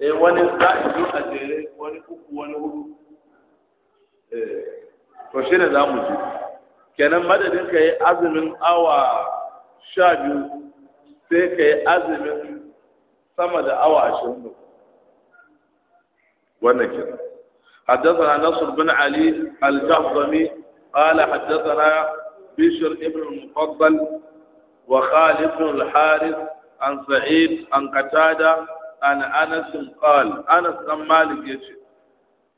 eh wani za zo a jere wani uku wani hudu eh, to shi ne za mu ji kenan madadin ka yi azumin awa sha biyu sai ka yi azumin sama da awa ashirin da wannan kenan حدثنا نصر بن علي الجهضمي قال حدثنا بشر ابن المفضل وخالد بن الحارث عن سعيد عن قتاده an anas qal anas dan malik yace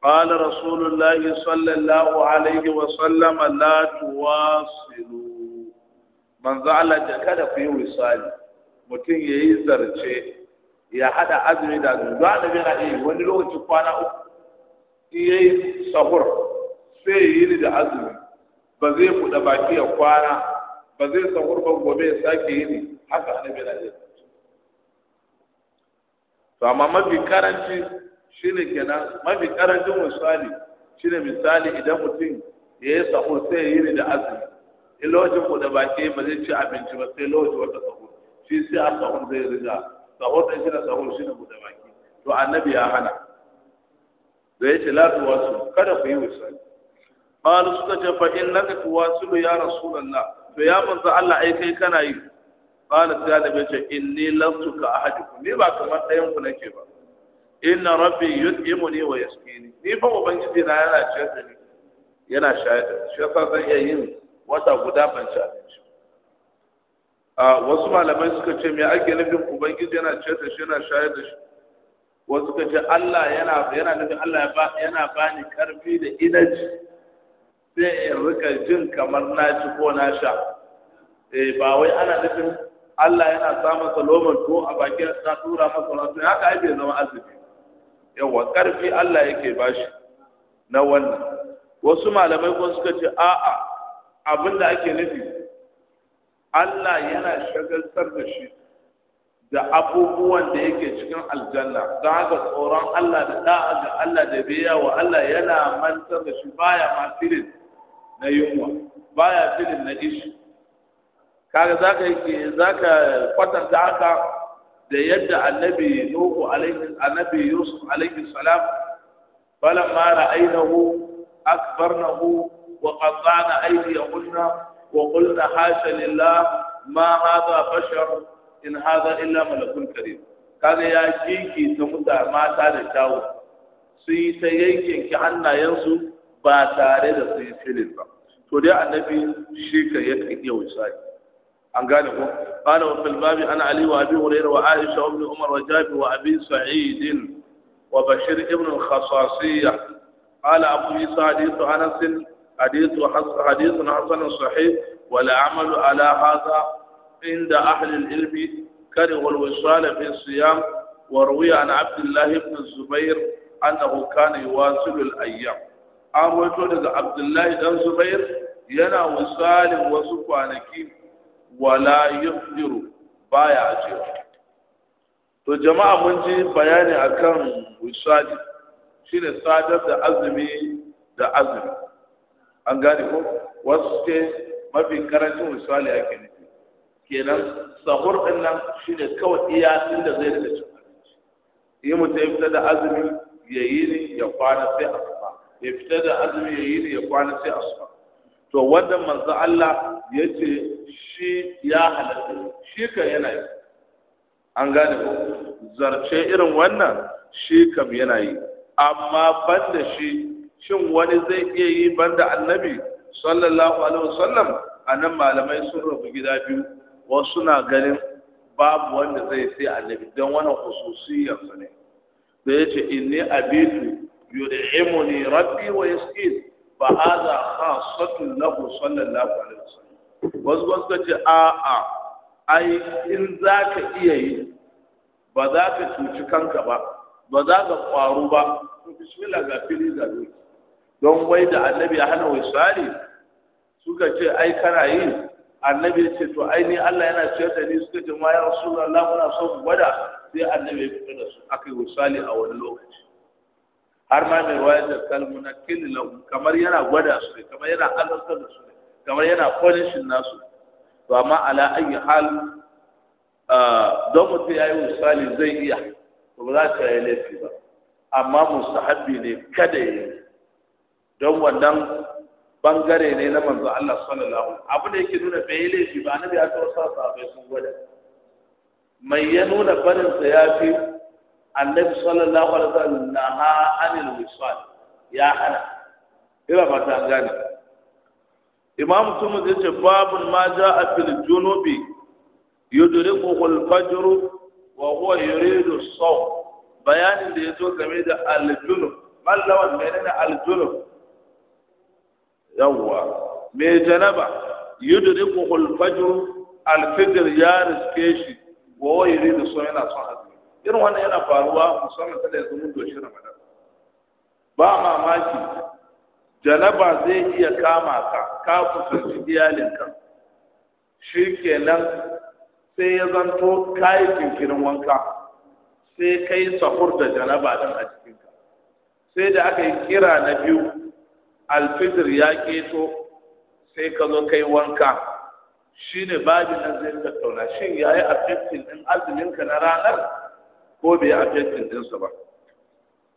qala rasulullahi sallallahu alaihi wa sallam la tuwasilu manzo Allah ta kada ku yi wisali mutum yayi zarce ya hada azumi da azumi da annabi na yi wani lokaci kwana uku yayi sahur sai yi da azumi ba zai buɗe baki ya kwana ba zai sahur ba gobe ya sake yi haka annabi na yi to amma mafi karanci ne kenan mafi karancin misali shine misali idan mutum ya yi sahur sai ya yi da azumi in lokacin da baki ba zai ci abinci ba sai lokacin wata sahur shi sai a sahur zai riga sahur ɗin shi sahur ku da baki to annabi ya hana da ya ce lati wasu kada ku yi wisali qalu suka ce fa innaka tuwasilu ya rasulullah to ya manzo Allah ai kai kana yi قال sai annabi ce inni lastu ka ahadukum ni ba kamar ɗayan ku nake ba inna rabbi yut'imuni wa yasqini ni fa ubangiji na yana ciyar da ni yana da shi zan iya yin wata guda a wasu malamai suka ce me ake nufin ubangiji yana ce da shi yana shayar da shi wasu suka ce Allah yana yana nufin Allah yana bani karfi da inaji sai in rika jin kamar na ci ko na sha eh ba wai ana nufin Allah yana sa masa loman to a bakin sa tura masa rasu haka ai zama azumi yawa karfi Allah yake bashi na wannan wasu malamai kuma suka ce a'a abin da ake nufi Allah yana shagaltar da shi da abubuwan da yake cikin aljanna don haka tsoron Allah da da'a da Allah da biya wa Allah yana mantar da shi baya ma filin na yunwa baya filin na ishi kaga zaka yi zaka kwatanta haka da yadda annabi nuhu alaihi annabi yusuf alaihi salam falamma ra'aynahu akbarnahu wa qatta'na aydiyahunna wa qulna hasha lillah ma hadha bashar in hadha illa malakun karim kaga ya kiki ta muta mata da tawo su yi ta yankin ki hannayensu ba tare da su yi filin ba to dai annabi shi ka yake iya wuce عن قال وفي الباب أنا علي وأبي هريرة وعائشة وابن عمر وجابر وأبي سعيد وبشير ابن الخصاصية قال أبو إيسى حديث أنس حديث, حديث حسن صحيح ولا عمل على هذا عند أهل العلم كره الوصال في الصيام وروي عن عبد الله بن الزبير أنه كان يواصل الأيام أمر عبد الله بن الزبير ينا وصال وصفانكين wala yuhdiru baya ajewa to jama'a mun ji bayani akan wisali shine sadar da azumi da azumi an gane ko wasu ke mafi karancin wisali kenan sahur din nan shine kawai iya inda zai rika cin abinci yi mutum fita da azumi ya yi ya kwana sai asuba ya fita da azumi ya ya kwana sai asuba to wanda manzo Allah ya ce shi ya halatta shi kan yana yi an gane ko zarce irin wannan shi kam yana yi amma banda shi shin wani zai iya yi banda annabi sallallahu alaihi wasallam anan malamai sun rubu gida biyu wasu na ganin babu wanda zai sai annabi don wannan khususiyarsa ne da yace inni abidu yud'imuni rabbi wa yasqini fa hadha khassatun lahu sallallahu alaihi wasallam wasu wasu ka ce a ai in za ka iya yi ba za ka cuci kanka ba ba za ka kwaru ba to bismillah ga fili da doki don wai da annabi ya hana wasali suka ce ai kana yi annabi ya ce to ai ni Allah yana ciyar da ni suka ce ma ya rasulullah muna so gwada sai annabi ya fito da su akai wasali a wani lokaci har ma mai wayar da kalmuna kini lahu kamar yana gwada su ne kamar yana alaƙar da su ne kamar yana polishin nasu to amma ala ayi hal don mutum ya yi misali zai iya to ba za ta yi laifi ba amma mustahabi ne kada yi don wannan bangare ne na manzo Allah sallallahu alaihi abu da yake nuna bai laifi ba annabi ya sa bai sun gwada mai ya nuna barin sa ya fi annabi sallallahu alaihi wasallam naha anil wisal ya hana ira ba ta gane imam tumu zai ce babun ma ja'a fil junubi yudriku al fajr wa huwa yuridu as-sawm bayanin da yazo game da al junub mallawan menene al junub yawwa mai janaba yudriku al fajr ya riske shi wa yana son irin wannan yana faruwa musamman kada ya zama doshi ramadan ba mamaki janaba zai iya kama ka ka kusanci iyalinka shi kenan sai ya zanto kayi kinkirin wanka sai kai sahur da janaba din a cikinka sai da aka yi kira na biyu alfijir ya keto sai ka zo kai wanka Shi ne babin nan zai tattauna shin yayi affecting din azumin ka na ranar ko bai affecting ɗinsa ba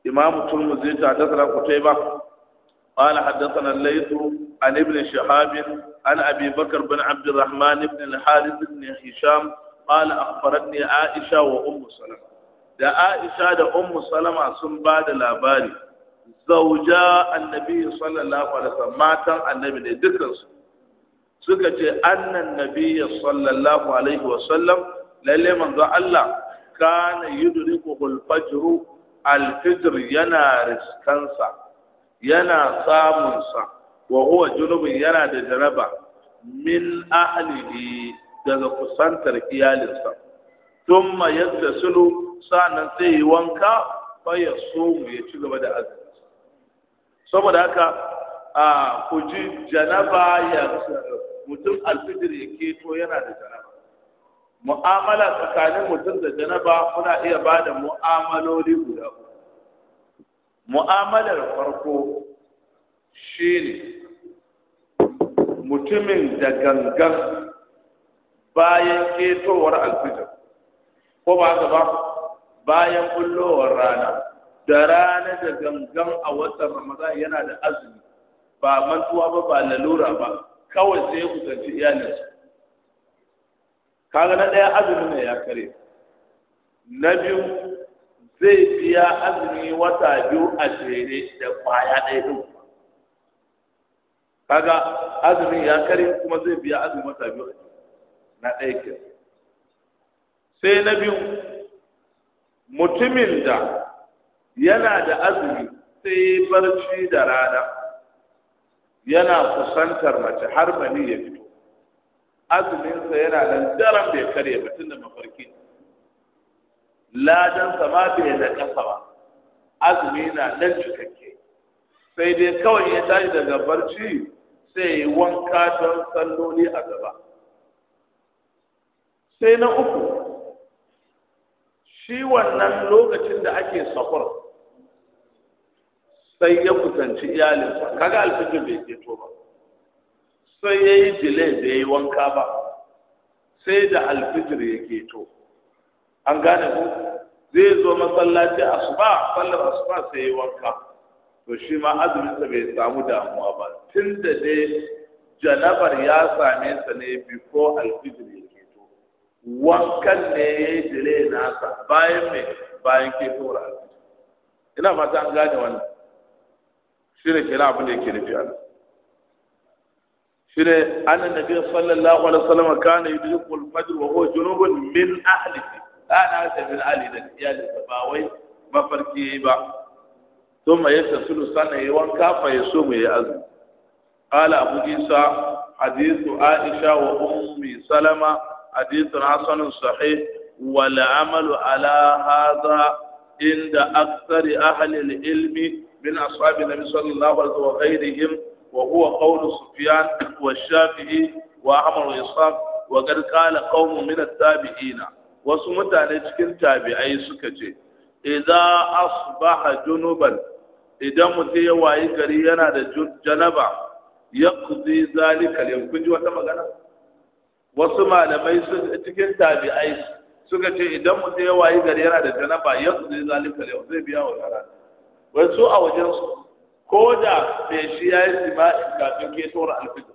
imamu zai ta haddathana qutayba قال حدثنا الليث عن ابن shahabin عن ابي بكر بن عبد الرحمن بن الحارث بن هشام قال اخبرتني عائشه وام سلمه da Aisha da Ummu Salama sun ba labari zauja annabi sallallahu alaihi wasallam matan annabi ne dukansu suka ce annan nabi sallallahu alaihi wasallam lalle manzo Allah kana yudrikuhul fajru alfijr yana riskansa yana samunsa wa huwa junubin yana da jaraba min ahlihi daga kusantar iyalinsa thumma yaghtasilu sa'annan sai yi wanka fa ya somu ya ci gaba da azumi saboda haka a ku ji janaba ya mutum alfijir ya keto yana da janaba mu'amala tsakanin mutum da janaba muna iya ba da mu'amaloli guda mu'amalar farko shi ne. mutumin da gangan bayan ketowar alfijar ko ba ka ba bayan bullowar rana da rana da gangan a watan ramadan yana da azumi ba mantuwa ba ba lalura ba kawai sai ya kusanci iyalinsa kaga na ɗaya azumi ne ya kare na biyu zai biya azumi wata biyu a jere da kwaya ɗaya ɗin kaga azumin ya kare kuma zai biya azumi wata biyu a jere na ɗaya ke sai na biyu mutumin da yana da azumi sai barci da rana yana kusantar mace har bani ya fito azuminsa yana nan daren bai karye ba tun da mafarki ladansa ma bai da ƙasa ba azumi na nan cikakke sai dai kawai ya tashi daga barci sai ya yi wanka don salloli a gaba sai na uku shi wannan lokacin da ake sahur sai ya kusanci iyalinsa kaga alfijir bai to ba sai ya yi jile da ya yi wanka ba sai da alfijir ya keto an gane ku zai zo masallaci asuba sallar asuba sai ya yi wanka to shi ma azuminsa bai samu damuwa ba tun da dai janabar ya same sa ne before alfijir ya keto wankan ne ya yi dile nasa bayan mai bayan keto alfijir ina fata an gane wannan shi ne kenan abin da yake nufi a nan shine annabi sallallahu alaihi wasallam kana yudrikul fajr wa huwa junubun min ahli ana sabil ali da iyali da bawai ba farki ba to mai yasa sulu sana yi wanka fa yaso mu yi azu qala abu isa hadithu aisha wa ummi salama hadithu hasan sahih wal amal ala hadha inda aktsari ahli al ilmi min ashabi nabi sallallahu alaihi وهو قول سفيان والشافعي وأحمد وإسحاق وقد قال قوم من التابعين وسمتان cikin tabi'ai suka ce idza asbaha junuban idan mutum ya wayi gari yana da janaba ya kuzi zalika ne kun ji wata magana wasu malamai cikin tabi'ai suka ce idan mutum ya wayi gari yana da janaba ya kuzi zalika ne zai biya wa rana wai su a wajen su Koda da mai shi ya yi jima'i kafin ketowar alfijir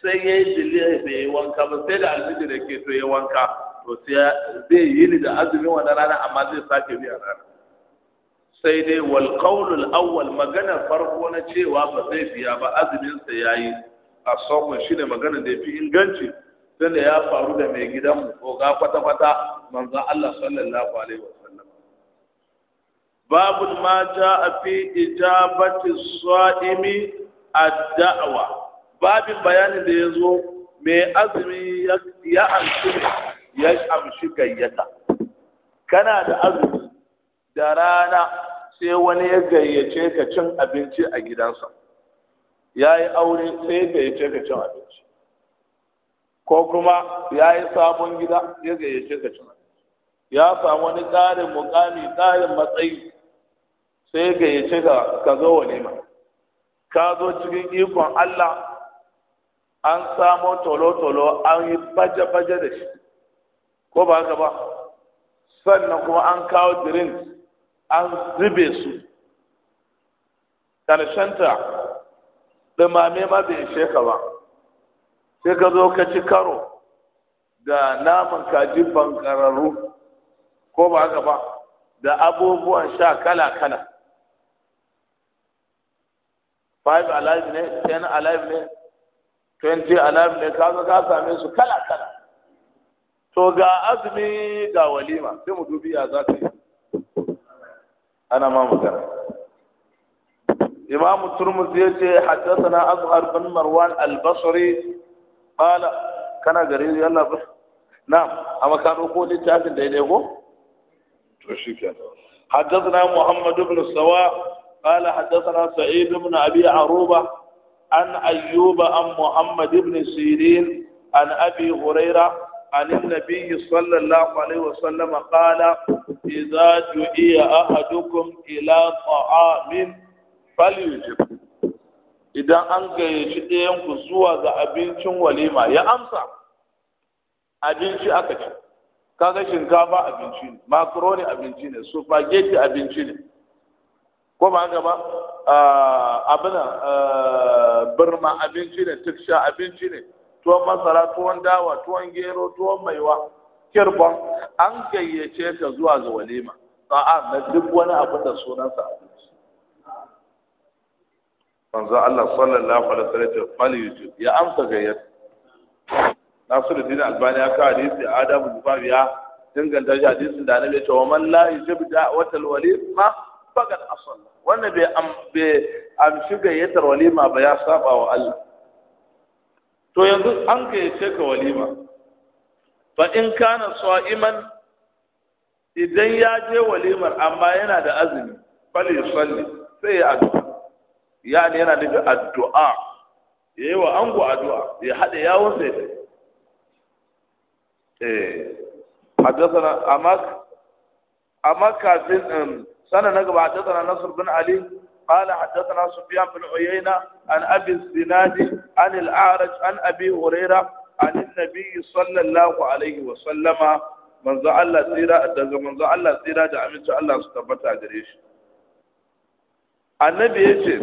sai ya yi jiliya bai yi wanka ba sai da alfijir da keto ya wanka to zai yi ni da azumin wannan rana amma zai sake biya rana sai dai wal qawlul awwal maganar farko na cewa ba zai biya ba azumin sa yayi a shi shine maganar da fi inganci tunda ya faru da mai gidan ko ga kwata kwata manzon Allah sallallahu alaihi wa باب ما جاء في إجابة الصائم الدعوة باب بيان da yazo mai azumi ya amshi ya amshi gayyata kana da azumi da rana sai wani ya gayyace ka cin abinci a gidansa ya yi aure sai ya gayyace ka cin abinci ko kuma ya yi sabon gida ya gayyace ka cin abinci ya samu wani ƙarin mukami ƙarin matsayi sai gayyace ka ka zo walima ka zo cikin ikon Allah an samo tolo-tolo an yi baje-baje da shi ko ba haka ba sannan kuma an kawo drinks an zube su ƙarshenta ɗumame ma bai ishe ka ba sai ka zo ka ci karo da naman kaji bankararru ko ba haka ba da abubuwan sha kala-kala five alive ne ten alive ne twenty alive ne kaga ka same su kala kala to ga azumi ga walima sai mu dubi ya za ta yi ana ma magana imam turmus ya ce haddathana azhar bin marwan al-basri kana gari yalla ba Na amma ka ko littafin daidai ko to shi kenan na محمد بن السواء قال حدثنا سعيد بن أبي عروبة عن أيوب عن a بن سيرين عن أبي هريرة عن النبي صلى الله عليه وسلم قال إذا جئي أحدكم إلى طعام فليجب idan an gayyaci ɗayanku zuwa ga abincin walima ya amsa abinci aka ci kaga shinkafa abinci ne makaroni abinci ne spaghetti abinci ne ko ba gaba ah, abin ah, birma abinci ne tuk sha abinci ne tuwon masara tuwon dawa tuwon gero tuwon maiwa kirbon an gayyace ka zuwa ga walima a'a na duk wani abu da sunansa abinci manzo Allah sallallahu alaihi wasallam fali yujud ya amsa gayyata Nasiruddin Albani ya kawo hadisi Adamu ya danganta shi hadisin da annabi ya ce wa man la yujib da'watal wali bagal asal wanda bai amshi gayyatar walima ba ya saba wa Allah to yanzu an ce ka walima fa in kana sa'iman idan ya je walimar amma yana da azumi fali salli sai ya addu'a yani yana da addu'a yayi wa ango addu'a ya hada yawon sai eh حدثنا amma أمك كافين سنة نقب حدثنا نصر بن علي قال حدثنا سفيان بن عيينة عن أبي الزناد عن الأعرج عن أبي هريرة عن النبي صلى الله عليه وسلم من زعل سيرة دغ من زعل سيرة da aminci Allah su tabbata gare shi annabi yace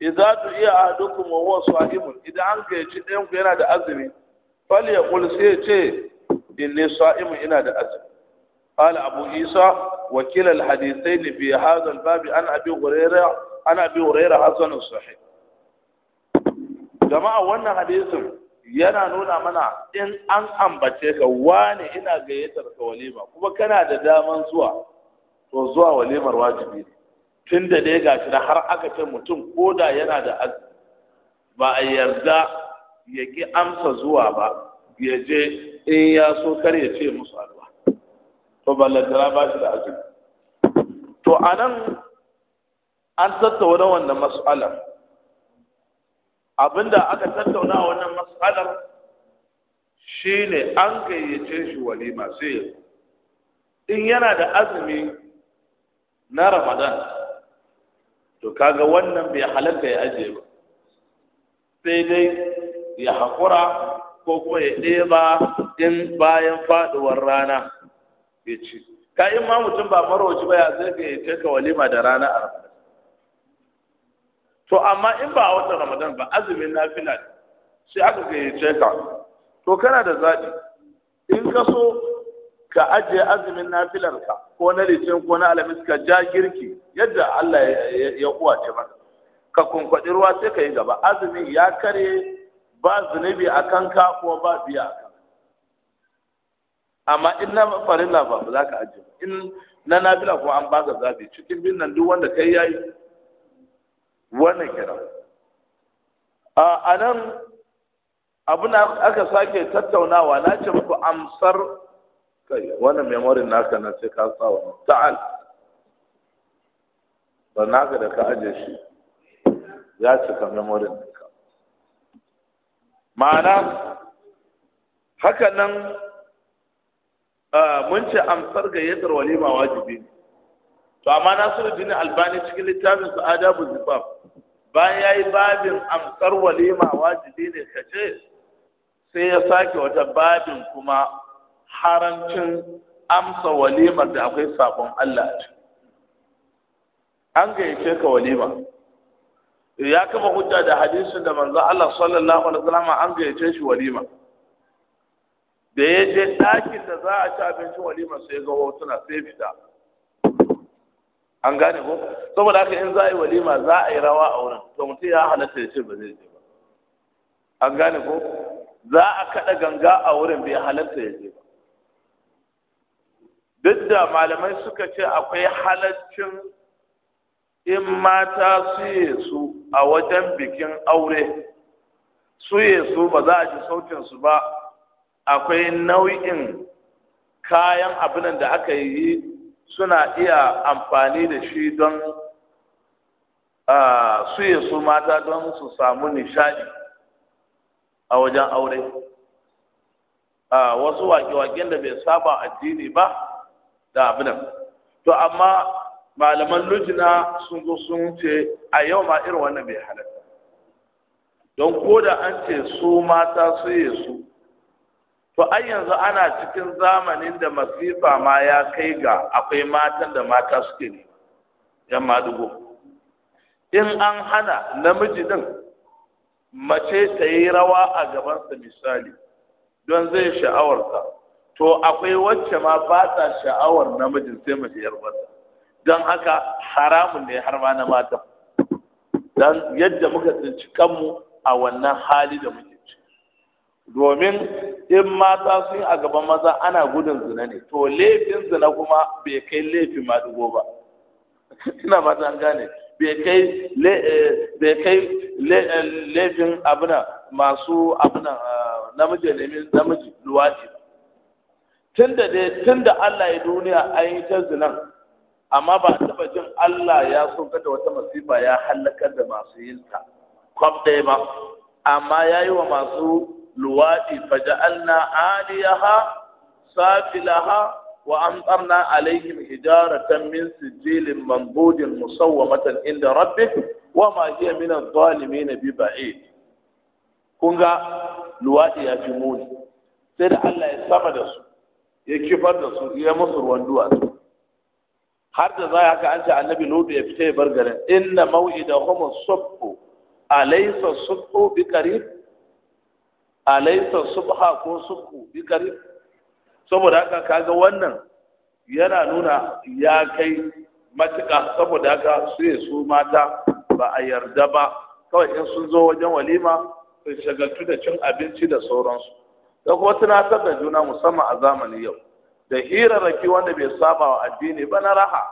idza tu'iya ahadukum wa huwa sa'imun idan an gayyaci ɗayan ku yana da azumi fal yaqul sai ce inni sa'imun ina da azumi قال ابو عيسى وكلا الحديثين في هذا الباب عن ابي هريرة عن ابي هريرة حسن صحيح جماعه wannan hadisin yana nuna mana in an ambace ka wani ina gayyatar ka walima kuma kana da daman zuwa to zuwa walimar wajibi ne tun da dai gashi da har aka ce mutum ko da yana da ba a yarda ya ki amsa zuwa ba ya je in ya so kar ya ce musu alwa to ballantana ba shi da azumi to anan an tattauna wannan mas'alar abinda aka tattauna wannan mas'alar shine an gayyace shi walima sai in yana da azumi na ramadan to kaga wannan bai halatta ya ajiye ba sai dai ya haƙura ko kuma ya ɗeba in bayan faɗuwar rana ya ci ka in ma mutum ba marwaci ba ya zai ga ya kai ka walima da rana rana. to amma in ba a watan ramadan ba azumin fila ne sai aka ya kai ka to kana da zaɓi in ka so ka ajiye azumin filar ka ko na litin ko na alamis ka ja girki yadda Allah ya ce ba ka kunkwaɗi ruwa sai ka yi gaba azumin ya kare ba zunubi a kanka ko ba biya amma in na farin laba ba za ka ajiye in na nafila kuma an baka zabi cikin bin nan duk wanda kai yayi wannan kira a nan na aka sake tattaunawa na ce muku amsar kai wannan memorin naka na sai ka sa wa ta'al ba naka da ka aje shi ya cika memorin naka ma'ana haka nan Ah, mun ce amsar gayyatar walima wajibi ne to amma din albani cikin littafin su adabu zifaf bayan yayi babin amsar walima wajibi ne kace sai ya sake wata babin kuma harancin amsa walimar da akwai sabon Allah a ciki an gayyace ka walima ya kama hujja da hadisin da manzo Allah sallallahu alaihi wasallam an gayyace shi walima da ya je ɗakin da za a ci abincin walima sai ga hotuna sai fita an gane ko saboda haka in za a yi walima za a yi rawa a wurin to mutum ya halatta ya ce ba zai je ba an gane ko za a kaɗa ganga a wurin bai halatta ya je ba duk da malamai suka ce akwai halaccin in mata suye su a wajen bikin aure suye su ba za a ji sautinsu ba akwai nau'in kayan abin da aka yi suna iya amfani da shi don suye su mata don su samu nishadi a wajen aure wasu waƙe-waƙen da bai saba addini ba da abin to amma malaman lujina sun zo sun ce a yau ma irin wannan bai halatta don ko da an ce su mata suye su to ai yanzu ana cikin zamanin da masifa ma ya kai ga akwai matan da mata suke ne yan madugo in an hana namiji din mace ta yi rawa a gabansa misali don zai sha'awarsa to akwai wacce ma ba ta sha'awar namijin sai mace yarwarsa don haka haramun ne har ma na mata don yadda muka tsinci kanmu a wannan hali da muke domin in mata sun a gaban maza ana gudun zina ne to laifin zina kuma bai kai laifin maɗigo ba ina ba ta gane bai kai eh, eh, laifin abuna masu abuna ah, namiji ne namiji luwaji tun da dai tun da Allah ya duniya an yi ta zinan amma ba taba jin Allah ya so da wata masifa ya halakar da masu yin ta kwam ɗaya ba amma ya yi wa masu luwaɗi faja'alna aliyaha safilaha wa amtarna alaihim hijaratan min sijilin mambudin musawwamatan inda rabbik wa ma hiya min adh-dhalimin bi ba'id kun ga luwaɗi ya fi muni sai da Allah ya sama da su ya kifar da su ya musu ruwan duwatsu har da za haka an ce annabi lutu ya fita ya bar garin inna maw'idahum as-subh alaysa as-subh bi qarib alaisa subha ko subhu bi karib saboda haka kaga wannan yana nuna ya kai matuƙa saboda haka sai su mata ba a yarda ba kawai in sun zo wajen walima sai shagaltu da cin abinci da sauransu da kuma tunatar da juna musamman a zamani yau da hirarraki wanda bai saba wa addini ba na raha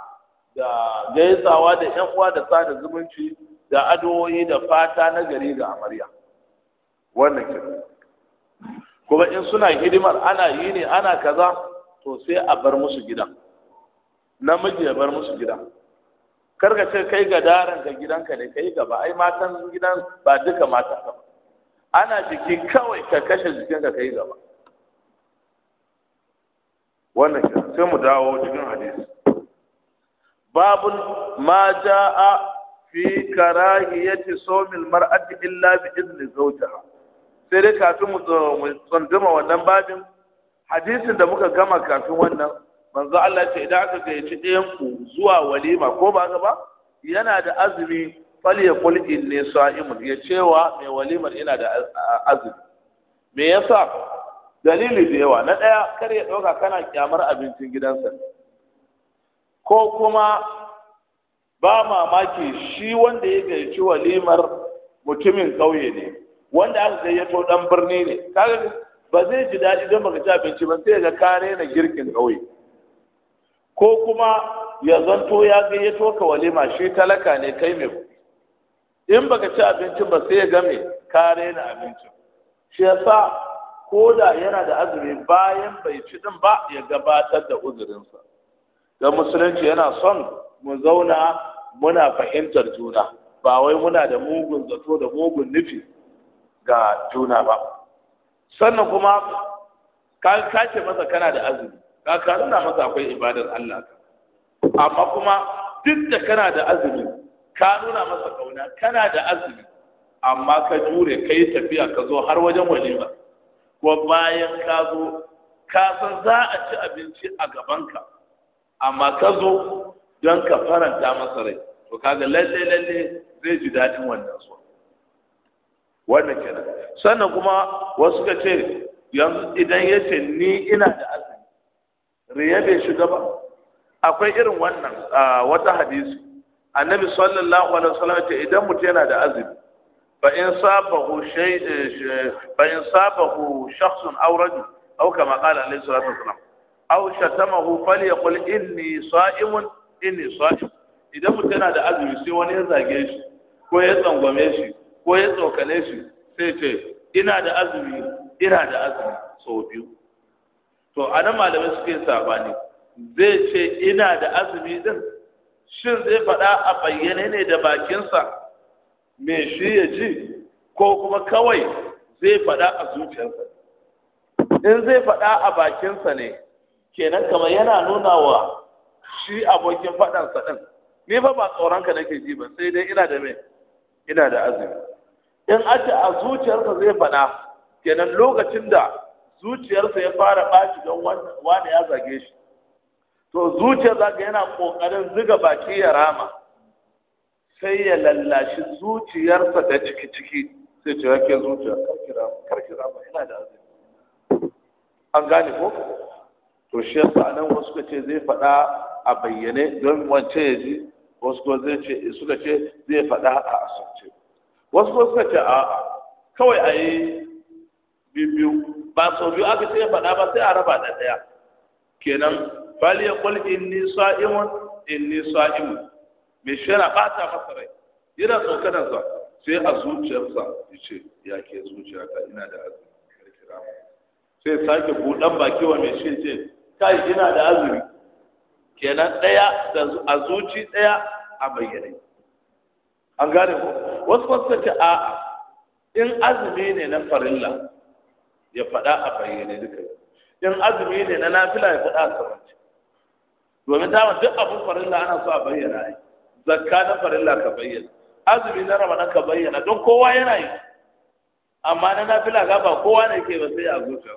da gaisawa da yan uwa da sada zumunci da adowoyi da fata na gari ga amarya wannan kenan kuma in suna hidimar ana yi ne ana kaza to sai a bar musu gida namiji ya bar musu gida kar ka ce kai ga daren ka gidanka ne kai gaba ai matan gidan ba duka mata ba ana jiki kawai ka kashe jikinka kai gaba wannan sai mu dawo cikin hadisi babun ma jaa fi karahiyati sawmil mar'ati illa bi izni zawjaha sai dai kafin mu tsandama wannan babin hadisin da muka gama kafin wannan manzo Allah ce idan aka gayyaci ɗayan ku zuwa walima ko ba ba yana da azumi fal yaqul inni sa'imun ya cewa mai walimar yana da azumi me yasa dalili da yawa na ɗaya kar ya ɗauka kana kyamar abincin gidansa ko kuma ba mamaki shi wanda ya gayyaci walimar mutumin ƙauye ne wanda aka gayyato dan birni ne kaga ba zai ji daɗi don baka ci abinci ba sai ga kare na girkin kauye. ko kuma ya zanto ya gayyato ka walima shi talaka ne kai mai in baka ci abincin ba sai ya game kare na abincin shi yasa ko yana da azumi bayan bai ci din ba ya gabatar da uzurinsa da musulunci yana son mu zauna muna fahimtar juna ba wai muna da mugun zato da mugun nufi ga juna ba sannan kuma ka kace masa kana da azumi ka ka nuna masa akwai ibadar Allah amma kuma duk da kana da azumi ka nuna masa kauna kana da azumi amma ka jure ka yi tafiya ka zo har wajen walima ko bayan ka zo ka san za a ci abinci a gabanka amma ka zo don ka faranta masa rai to kaga lalle lalle zai ji daɗin wannan so wannan kenan sannan kuma wasu ka ce yanzu idan ya ce ni ina da azumi riya bai shiga ba akwai irin wannan wata hadisi annabi sallallahu alaihi wasallam ya ce idan mutum yana da azumi fa in sabahu shay eh, fa in sabahu shakhsun aw rajul aw kama qala alaihi salatu wasallam aw shatamahu falyaqul inni sa'imun inni sa'im idan mutum yana da azumi sai wani ya zage shi ko ya tsangwame shi ko ya tsokale shi sai ce ina da azumi ina da azumi sau biyu to a nan malamai suke sabani zai ce ina da azumi din shin zai faɗa a bayyane ne da bakinsa me shi ya ji ko kuma kawai zai faɗa a zuciyarsa in zai faɗa a bakinsa ne kenan kamar yana nuna wa shi abokin faɗansa ɗin ni fa ba tsoronka nake ji ba sai dai ina da me ina da azumi in ace a zuciyarsa zai faɗa kenan lokacin da zuciyarsa ya fara baci don wani ya zage shi to zuciyar zaka yana ƙoƙarin ziga baki ya rama sai ya lallashi zuciyarsa da ciki-ciki sai ce yake zuciyar karki rama yana da azumi an gane ko to shi yasa nan wasu ka ce zai faɗa a bayyane don wance ya ji wasu ko zai ce suka ce zai faɗa a asirce wasu wasu suka ce a kawai a yi biyu ba sau biyu aka ce faɗa ba sai a raba da ɗaya kenan bali ya kul inni sa'imun inni imun me shi yana ɓata masa rai yana tsokanar sa sai a zuciyarsa ya ce ya ke zuciya ka ina da azumi sai sake buɗan baki wa mai shi ce kai ina da azumi kenan ɗaya a zuci ɗaya a bayyane an gane ko wasu wasu ta a in azumi ne na farilla ya faɗa a bayyane duka in azumi ne na nafila ya faɗa a sabance domin ma duk abin farilla ana so a bayyana yi. zakka na farilla ka bayyana azumi na na ka bayyana don kowa yana yi amma na nafila ga ba kowa ne ke ba sai a zuciya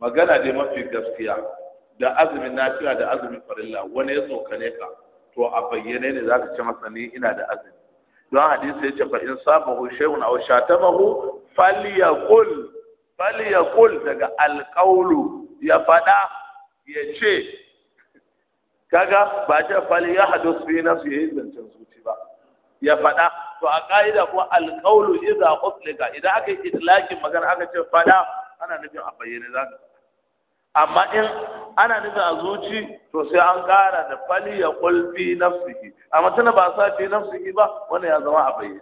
magana dai mafi gaskiya da azumin nafila da azumin farilla wani ya tsokane ka to a bayyane ne za ka ce masa ni ina da azumi don hadisi ya ce fa in sabahu shay'un aw shatamahu falyaqul faliyakul daga alkaulu ya fada ya ce kaga ba ta fali ya hadu nasu ya yi zancen zuci ba ya fada to a ka'ida ko a idza utlika idan aka yi itlaqin magana aka ce fada ana nufin a bayyane ka amma in ana nufin a zuci to sai an ƙara da fali ya kulfi nafsihi amma tana ba sa ce nafsihi ba wani ya zama a bayyana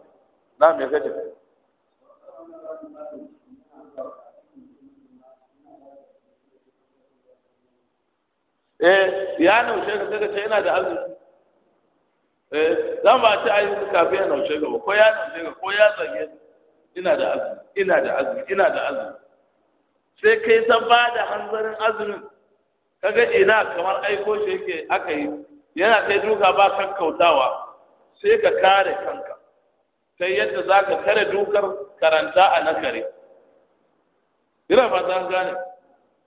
na me kace eh ya naushe ka kaga ce yana da arziki eh zan ba ci ayyuka kafi ya naushe ka ko ya naushe ka ko ya zage ina da azumi ina da azumi ina da azumi sai kai san ba da hanzarin azumin kaga ina kamar aiko shi yake aka yi yana kai duka ba kan kautawa sai ka kare kanka sai yadda za ka kare dukar karanta a nakare ina ba zan gane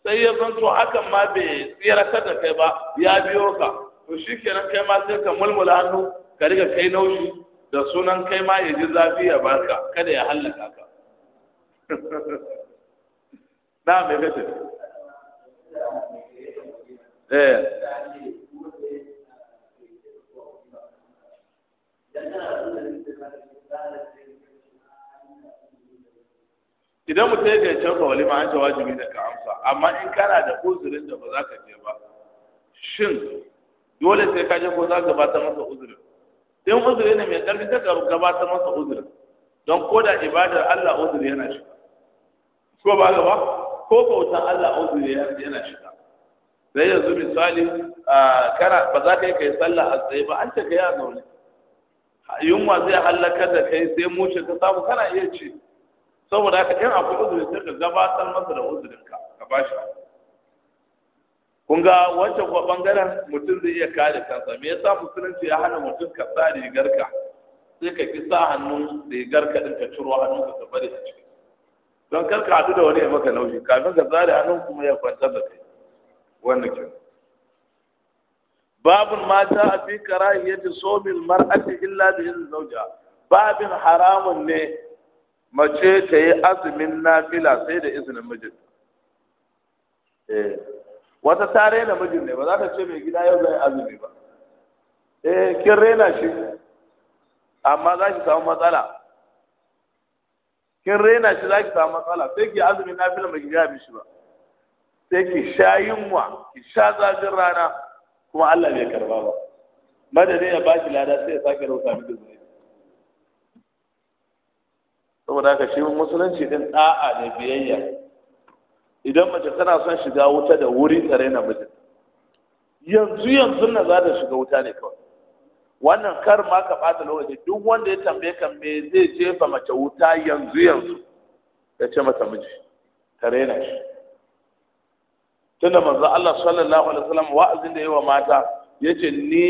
sai ya zanto hakan ma bai tsira da kai ba ya biyo ka to shi kenan kai ma sai ka mulmula hannu ka riga kai naushi da sunan kai ma ya ji zafi ya baka, kada ya hallaka ka na mai gace eh idan mutum yake can ka walima an ce wajibi da ka amsa amma in kana da uzurin da ba za ka je ba shin dole sai ka je ko za ka bata masa uzurin in uzuri ne mai karfi sai ka bata masa uzurin don ko da ibadar Allah uzuri yana shiga ko ba ba ko bautan Allah uzuri yana shiga sai yanzu misali kana ba za ka yi kai sallah a tsaye ba an ce ka yi a zaune yunwa zai hallaka da kai sai mushe ta samu kana iya ci saboda haka in akwai uzuri sai ka gabatar masa da uzurinka ka ba shi kun ga wancan kuwa bangaren mutum zai iya kare kansa me yasa musulunci ya hana mutum ka sa rigarka sai ka ki sa hannun rigarka din ka ciro hannun ka bari a ciki don kar ka haɗu da wani ya maka nauyi kafin ka tsare hannun kuma ya kwantar da kai wannan ke babun mata a fi karahiyati somin mar'ati illa da yin zauja babin haramun ne mace ta yi azumin nafila sai da izinin mijin eh wata ta na mijin ne ba za ta ce mai gida yau zai azumi ba eh kin rena shi amma za ki samu matsala kin rena shi za ki samu matsala sai ki azumin nafila mai gida bi shi ba sai ki sha yunwa ki sha zafin rana kuma Allah bai karba ba madadin ya baki lada sai ya sake rauta miki zuwa saboda haka shi musulunci din da'a ne biyayya idan mace tana son shiga wuta da wuri tare na miji, yanzu yanzu na za ta shiga wuta ne kawai wannan kar ma ka bata lokaci duk wanda ya tambaye ka me zai jefa mace wuta yanzu yanzu ya ce mata miji tare na shi tunda manzo Allah sallallahu alaihi wasallam wa'azin da yawa mata yace ni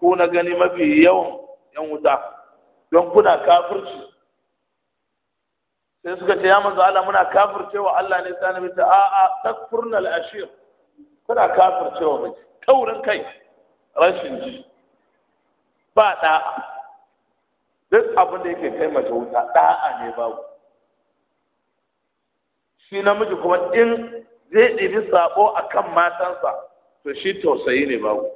ko na gani mafi yawan yan wuta don kuna kafirci sai suka ce ya manzo Allah muna kafircewa Allah ne sai nabi ta a a takfurnal ashir kuna kafircewa miji taurin kai rashin ji ba da'a duk abin da yake kai mace wuta da'a ne babu shi namiji kuma in zai ɗibi sabo a kan matansa to shi tausayi ne babu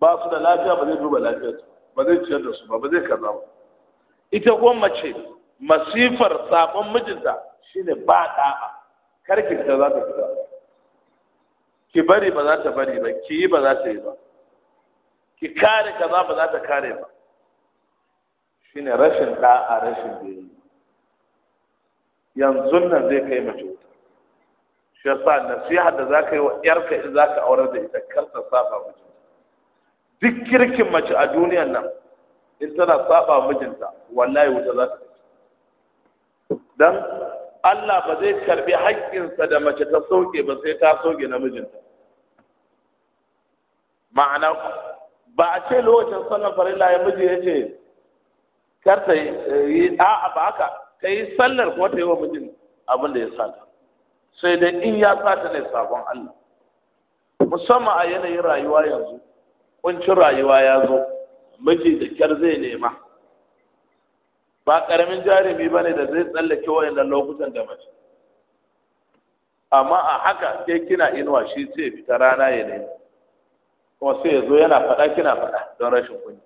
ba su da lafiya ba zai duba lafiyarsu ba zai ciyar da su ba ba zai kaza ba ita ko mace masifar sabon mijinta shine ba da'a karki fita za ta fita ki bari ba za ta bari ba ki yi ba za ta yi ba ki kare kaza ba za ta kare ba shine rashin da'a rashin biyayya yanzu nan zai kai mace shi yasa nasiha da zaka yi wa yarka in zaka aure da ita kar ta saba miji duk kirkin mace a duniyar nan in tana saba mijinta wallahi wuta za ta dan Allah ba zai karbi haƙƙinsa da mace ta soke ba sai ta soke namijinta ma'ana ba a ce lokacin sallan farilla ya miji ya ce kar ta yi eh, a'a ba haka ka yi sallar ko ta yi wa mijin abin da ya sallar sai dai in ya sata ne sabon Allah musamman a yanayin rayuwa yanzu kuncin rayuwa ya zo miji da kyar zai nema ba karamin jarumi ba ne da zai tsallake wayannan lokutan da mace amma a haka sai kina inuwa shi sai fita rana ya nema kuma sai ya zo yana faɗa kina faɗa don rashin kunya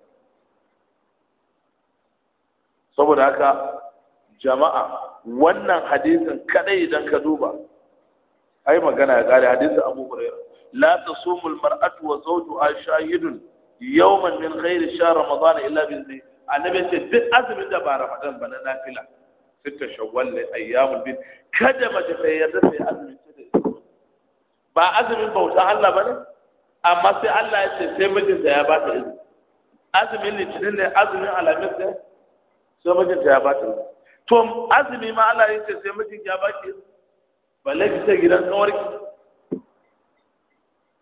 saboda haka jama'a wannan hadisin kadai idan ka duba ai magana ya kare hadisi abu hurairah la tasumu almar'atu wa zawjuha shahidun yawman min ghairi shahr ramadan illa bi izni annabi ce duk azumin da ba ramadan ba na nafila sita shawwal li ayyamul bid kada ma ta yarda sai azumin ta ba azumin bauta Allah bane amma sai Allah ya ce sai mijinta ya ba ta izini azumin litinin ne azumin alamis ne sai mijinta ya ba ta to azumi ma Allah ya ce sai mijinta ya ba ta izini balle ki ta gidan kawarki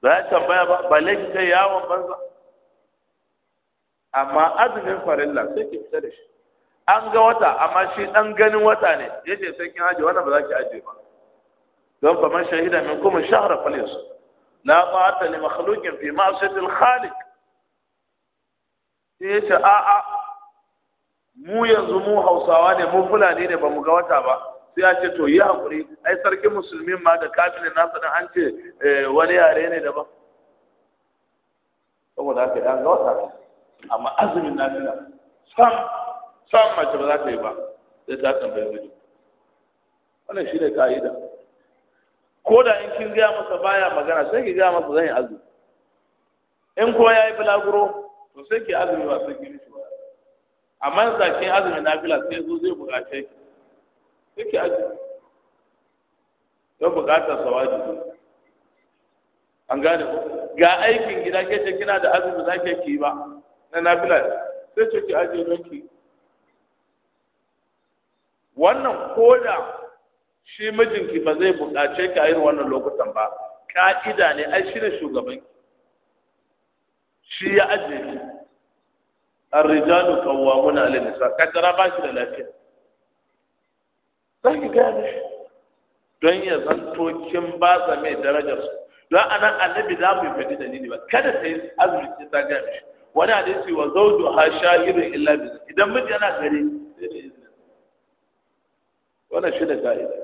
za a tambaya ba balle ki yawon banza amma azumin farilla sai ki fita da shi an ga wata amma shi dan ganin wata ne yace sai kin haje wannan ba za ki aje ba don fa man shahida min kuma shahra falyas la ta'ata li makhluqin fi ma'siyati al-khaliq sai yace a a mu yanzu mu Hausawa ne mu Fulani ne ba mu ga wata ba sai ya ce to yi hakuri ai sarkin musulmin ma da kafin na sanar an ce eh, wani yare ne daban saboda haka dan ga wata amma azumin na nuna sam sam mace ba za ta yi ba sai ta tambaye miji wannan shi ne ka'ida ko da in kin gaya masa baya magana sai ki gaya masa zan yi azumi in kuma ya yi bulaguro to sai ki azumi ba sai ki nufi ba amma yanzu kin azumi fila sai zo zai buƙace ki Eke aju. don bukatar sawa wajibi an gane ko ga aikin gida ke ce kina da azumi za ke ki ba na nafila sai ce ki aje don ki wannan koda shi mijinki ba zai buƙace ka yin wannan lokutan ba ka'ida ne ai shi ne shugaban shi ya ajiye ki الرجال Ka tara ba shi da lafiya. zaki gane don ya san kin ba sa mai darajar su don nan annabi za mu faɗi dalili ba kada ta yi azumi ce ta gane shi wani hadisi wa zawdu ha sha illa bi idan miji yana gari sai wannan shi da ka'ida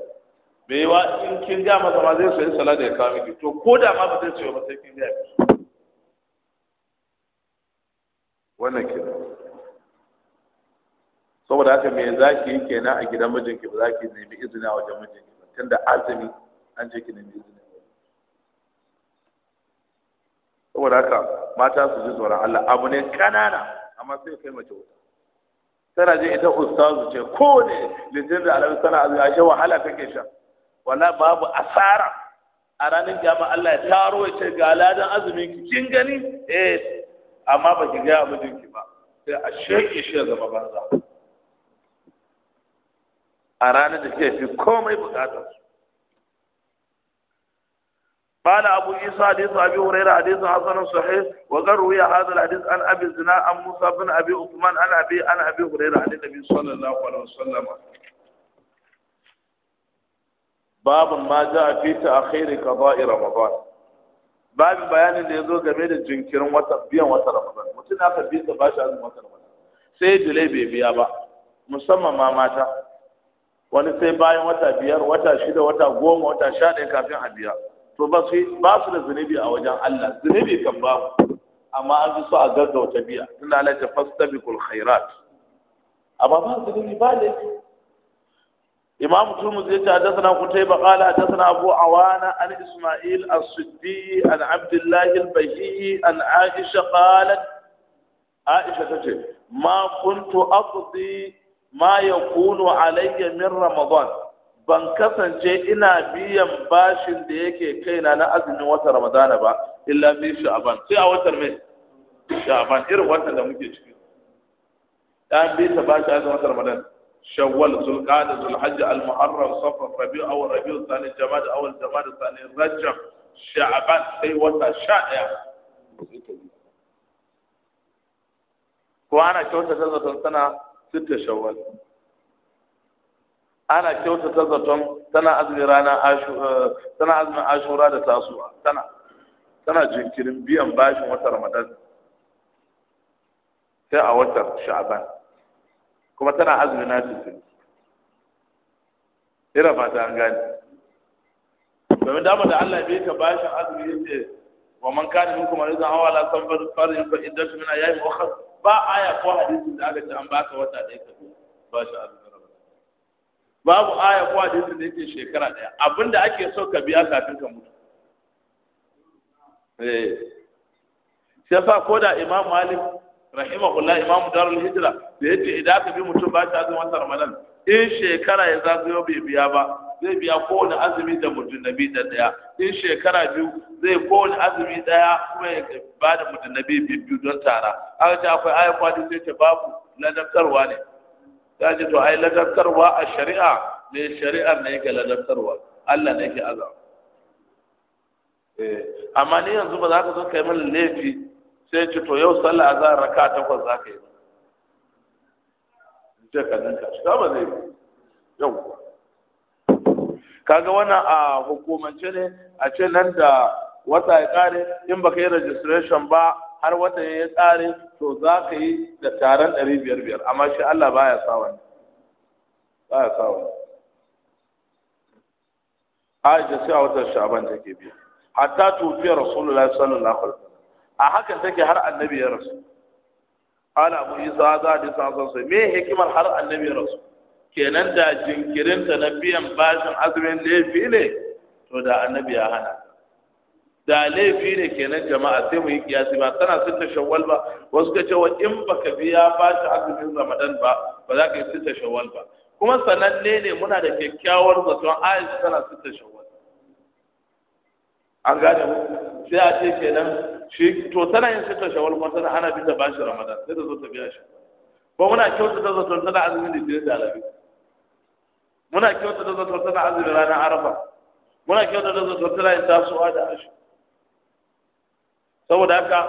bai wa in kin ga masa ma zai sayi salada ya kawo miki to ko da ma ba zai ce wa masa kin ga wannan kenan saboda haka me zaki yi kenan a gidan mijinki ba zaki nemi izini a wajen mijinki ba tunda azumi an je ki nemi izini saboda haka mata su ji tsoron Allah abu ne kanana amma sai kai mace wuta tana je ita ustazu ce ko ne litinin da alamu sana azumi ashe wahala kake sha wala babu asara a ranar gama Allah ya taro ya ce ga ladan azumin ki kin gani eh amma baki ga mijinki ba sai a ki shi ya zama banza a ranar da fi komai bukatar su. Bala Abu Isa hadisu Abi Huraira hadisu Hassanun Suhe, wa garu ya hadu hadisu an Abi Zina an Musa bin Abi Uthman an Abi an Abi Huraira hadisu Nabi Sallallahu Alaihi Wasallam. Babin ma ja a fita a khairi ka a Ramadan. Babin bayanin da ya zo game da jinkirin wata biyan wata Ramadan. Mutum ya ka biyan ta ba shi azumin wata Ramadan. Sai jule bai biya ba, musamman ma mata. wani sai bayan wata biyar wata shida wata goma wata sha ɗaya kafin a biya to ba su ba su da zunubi a wajen Allah zunubi kan ba amma an ji so a gaggauta biya tunda Allah ya fastabiqul khairat amma ba zunubi ba da إمام ترمذي حدثنا قتيبة قال حدثنا أبو عوانة Isma'il إسماعيل السدي عن عبد الله البهي عن عائشة قالت عائشة تجي ma kuntu أقضي ma Kuno alayya min ramadan ban kasance ina biyan bashin da yake kaina na azumin watan ramadana ba illa min sha'ban sai a watan mai sha'ban irin watan da muke ciki dan bi ta bashi azumin watan ramadan shawwal zulqa'da zulhajj al safar rabi'u aw rabi'u thani jamad aw jamad thani rajab sha'ban sai wata sha'a ko ana kyautata zaton sana sitta shawwal ana kyautata zaton tana azumin rana eh, tana azumin ashura da tasuwa tana tana jinkirin biyan bashin watar ramadan sai a watan sha'ban kuma tana azumin nasisin ira ba ta gane domin dama da Allah bai ka bashin azumi yace wa man kana minkum rizqan aw ala farin fa iddatu min wa khas ba aya ko hadisin da aka ce an baka wata ɗaya ka ba shi azumi babu aya ko hadisin da yake shekara ɗaya abinda ake so ka biya kafin ka mutu eh sai fa ko da imam malik rahimahullah imam darul hijra da yake idan ka bi mutum ba shi azumin ramadan in shekara ya zagayo bai biya ba zai biya kowane azumi da mutunabi da ɗaya. in shekara biyu zai kowane azumi ɗaya kuma ya ba da na biyu don tara aka ce akwai ayi kwadi sai ce babu ladabtarwa ne ta ce to ai ladabtarwa a shari'a Me shari'ar ne yake ladabtarwa Allah ne ke azam eh, amma ni yanzu ba za ka zo kai min laifi sai ce to yau sallah azhar raka takwas za ka yi Ka kashi ba zai yau kaga wannan a hukumance ne a ce nan da wata ya kare in baka yi registration ba har wata ya kare to za ka yi da taron 500 biyar biyar amma shi Allah baya sawa ne, baya sa wani Aisha sai a watan Sha'ban take biya hatta tufiyar Rasulullahi sallallahu alaihi wasallam a hakan take har annabi ya rasu ala abu isa za da san san me hikimar har annabi rasu kenan da jinkirin ta na biyan bashin azumin laifi ne to da annabi ya hana da laifi ne kenan jama'a sai mu yi kiyasi ba tana ta shawwal ba wasu ka cewa in baka biya bashi azumin ramadan ba ba za ka yi ta shawwal ba kuma sananne ne muna da kyakkyawar zaton aisha tana ta shawwal an gane mu sai a ce kenan shi to tana yin sita shawal kuma tana hana bi ta bashi ramadan sai ta zo ta biya shi ko muna kyauta ta zato tana azumin da jira da alabi muna kyauta ta zato tana azumin ranar arafa muna kyauta ta zato tana yin tasowa da ashi saboda haka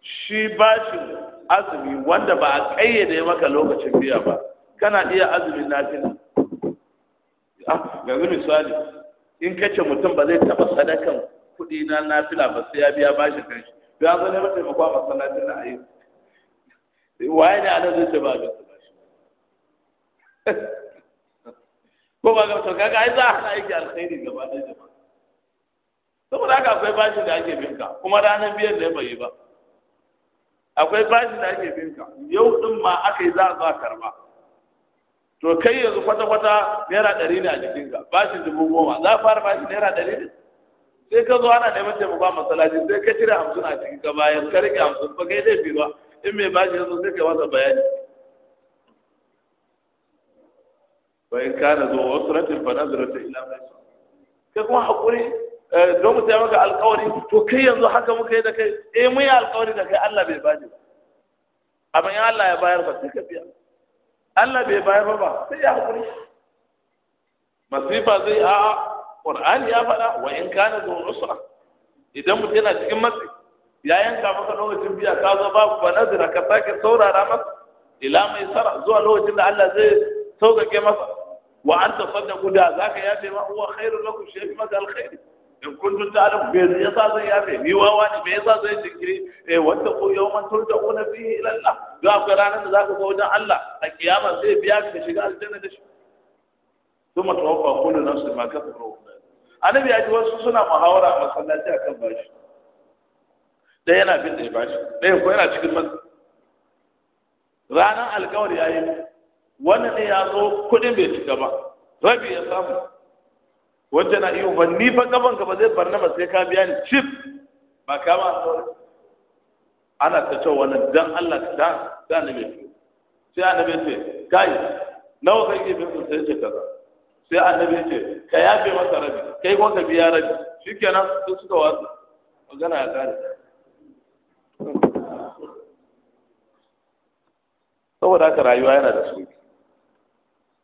shi bashin azumi wanda ba a kayyade maka lokacin biya ba kana iya azumin nafila ah, yanzu misali in ka ce mutum ba zai taɓa sadakan kuɗi na nafila ba sai ya biya bashi kan shi ya zo ne mata makwa masallacin na ayi waye ne anan zai ce ba abin ko ba ga to ga ai za a haɗa aiki alkhairi gaba da jama'a saboda haka akwai bashin da ake binka kuma ranar biyan da ya yi ba akwai bashin da ake binka yau din ma aka yi za a zo a karba to kai yanzu kwata-kwata naira ɗari ne a jikinka shi dubu goma za a fara bashi naira ɗari ne sai ka zo ana neman taimako a masallaci sai ka cire hamsin a cikin ka bayan ka rike hamsin ba kai laifi ba in mai bashi yanzu sai ka masa bayani wa in kana zo wa suratin fa ta ila mai kai kuma hakuri eh, don mu taimaka alƙawari to kai yanzu haka muka yi da kai eh mun yi alƙawari da kai Allah bai bani ba amma in Allah ya bayar ba sai ka biya Allah bai bayar ba sai ya hakuri masifa zai a Qur'ani ya faɗa wa in kana zuwa usra idan mutum yana cikin matsi ya yanka maka lokacin biya ka zo babu ba nazira ka sake saurara masa ila mai sara zuwa lokacin da Allah zai sauƙaƙe masa wa anta sadaqu da zaka yafe ma huwa khairu lakum shay'un min alkhairi in kuntum ta'lamu me yasa zai yafe ni wawa ne me yasa zai jinkiri eh wanda ko yawman turja'una fihi ila Allah ga akwai ranar da zaka ga wajen Allah a kiyama zai biya ka shiga aljanna da shi kuma tawaffa kullu nafsin ma furo annabi ya ji wasu suna muhawara masallaci akan bashi da yana bin da bashi dai ko yana cikin man ranar alkawari ya yi wannan ne ya zo kuɗin bai cika ba rabi ya samu wacce na iya ban ni fa kafan ka ba zai bar na ba sai ka biya ni chip ba kama ana ta cewa wannan dan Allah da da ne mai sai annabi ce kai nawa kake bin su sai ce kaza sai annabi ce ka yafe masa rabi kai kuma ka biya rabi shikenan duk suka wasu magana ya kare saboda haka rayuwa yana da su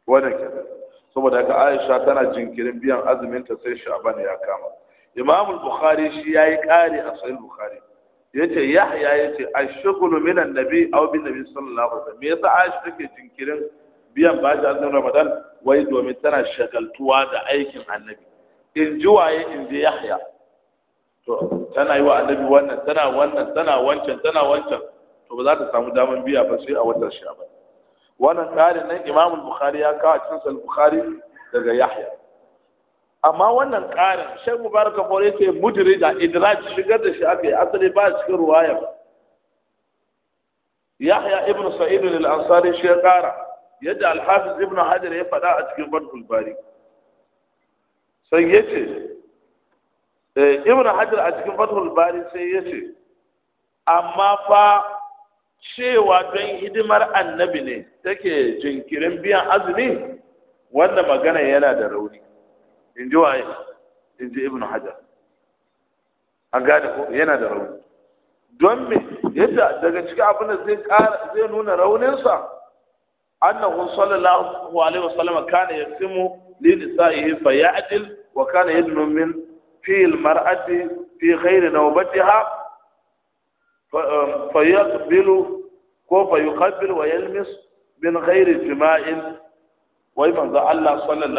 wannan kenan saboda haka Aisha tana jinkirin biyan azumin ta sai Sha'ban ya kama Imam al-Bukhari shi yayi kare a Sahih Bukhari yace Yahya yace ash-shughlu min an-nabi aw bin nabi sallallahu alaihi wasallam me yasa Aisha take jinkirin biyan bashi azumin Ramadan wai domin tana shagaltuwa da aikin Annabi in ji waye in ji Yahya to tana yi wa Annabi wannan tana wannan tana wancan tana wancan to ba za ta samu daman biya ba sai a watan Sha'ban wannan ƙarin nan imam bukhari ya kawo cikin sahih bukhari daga yahya amma wannan ƙarin shan mubaraka fore ce da idraj shigar da shi aka yi asali ba cikin ruwaya yahya ibn sa'id al-ansari shi ya ƙara yadda al-hafiz ibn hajar ya faɗa a cikin fathul bari sai yace eh, ibn hajar a cikin fathul bari sai yace amma fa cewa don hidimar annabi ne take jinkirin biyan azumi wanda magana yana da rauni in ji waye in ji ibn hajar an gane ko yana da rauni don me yadda daga cikin abin da zai zai nuna rauninsa annahu sallallahu alaihi sallam kana yasimu li nisa'ihi fa ya'dil wa kana yadnu min fi al-mar'ati fi ghairi nawbatiha fa um, yaqbilu ko ويلمس من wa جماع min ذا jima'in wai الله Allah وسلم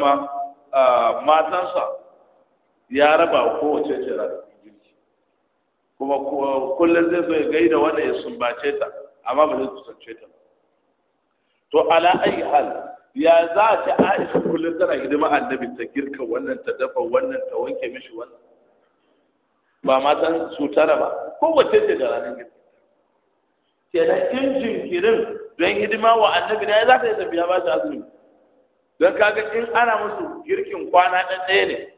ما تنسى matansa ya raba kowace kuma kullum zai zo ya gaida wanda ya sumbace ta amma ba zai kusance ta to ala ayi hal ya za ta Aisha kullum tana hidima annabi ta girka wannan ta dafa wannan ta wanke mishi wannan ba ma san su tara ba ko wace ce da ranar Ke da injin kirin don hidima wa annabi na ya za ta yi tafiya ba shi azumi don kaga in ana musu girkin kwana ɗan ɗaya ne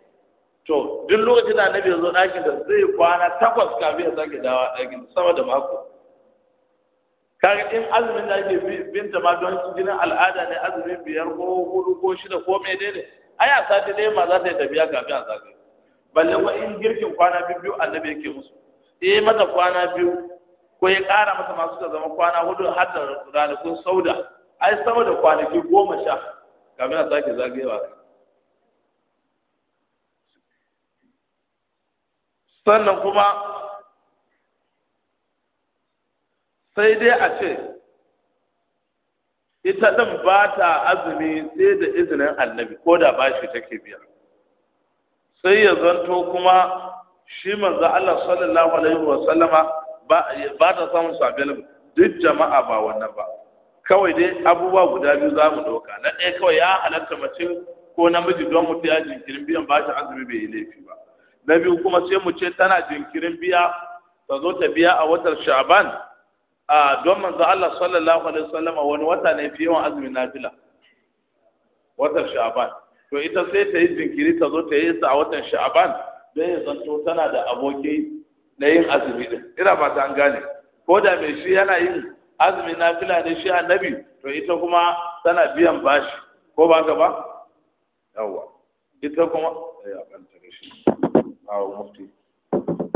to duk lokacin da annabi ya zo ɗakin da zai kwana takwas kafin ya sake dawa ɗakin sama da mako kaga in azumin da ake binta ma don jinin al'ada ne azumin biyar ko hudu ko shida ko menene ai a sati ɗaya ma za ta yi tafiya kafin a zagaye balle wa in girkin kwana biyu biyu annabi yake musu eh mata kwana biyu ko ya ƙara mata masu da zama kwana hudu har da ranakun sauda ai sama da kwanaki goma sha kamar a sake zagayewa sannan kuma sai dai a ce ita ɗin ba ta azumi sai da izinin annabi ko da ba shi take biya sai ya zanto kuma shi manzo Allah sallallahu alaihi wa sallama ba ta samun sabelin duk jama'a ba wannan ba kawai dai abubuwa guda biyu za mu ɗauka na ɗaya kawai ya halatta mace ko namiji don mutu ya jinkirin biyan ba shi azumi bai yi laifi ba na biyu kuma sai mu ce tana jinkirin biya ta zo ta biya a watan sha'ban a don manzo Allah sallallahu alaihi wa sallama wani wata ne fi yawan azumin nafila watan sha'ban to ita sai ta yi jinkiri ta zo ta yi a watan sha'aban don ya zanto tana da aboki na yin azumi din ina ba ta gane ko da mai shi yana yin azumi na fila ne shi annabi to ita kuma tana biyan bashi ko ba ka ba Yawwa. ita kuma ya eh, kanta ne shi a mufti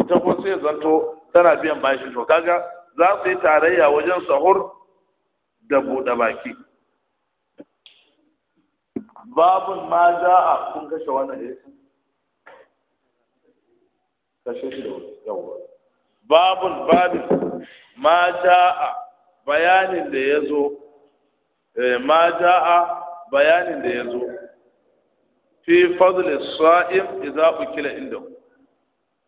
ita kuma sai zanto tana biyan bashi to kaga za su yi tarayya wajen sahur da buɗe baki babun ma za a kun kashe wannan hadisin kashe shi da yawa babun babin ma za a bayanin da ya zo eh, ma za a bayanin da ya zo fi fadlis sa'im idza ukila inda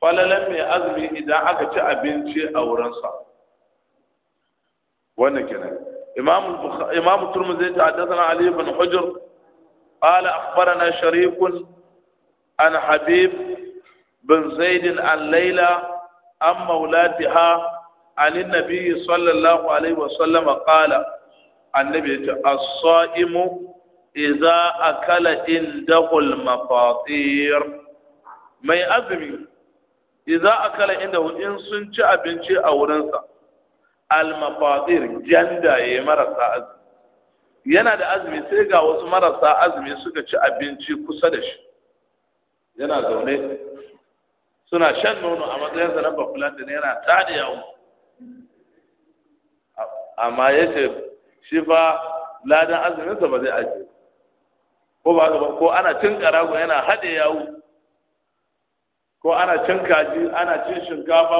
falalan mai azumi idan aka ci abinci a wurinsa wannan kenan imam imam turmuzi ta haddathana ali ibn hujr قال أخبرنا شريك عن حبيب بن زيد عن ليلى عن مولاتها عن النبي صلى الله عليه وسلم قال النبي الصائم إذا أكل عنده المفاطير ما يأذمي إذا أكل عنده إن سنش أبنشي أو ننسى المفاطير جندا مرسى أذمي yana da azumi sai ga wasu marasa azumi suka ci abinci kusa da shi yana zaune suna shan nono a matsayinsa na bafulantin yana da yawo amma ya ce shi fa ladan azuminsa ba zai ajiye ko ba ko ana cin karago yana haɗe yawo ko ana cin kaji ana cin shinkafa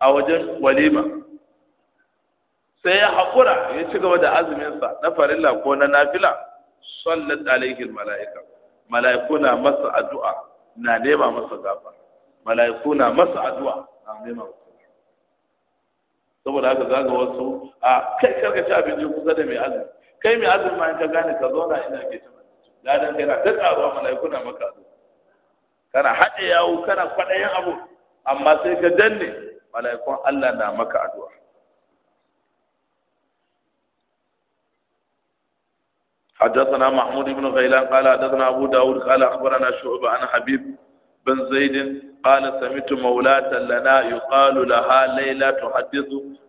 a wajen walima sai ya haƙura ya ci gaba da azuminsa na farilla ko na nafila sallat alaihi mala'ika mala'iku na masa addu'a na nema masa gafa mala'iku na masa addu'a na nema masa saboda haka zaga wasu a kai karka ci abinci kusa da mai azumi kai mai azumi ma ka gane ka zauna ina ke ta ladan kai na ta karuwa mala'iku na maka kana haɗe yawo kana kwaɗayin abu amma sai ka danne mala'ikun Allah na maka addu'a حدثنا محمود بن غيلان قال حدثنا أبو داود قال أخبرنا شعبة عن حبيب بن زيد قال سمعت مولاة لنا يقال لها ليلى تحدث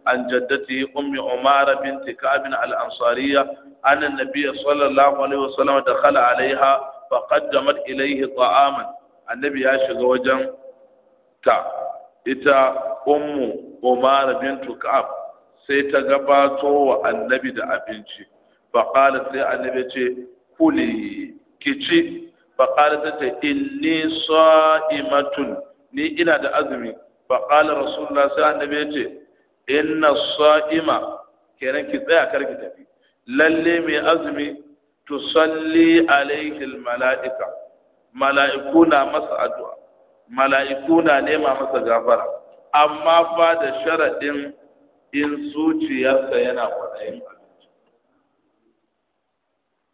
عن جدته أم عمارة بنت كعب الأنصارية أن النبي صلى الله عليه وسلم دخل عليها فقدمت إليه طعاما النبي يشغ وجن تا إتا أم عمارة بنت كعب سيتغباتو النبي دا أبنشي sai فقالت لي النبي كلي كيتشي فقالت إني صائمة ni ina da azumi fa rasulullah sai annabi yace inna sa'ima kenan ki tsaya kar ki tafi lalle mai azumi salli alaihi almalaika mala'iku na masa addu'a mala'iku na nema masa gafara amma fa da sharadin in zuciyarsa yana kwaɗayin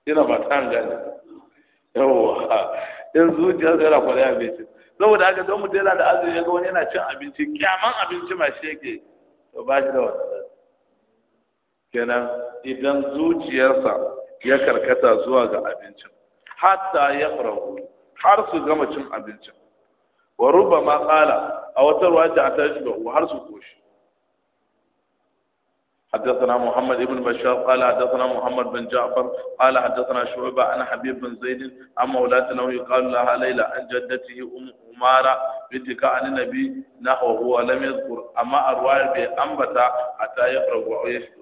yana ba ta gane yawwa in zuciyarsa yana kwalaya abinci saboda haka don mu dela da azumi ya ga wani yana cin abinci kyaman abinci ma shi yake to ba shi da wata kenan idan zuciyarsa ya karkata zuwa ga abincin hatta ya farahu har su gama cin abincin wa ruba ma kala a wata ruwa ta ta shi har su koshi حدثنا محمد بن بشار قال حدثنا محمد بن جعفر قال حدثنا شعبة عن حبيب بن زيد عن مولاة يقال لها ليلى عن جدته أم أمارة بنت عن النبي نحوه ولم يذكر أما الرواية بأنبت حتى يقرب ويشبه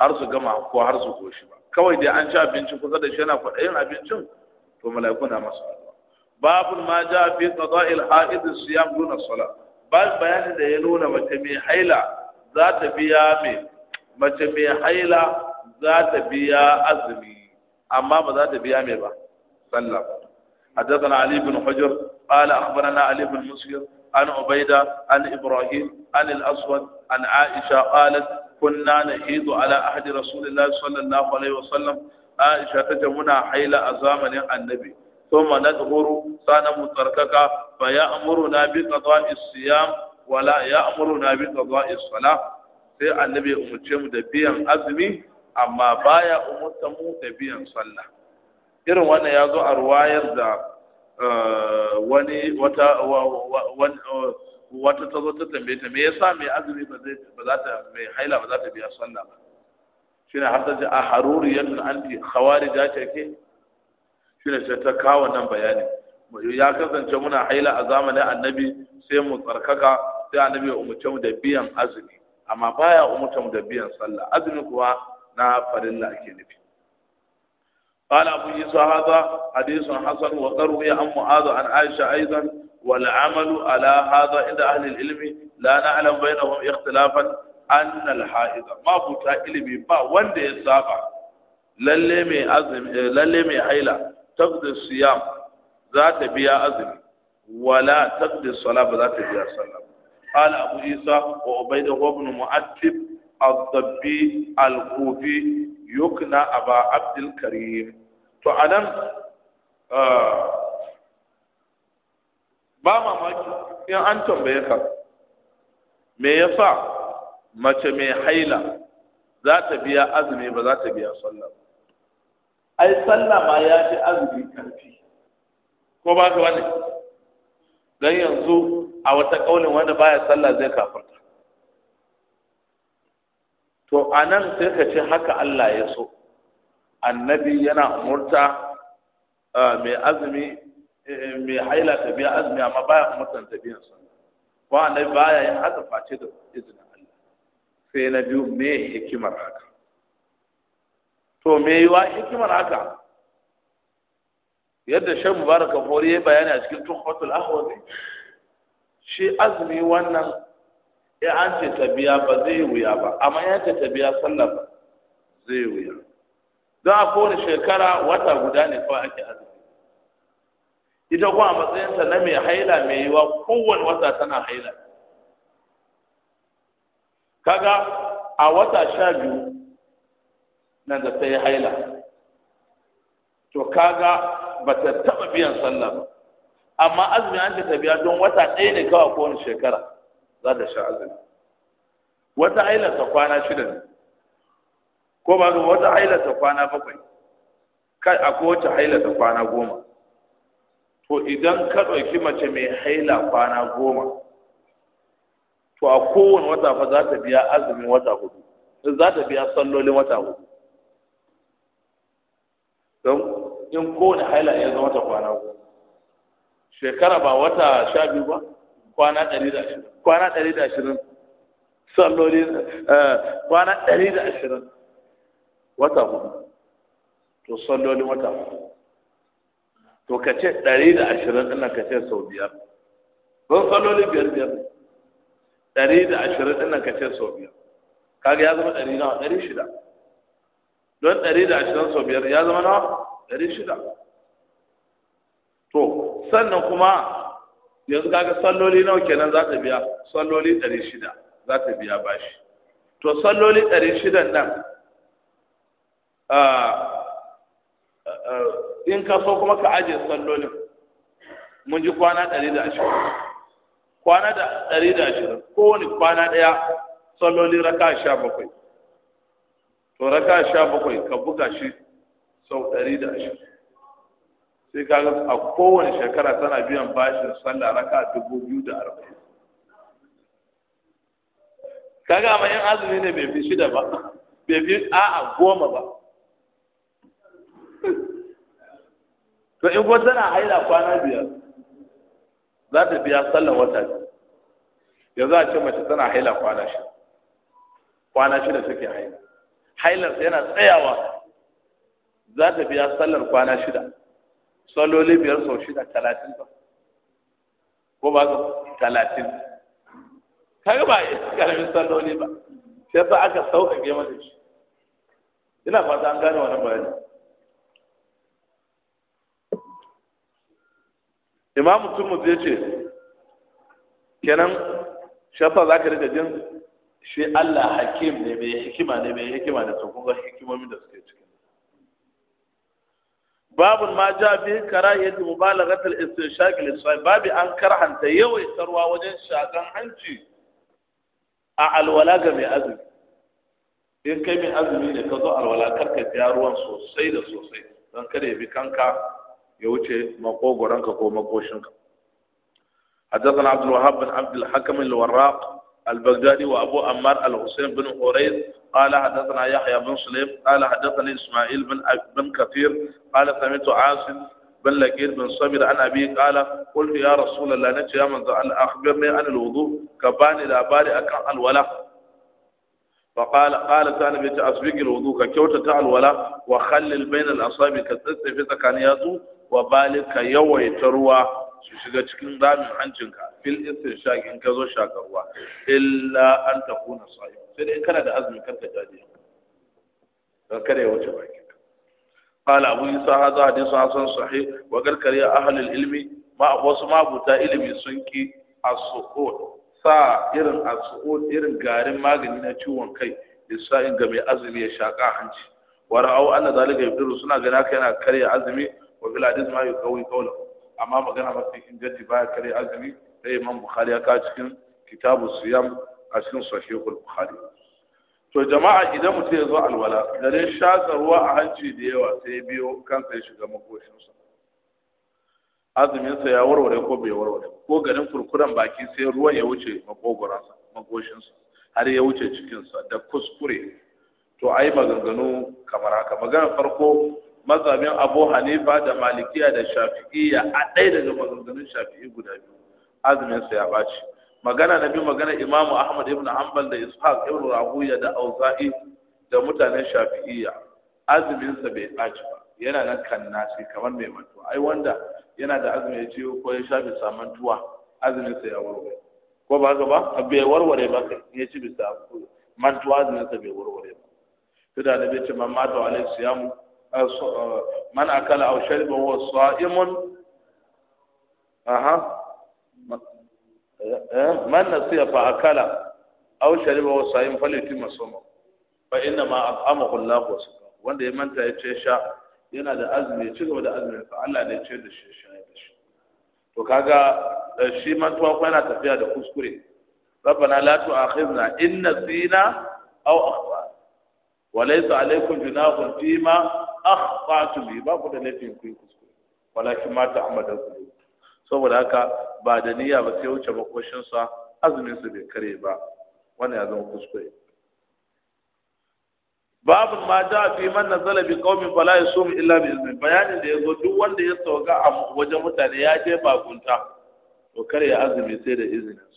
har su gama ko har su ba kawai dai an ci abinci kusa da shi yana kwaɗayin abincin to na masu addu'a babul ma ja fi qada'il ha'id siyam da ya nuna mace mai haila za ta biya mai mace mai haila za ta biya azumi amma ba za ta biya mai ba sallah حدثنا علي بن حجر قال أخبرنا علي بن مسكر عن عبيدة عن إبراهيم عن الأسود عن عائشة قالت كنا نحيض على أحد رسول الله صلى الله عليه وسلم عائشة تجمنا حيل أزامن النبي ثم ندهر سنم تركك فيأمرنا بقضاء الصيام wala ya na bi qada'i salah sai annabi ya umurce mu da biyan azumi amma baya umurta mu da biyan sallah irin wannan ya zo a ruwayar da eh, wani wata wata ta zo ta tambaye ta me yasa mai azumi ba zai ba za ta mai haila ba za ta biya sallah ba shine har ta ji a haruri yadda anti khawarija ce ke shine sai ta kawo nan bayani ya kasance muna haila a zamanin annabi sai mu tsarkaka sai annabi ya umarce mu da biyan azumi amma baya umarce mu da biyan sallah azumi kuwa na farilla ake nufi قال أبو يسوع هذا حديث حسن وقروي عن معاذ عن عائشة أيضا والعمل على هذا عند أهل العلم لا نعلم بينهم اختلافا أن الحائض ما بوتا علمي با وند يسابع lalle mai azumi eh, lalle mai haila taqdi siyam za ta biya azumi wala taqdi sala ba biya sallah قال أبو عيسى وعبيد بن معتب الضبي الكوفي يكنى أبا عبد الكريم فأنا آه ba mamaki in an tambaye ka me yasa mace mai haila za ta biya azumi ba za ta biya sallah ai sallah ma ya fi azumi karfi ko ba ka wani dan yanzu a wata ƙaunin wanda baya sallah zai kafarta to a nan sai ka ce haka Allah ya so annabi yana umurta mai azumi mai haila ta biya azumi amma baya umurtan ta biyan sa ba annabi baya yin haka face da izinin Allah sai na biyu me hikimar haka to me yiwa hikimar haka yadda shan mubaraka fori ya bayani a cikin tuhfatul ahwazi shi azumi wannan ya an ce ta biya ba zai yi wuya ba amma ya ce ta biya sallah ba zai yi wuya don a kowane shekara wata guda ne kawai ake azumi ita kuma a matsayinta na mai haila mai yiwa kowane wata tana haila kaga a wata sha biyu nan da ta yi haila to kaga ba ta taɓa biyan sallah ba amma azumi an ta biya don wata ɗaya ne kawai ko wani shekara za ta sha azumi wata ta kwana shida ne ko ba ga wata ta kwana bakwai kai akwai wata ta kwana goma to idan ka ɗauki mace mai haila kwana goma to a kowane wata fa za ta biya azumin wata hudu za ta biya sallolin wata hudu don in kowane haila ya zama ta kwana goma shekara ba wata sha biyu ba kwana ɗari da ashirin kwana ɗari da ashirin salloli eh, kwana ɗari da ashirin wata hudu to salloli wata hudu to ka ce ɗari da ashirin ɗin ka ce sau biyar don salloli biyar biyar ɗari da ashirin ɗin ka ce sau biyar kaga ya zama ɗari nawa ɗari shida don ɗari da ashirin sau biyar ya zama nawa ɗari shida sannan kuma yanzu kaga salloli nawa kenan za ta biya salloli ɗari shida za ta biya bashi to salloli ɗari shidan nan in ka so kuma ka ajiye sallolin mun ji kwana ɗari da ashirin kwana da ɗari da ashirin kowane kwana ɗaya salloli raka sha bakwai to raka sha bakwai ka buga shi sau ɗari da ashirin sai ga a kowane shekara tana biyan bashin sallah raka dubu biyu da arba'in ga amma yan azumi ne bai fi shida ba bai fi a'a goma ba to in ko tana haila kwana biyar za ta biya sallan wata biyu yanzu a ce mace tana haila kwana shida kwana da suke haila hailarsa yana tsayawa za ta biya sallar kwana shida bi biyar sau shida talatin ba ko ba ka talatin kaka ba karamin salloli ba sai sa aka sauƙaƙe de shi ina fata an gane wannan bayani imamu tumu de ce kenan shafa za ka rika jin shi Allah hakim ne mai hikima ne mai hikima da sun ga hikimomin da suke ciki babun ma ja bi karahiyat mubalaghat al-istinshaq lis-sa'il babi an karanta yawaitarwa wajen shakan hanci a alwala ga mai azumi in kai mai azumi ne ka zo alwala karka ja ruwan sosai da sosai don kada ya bi kanka ya wuce makogoranka ko makoshinka حدثنا عبد الوهاب بن عبد الحكم الوراق البغدادي وأبو عمار الحسين بن حريث قال حدثنا يحيى بن سليم قال حدثني إسماعيل بن بن كثير قال سمعت عاصم بن لكير بن صبر عن أبي قال قلت يا رسول الله نجي يا من أخبرني عن الوضوء كباني لا باري أكن الولاء فقال قال كان بيت أسبق الوضوء كيوت تاع الولاء وخلل بين الأصابع كتسفي تكانياتو وبالك يوي تروى شو شغا cikin ramin hancinka fil istinshaq in ka zo shakarwa. illa an ta kuna sai dai kana da azumi kar ka jaje dan kada ya wuce baki قال أبو يسا هذا حديث حسن صحيح وقال كريا أهل ilmi ما wasu mabuta ilimi sun ki as-suqut sa irin as-suqut irin garin magani na ciwon kai lissa'in ga mai azumi ya shaka hanci wa ra'au anna zalika yudru suna gana kai yana karya azumi wa bil hadith ma yuqawi qawla amma magana mafi inganci ba karya azumi da imam bukhari ya kawo cikin kitabu siyam a cikin sahihul bukhari to jama'a idan mutum ya alwala gare shaka ruwa a hanci da yawa sai biyo kan ya shiga makoshinsa azuminsa ya warware ko bai warware ko garin kurkuren baki sai ruwa ya wuce makogoransa makoshinsa har ya wuce cikinsa da kuskure to ai maganganu kamar haka maganar farko mazhabin abu hanifa da malikiya da shafi'iyya a ɗaya daga maganganun shafi'i guda biyu azumin sa ya ɓaci. magana na biyu magana imamu Ahmad ibn Hanbal da Ishaq ibn Rahuya da Auza'i da mutanen Shafi'iyya azumin sa bai baci ba yana nan kan nasi kamar mai mantuwa ai wanda yana da azumi ya ciwo ko ya shafi samantuwa azumin sa ya warware ko ba haka ba bai warware ba kai ya ci bisa mantuwa azumin sa bai warware ba tunda da bai ce man mata wa alai siyamu man akala aw shariba wa sa'imun aha Eh? man nasiya fa akala aw shariba wa sa'im falyutim sawma fa inna ma at'amahu Allah wa suqa wanda ya manta ya ce sha yana da azumi ya ci gaba da azumi fa Allah ne ya ce da shi sha ya da shi to kaga eh, shi mantuwa ko yana tafiya da kuskure rabbana la tu'akhidna in nasina aw akhtana wa laysa alaykum junahun fima akhta'tum bi ba ku da laifin ku kuskure walakin ma ta'amalu saboda haka ba da niyya ba sai wuce makoshinsa azumin su bai kare ba wannan ya zama kuskure babu ma da fi man nazala bi qaumin fala yasum illa bi izni bayanin da yazo duk wanda ya sauka a wajen mutane ya je bakunta to kare azumi sai da izinin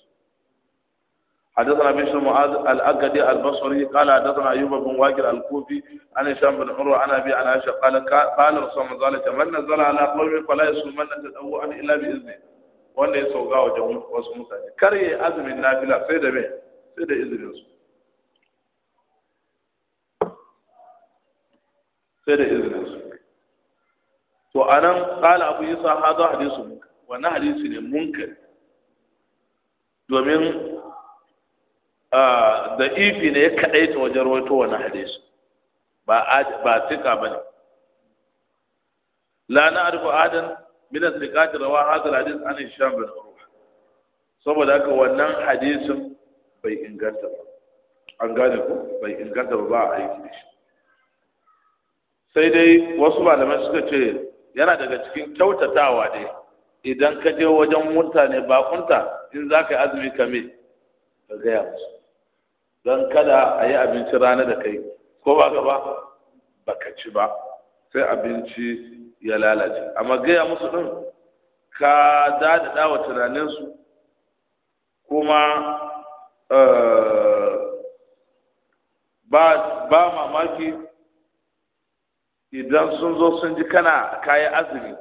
حدثنا بشر معاذ الاكدي البصري قال حدثنا ايوب بن واكر الكوفي عن هشام بن عروه عن ابي عن عائشه قال قال رسول الله صلى الله عليه وسلم من نزل على قوم فلا يصومن تدعوا الا باذنه wanda ya sauka wa wasu mutane kar yi azumin nafila sai da me sai da izinin su sai da izinin su to anan qala abu isa hada hadisu wannan hadisi ne munkar domin Ah, da ifi ne ya ta wajen rawaito wani hadisu, ba ba tika bane la na arfu adan min as-siqat rawa hadha al-hadith an hisham bin urwa saboda haka wannan hadisin bai inganta ba an gane ku bai inganta ba ba aiki da shi sai dai wasu malamai suka ce yana daga cikin kyautatawa ne idan ka je wajen mutane bakunta in za ka yi azumi kame ka gaya musu don kada a yi abinci rana da kai ko ba gaba baka ci ba sai abinci ya lalace amma gaya musu ɗin ka da wa tunaninsu kuma eh, ba mamaki idan sun zo sun ji kana kayan azumi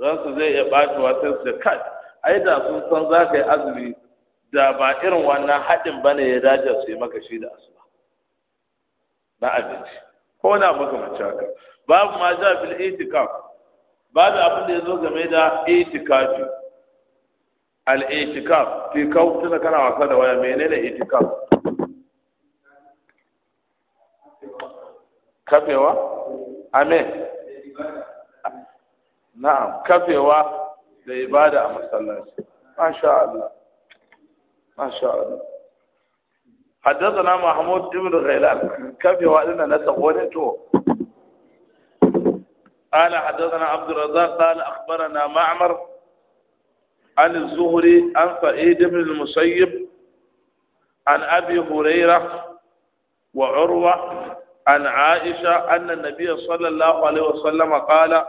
ransu zai iya ɓacewa sai su kai ai da sun san za ka yi azumi da ba irin wannan haɗin ba ne ya dace su yi maka shi da asuba na abinci ko na mace haka babu ma ja fil itikaf babu abin da ya zo game da itikafi al itikaf fi kau tuna kana wasa da waya menene itikaf kafewa amen na'am kafewa da ibada a masallaci masha Allah ما شاء الله حدثنا محمود بن غيلان كيف يوالنا نتغولته قال حدثنا عبد الرزاق قال أخبرنا معمر عن الزهري عن سعيد بن المسيب عن أبي هريرة وعروة عن عائشة أن النبي صلى الله عليه وسلم قال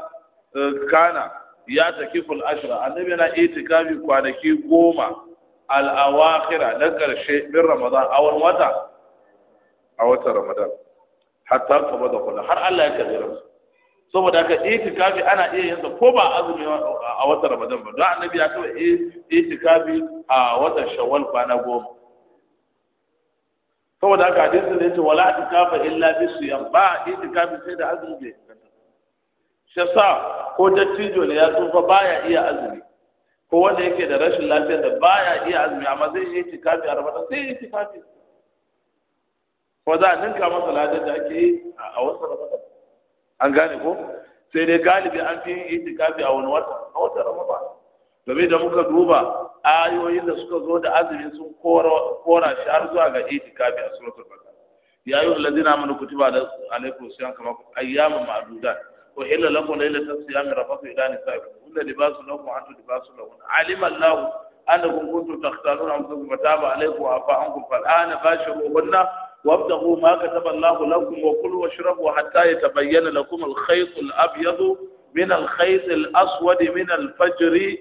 كان يعتكف الأشرة النبي أنا إيتكافي كوانكي قوما al'awakhira na ƙarshe bin ramadan a wani wata a watan ramadan hatta kaba da kula har Allah ya kaji ransu saboda haka itikafi ana iya yin ko ba azumi a watan ramadan ba don annabi ya taɓa itikafi a watan shawwal kwana goma saboda haka hadisin da yace wala itikafa illa bi siyam ba itikafi sai da azumi bai shi yasa ko dattijo ne ya tsufa baya iya azumi ko wanda yake da rashin lafiyar da baya iya azumi amma zai yi tikafi a ramadan sai yi tikafi ko za a ninka masa ladan da ake yi a wasu ramadan an gane ko sai dai galibi an fi yin itikafi a wani wata a wata ramadan domin da muka duba ayoyin da suka zo da azumi sun kora shi har zuwa ga itikafi a suratul baqara ya ayyuhal ladina amanu kutiba alaykum siyam kama ayyaman ma'dudat wa illa lakum laylatan siyam rafathu ila nisaikum kunna libasun lahum wa antum libasun lahum alima Allah annakum kuntum takhtanuna anfusakum fataba alaykum wa afa ankum fal'ana bashiruhunna وابتغوا ما كتب الله لكم وكلوا واشربوا حتى يتبين لكم الخيط الأبيض من الخيط الأسود من الفجر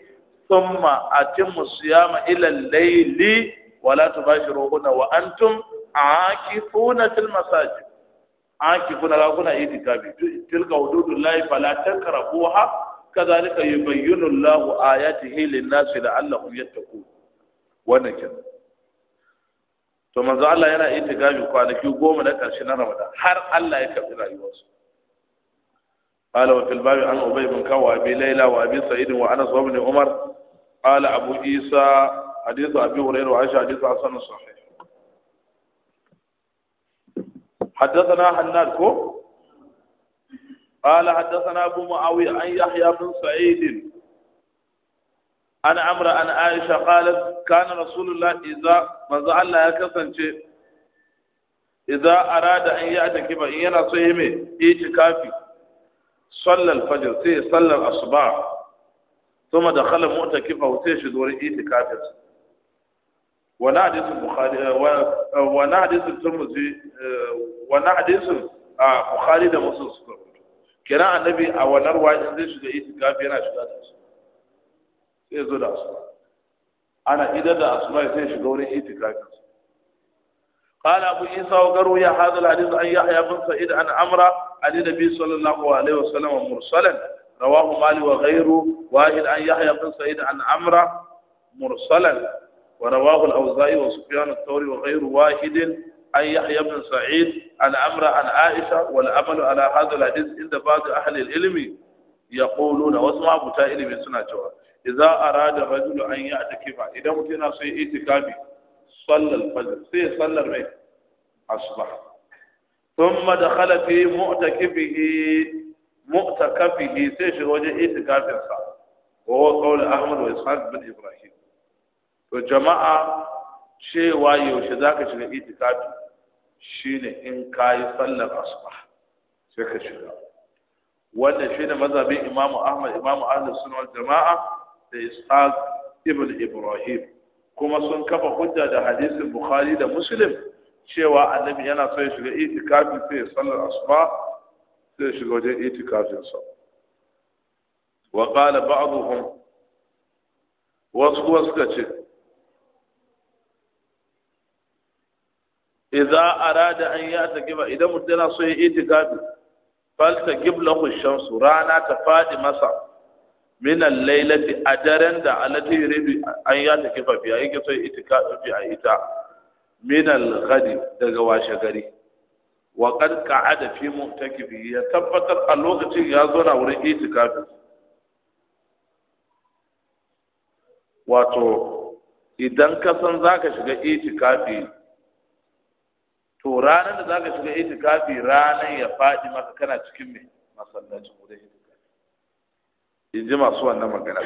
ثم أتموا الصيام إلى الليل ولا تباشروهن وأنتم عاكفون في المساجد عاكفون لا هنا إيدي تلك حدود الله فلا تقربوها كذلك يبين الله آياته للناس لعلهم يتقون ونكن to manzo Allah yana ita tagabi kwanaki goma na ƙarshe na Ramadan har Allah ya karɓi rayuwarsu. Ƙala wa filbabi an Ubay bin Kawo Abi layla, wa Abi Sa'idin wa Anas wa Umar Ƙala Abu Isa hadisu Abi Hurairu wa Aisha hadisu Hassan Sahih. Haddasa na Hannad ko? قال حدثنا ابو معاوية عن يحيى بن سعيد عن عمرو عن عائشة قالت كان رسول الله إذا مزع الله كسن إذا أراد أن يعتكف إن ينا صيهم إيتكافي صلى الفجر سي صلى الأصبع ثم دخل معتكفه وسيش دور إيتكافي وانا حديث البخاري وانا حديث الترمذي وانا حديث البخاري ده مسلم kira annabi a wannan ruwa zai shiga itikafi yana shiga da su sai zo da su ana idan da asuma sai shiga wurin itikafi قال أبو عيسى وقروا هذا الحديث أن يحيى بن سعيد عن أمرة عن النبي صلى الله عليه وسلم مرسلا رواه مالي وغيره واحد عن يحيى بن سعيد عن عمرة مرسلا ورواه الأوزاعي وسفيان الثوري وغير واحد عن يحيى بن سعيد عن عمرو عن عائشة والعمل على هذا الحديث عند بعض أهل العلم يقولون واسمع بتا علم سنة جوا إذا أراد الرجل أن يعتكف إذا متنا في اعتكاف صلى الفجر سي صلى المغرب أصبح ثم دخل في معتكفه معتكفه سي شغوجه اعتكاف وهو قول أحمد وإسحاق بن إبراهيم وجماعة cewa yaushe za ka shiga itikafi ne in ka yi sallar asuba sai ka shiga wannan shine mazhabin imamu ahmad imamu ahlus sunna wal jamaa da ishaq ibn ibrahim kuma sun kafa hujja da hadisin bukhari da muslim cewa annabi yana son ya shiga itikafi sai ya sallar asuba sai ya shiga wajen itikafin sa wa qala ba'dhum wasu kuma suka ce idza arada an ya'takiba idan mutum yana so ya itikafi faltagib lahu shamsu rana ta fadi masa min al-lailati ajaran da alati yuridu an ya'takifa biya yake so ya itikafi a ita min al-ghadi daga washe gari wa qad qa'ada fi mu'takibi ya tabbatar a lokacin ya zo na wurin itikafi wato idan ka san zaka shiga itikafi to ranar da zaka shiga itikafi ranar ya faɗi maka kana cikin me masallacin gudan itikafi in ji masu wannan magana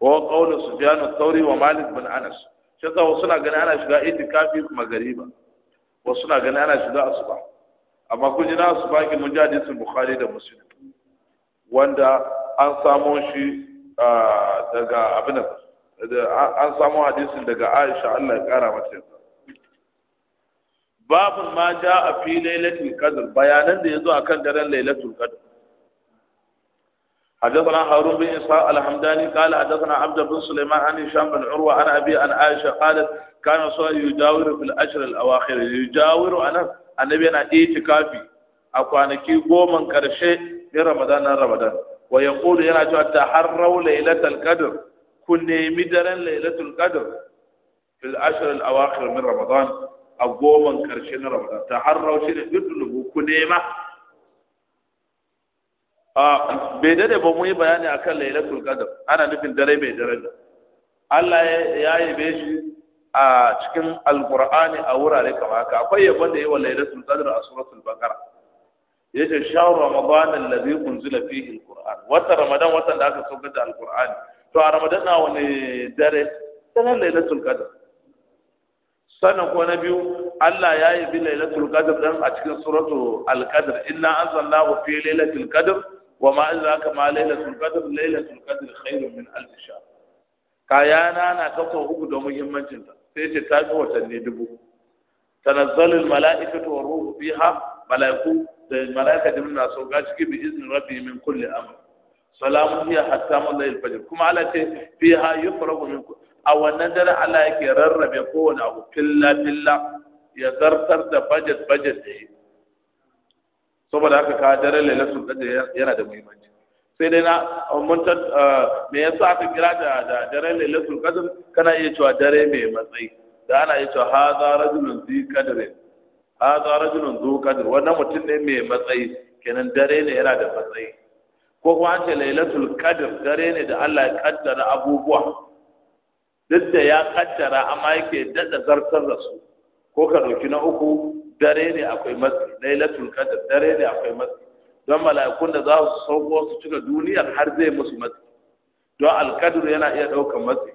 wa qawlu sufyan ath-thawri wa malik bin anas shi ka wasu na ganin ana shiga itikafi magariba wasu na ganin ana shiga asuba amma kun ji na asuba ki mun ji hadisin bukhari da muslim wanda an samo shi ah, daga abin an samo hadisin daga Aisha Allah ya kara mata babun ma ja a fi lailatul qadr bayanan da yazo akan daren lailatul qadr حدثنا هارون بن اسحاق الحمداني قال حدثنا عبد بن سليمان عن هشام بن عروه عن ابي عن عائشه قالت كان رسول يجاور في الاشهر الاواخر يجاور انا النبي انا اعتكافي اكوانكي غومن كرشه في رمضان رمضان ويقول يا رجل تحروا ليله القدر كن نيمي دaren ليله القدر في الاشهر الاواخر من رمضان a goman karshen na ramadan ta harrau da ne lubu ku nema bai dade ba mu yi bayani akan lailatul qadr ana nufin dare mai daraja Allah ya be shi a cikin alqur'ani a wurare kamar haka akwai yabon da yawa lailatul qadr a suratul baqara yace shahru ramadan alladhi unzila fihi alqur'an wata ramadan wata da aka saukar da alqur'ani to a ramadan na wani dare sanan lailatul qadr sannan ko na biyu Allah ya yi bi lailatul qadr dan a cikin suratu al-qadr inna anzalnahu fi lailatul qadr wa ma adraka ma lailatul qadr lailatul qadr khairun min alf shahr kayana na kafa uku da muhimmancin ta sai ce ta fi watanni dubu tanazzalul mala'ikatu wa ruhu fiha mala'iku da mala'ika da na sauka ciki bi iznin rabbi min kulli amr salamun hiya hatta matla'il fajr kuma ala ce fiha yufragu min kulli a wannan dare Allah yake rarrabe kowane abu filla filla ya zartar da budget budget da yi saboda haka ka dare lailatul qadr yana da muhimmanci sai dai na mun ta ah, me yasa aka kira da da dare lailatul qadr kana iya cewa dare mai matsayi da ana iya cewa hadha rajulun zi qadrin hadha rajulun zu qadr wannan mutum ne mai matsayi kenan dare ne yana da matsayi ko kuma an ce lailatul qadr dare ne da Allah ya kaddara abubuwa duk da ya kaddara amma yake dada zartar da su ko ka dauki na uku dare ne akwai matsi lailatul qadr dare ne akwai matsi don mala'ikun da za su sauko su cika duniyar har zai musu matsi don alqadr yana iya daukan matsi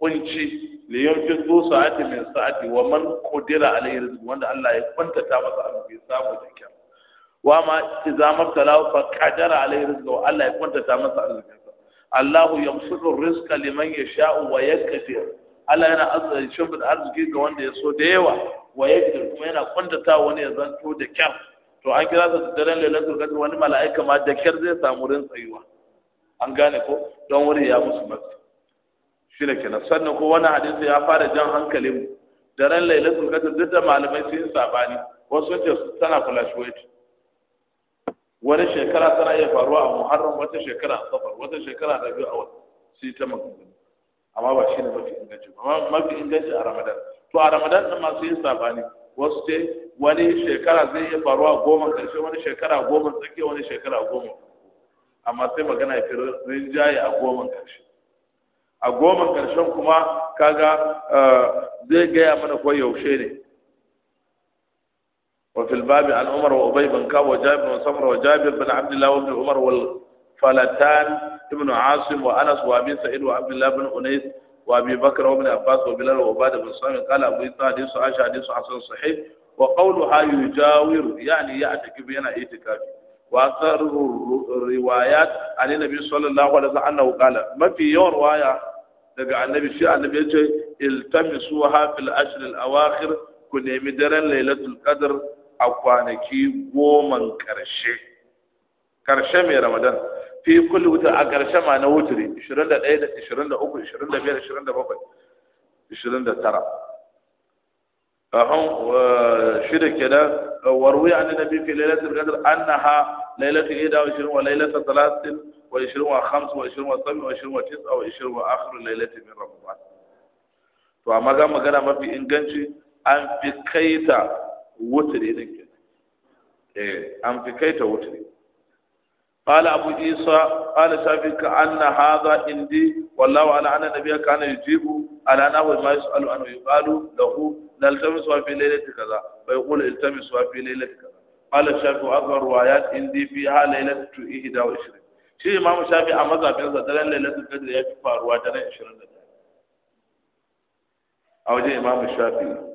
kunci li yunfi zo sa'ati min sa'ati wa man qadira alayhi rizqu wanda Allah ya kwantata masa abu bai samu da kyau wa ma idza mabtala fa qadara alayhi rizqu Allah ya kwantata masa arziki Allahu yamsudu rizqa liman yasha'u wa yakfir Allah yana azza shimfid arziki ga wanda ya so da yawa wa yakfir kuma yana kwantata wani ya zanto da kyar to an kira ta daren lailatul qadr wani mala'ika ma da kyar zai samu rin tsayuwa an gane ko don wuri ya musu matsi shi ne kenan sannan ko wani hadisi ya fara jan hankalin daren lailatul qadr duk da malamai sun sabani wasu sun ce tana flash weight wani shekara tana iya faruwa a muharram wata shekara a safar wata shekara na biyu a wata sai ta magana amma ba shi ne mafi inganci amma mafi inganci a ramadan to a ramadan ɗin masu yin sabani wasu ce wani shekara zai iya faruwa goma karshe wani shekara goma tsakiya wani shekara goma amma sai magana ya fi rinjaye a goma karshe a goma karshen kuma kaga eh, zai gaya mana ko yaushe ne وفي الباب عن عمر وأبي بن كعب وجابر بن وجابر بن عبد الله وابن عمر والفلتان ابن عاصم وأنس وأبي سعيد وعبد الله بن أنيس وأبي بكر وابن عباس وبلال وعبادة بن صامت قال أبو إسحاق حديث عائشة حديث حسن صحيح وقولها يجاور يعني يعتكف بين اعتكافه وأكثر الروايات عن النبي صلى الله عليه وسلم أنه قال ما في يوم رواية daga عن النبي شيء عن النبي التمسوها في الأشهر الأواخر awakhir ku ليلة القدر a kwanaki goman ƙarshe ƙarshe mai ramadan fi kulli wuta a ƙarshe ma na wuturi 21 da 23 25 27 29 ahun shida kenan warwi an nabi fi lailatul qadr annaha lailatul 21 wa lailatul 30 wa 20 wa 5 wa 20 wa 7 wa 20 wa 9 wa 20 wa akhir lailatul min ramadan to amma ga magana mafi inganci an fi kaita wutri din ke eh an fi kaita wutri qala abu isa qala shafi ka anna hadha indi wallahu ala anna nabiyya kana yujibu ala nahu ma yasalu an yuqalu lahu lal tamis wa fi laylati kaza bai yaqul iltamis wa fi laylati kaza qala shafi azhar riwayat indi fi ha laylatu 21 shi imam shafi a mazhabin sa da laylatu qadr ya fi faruwa da 21 a wajen imam Shafi.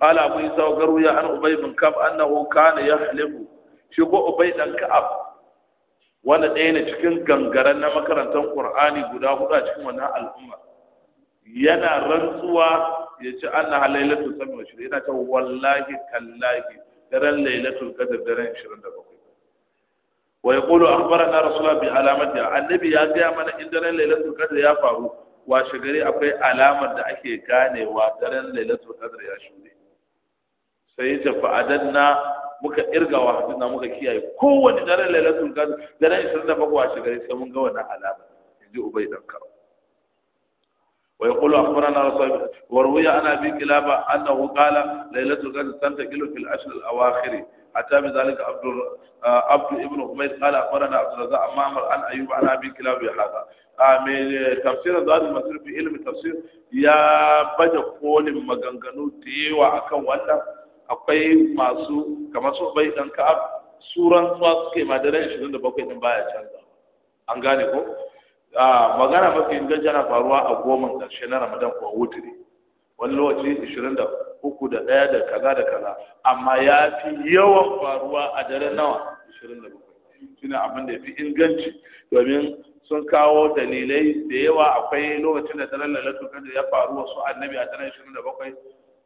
قال عيسى إيسا يا عن ابي بن كعب انه كان يحلف شكو ابي بن كعب wanda ɗaya cikin gangaren na makarantar qur'ani guda hudu a cikin wannan al'umma yana rantsuwa ya ci Allah na halailatul sami shida yana ta wallahi kallahi daren lailatul qadr daren 27 wa yaqulu akhbarana rasulullah bi alamati annabi ya ga mana in daren lailatul qadr ya faru Wa shigare akwai alamar da ake ganewa daren lailatul qadr ya shure sai ya fa adanna muka irga wa hadina muka kiyaye kowanne dare lailatul qadr dare 27 washe gare sai mun ga wannan alama yanzu ubay dan karo wa yaqulu akhbarana rasul wa ruya ana bi kilaba annahu qala lailatul qadr tantaqilu fil ashr al awakhir hatta bi zalika abdur uh, abd ibn umayr qala akhbarana abdur razza amamar an ayub ana bi kilaba ya hada amin ah, eh, tafsir da al masrif ilmi tafsir ya baje kolin maganganu da yawa kan wannan akwai masu kamar su bai dan ka suran su suke ma da ran 27 din baya canza an gane ko A magana mafi inganci na faruwa a goma karshe na ramadan ko wutiri wani lokaci 23 da ɗaya da kaza da kaza amma ya fi yawan faruwa a daren nawa 27 shine abin da ya fi inganci domin sun kawo dalilai da yawa akwai lokacin da daren lalatul da ya faru wasu annabi a daren 27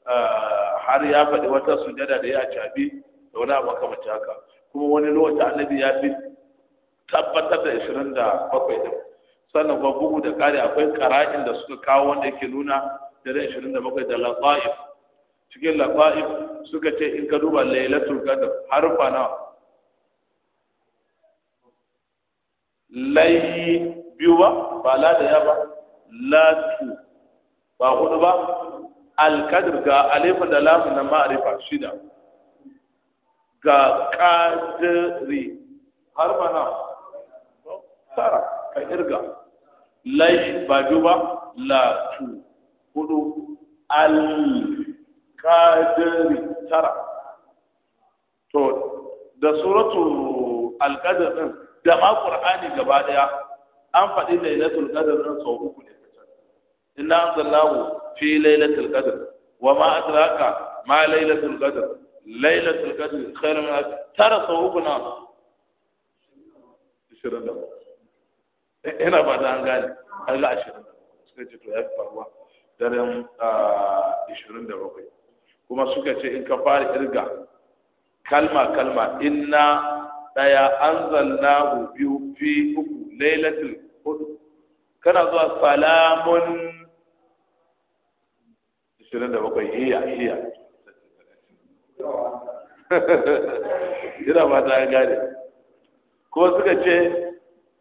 har ya faɗi wata sujada da ya cabi da wani abu kama haka kuma wani lokaci annabi ya fi tabbatar da ishirin da bakwai ɗin sannan kuma bugu da ƙari akwai ƙara'in da suka kawo wanda yake nuna dare ishirin da bakwai da latsa'if cikin latsa'if suka ce in ka duba lailatul qadr harfa na layi biyu ba ba la da ya ba latu ba hudu ba alkadir ga alifa da lamu na ma'arifa shida ga kadiri har mana tara ka irga laifin ba ba la tu hudu alkadiri tara to da suratu alkadir din da ma qur'ani gaba daya an faɗi lailatul qadr din sau uku ne inna anzalahu fi lailatul qadr wa ma adraka ma lailatul qadr lailatul qadr khairun min tara sawbuna shirin da eh, ina ba da an gane an ga ashirin da suka ce to ya fi faruwa daren ah, ashirin da bakwai kuma suka ce in ka fara irga kalma kalma inna daya anzalnahu biyu fi uku lailatul hudu kana zuwa salamun shirin da bakwai iya iya jira ba ta gane ko suka ce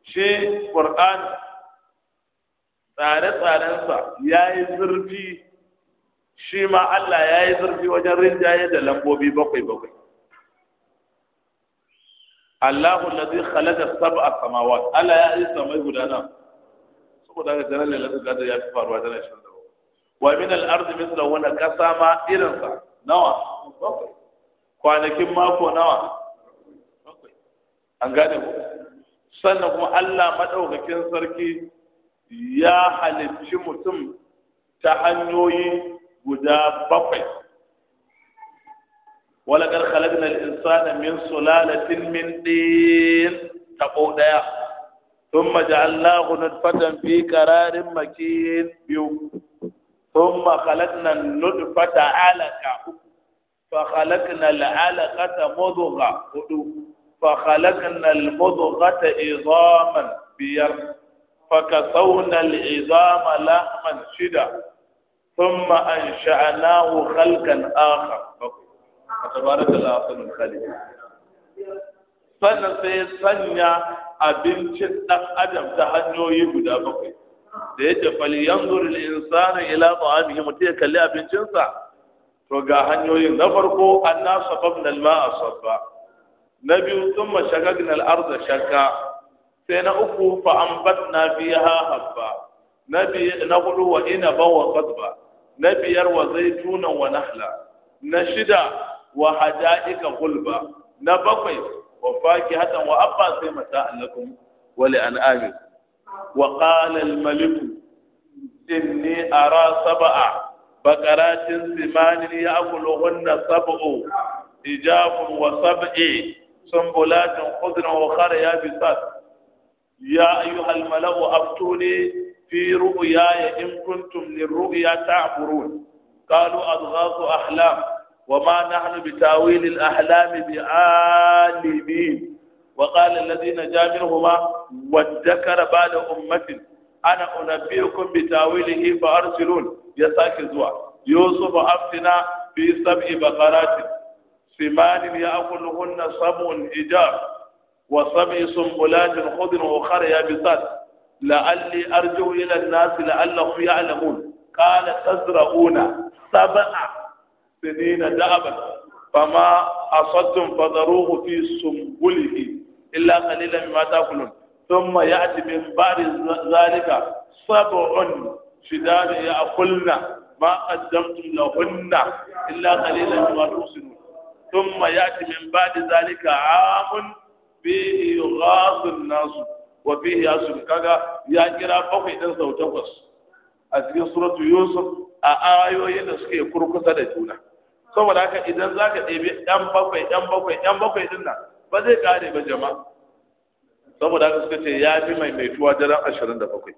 shi ƙur'an tsare-tsarensa ya yi zurfi shi ma Allah ya yi zurfi wajen rinjaye da lambobi bakwai bakwai Allahu ladhi khalaqa sab'a samawat Allah ya yi samai guda nan saboda ga jalalin lalata da ya fi faruwa da shi wa min al-ardi mithla wana kasama irin sa nawa kwanakin mako nawa an gane ku sannan kuma Allah madaukakin sarki ya halicci mutum ta hanyoyi guda bakwai wala kar khalaqna al-insana min sulalatin min din tabo daya thumma ja'alnahu nutfatan fi qararin makin biyu ثم خلقنا النطفة علقة فخلقنا العلقة مضغة فخلقنا المضغة عظاما بير فكسونا العظام لحما شدا ثم أنشأناه خلقا آخر تبارك الله أحسن الخالق sannan sai ya sanya abincin ɗan adam ta hanyoyi guda bakwai da ya ce falyanzur al-insanu ila ta'amihi mutu ya kalli abincinsa to ga hanyoyin na farko sabab na lima a sabba na biyu sun ma shagag na al'arza shakka. sai na uku fa anbatna ha habba na biyu na hudu wa inaba wa qadba na biyar wa zai tunan wa nahla na shida wa hada'ika gulba na bakwai wa hatan wa abba sai mata'allakum wa li'an'amikum وقال الملك إني أرى سبع بقرات سمان يأكلهن سبع إجاب وسبع سنبلات خضر وخر يابسات يا أيها الملأ أفتوني في رؤياي إن كنتم للرؤيا تعبرون قالوا أضغاث أحلام وما نحن بتاويل الأحلام بعالمين وقال الذين جاء منهما وذكر بعد أمة أنا أنبئكم بتاويله فأرسلون يساك زوا يوسف أفتنا في سبع بقرات سمان يأكلهن سبع إجار وسبع سنبلات خضر اخر يابسات لعلي أرجو إلى الناس لعلهم يعلمون قال تزرعون سبع سنين دابا فما أصدتم فذروه في سنبله illa qalilan mimma ta'kulun thumma ya'ti min ba'di zalika sab'un shidadu ya'kulna ma qaddamtum lahunna illa qalilan mimma tusinun ثم يأتي من بعد ذلك عام فيه يغاث الناس وفيه يسر كذا يا كرا بقي دن سو سورة يوسف suke kurkusa كركسة juna. saboda haka idan za ka ɗebi ɗan bakwai ɗan bakwai ɗan bakwai ba zai kare ba jama'a saboda haka suka ce ya fi mai mai tuwa daren ashirin da bakwai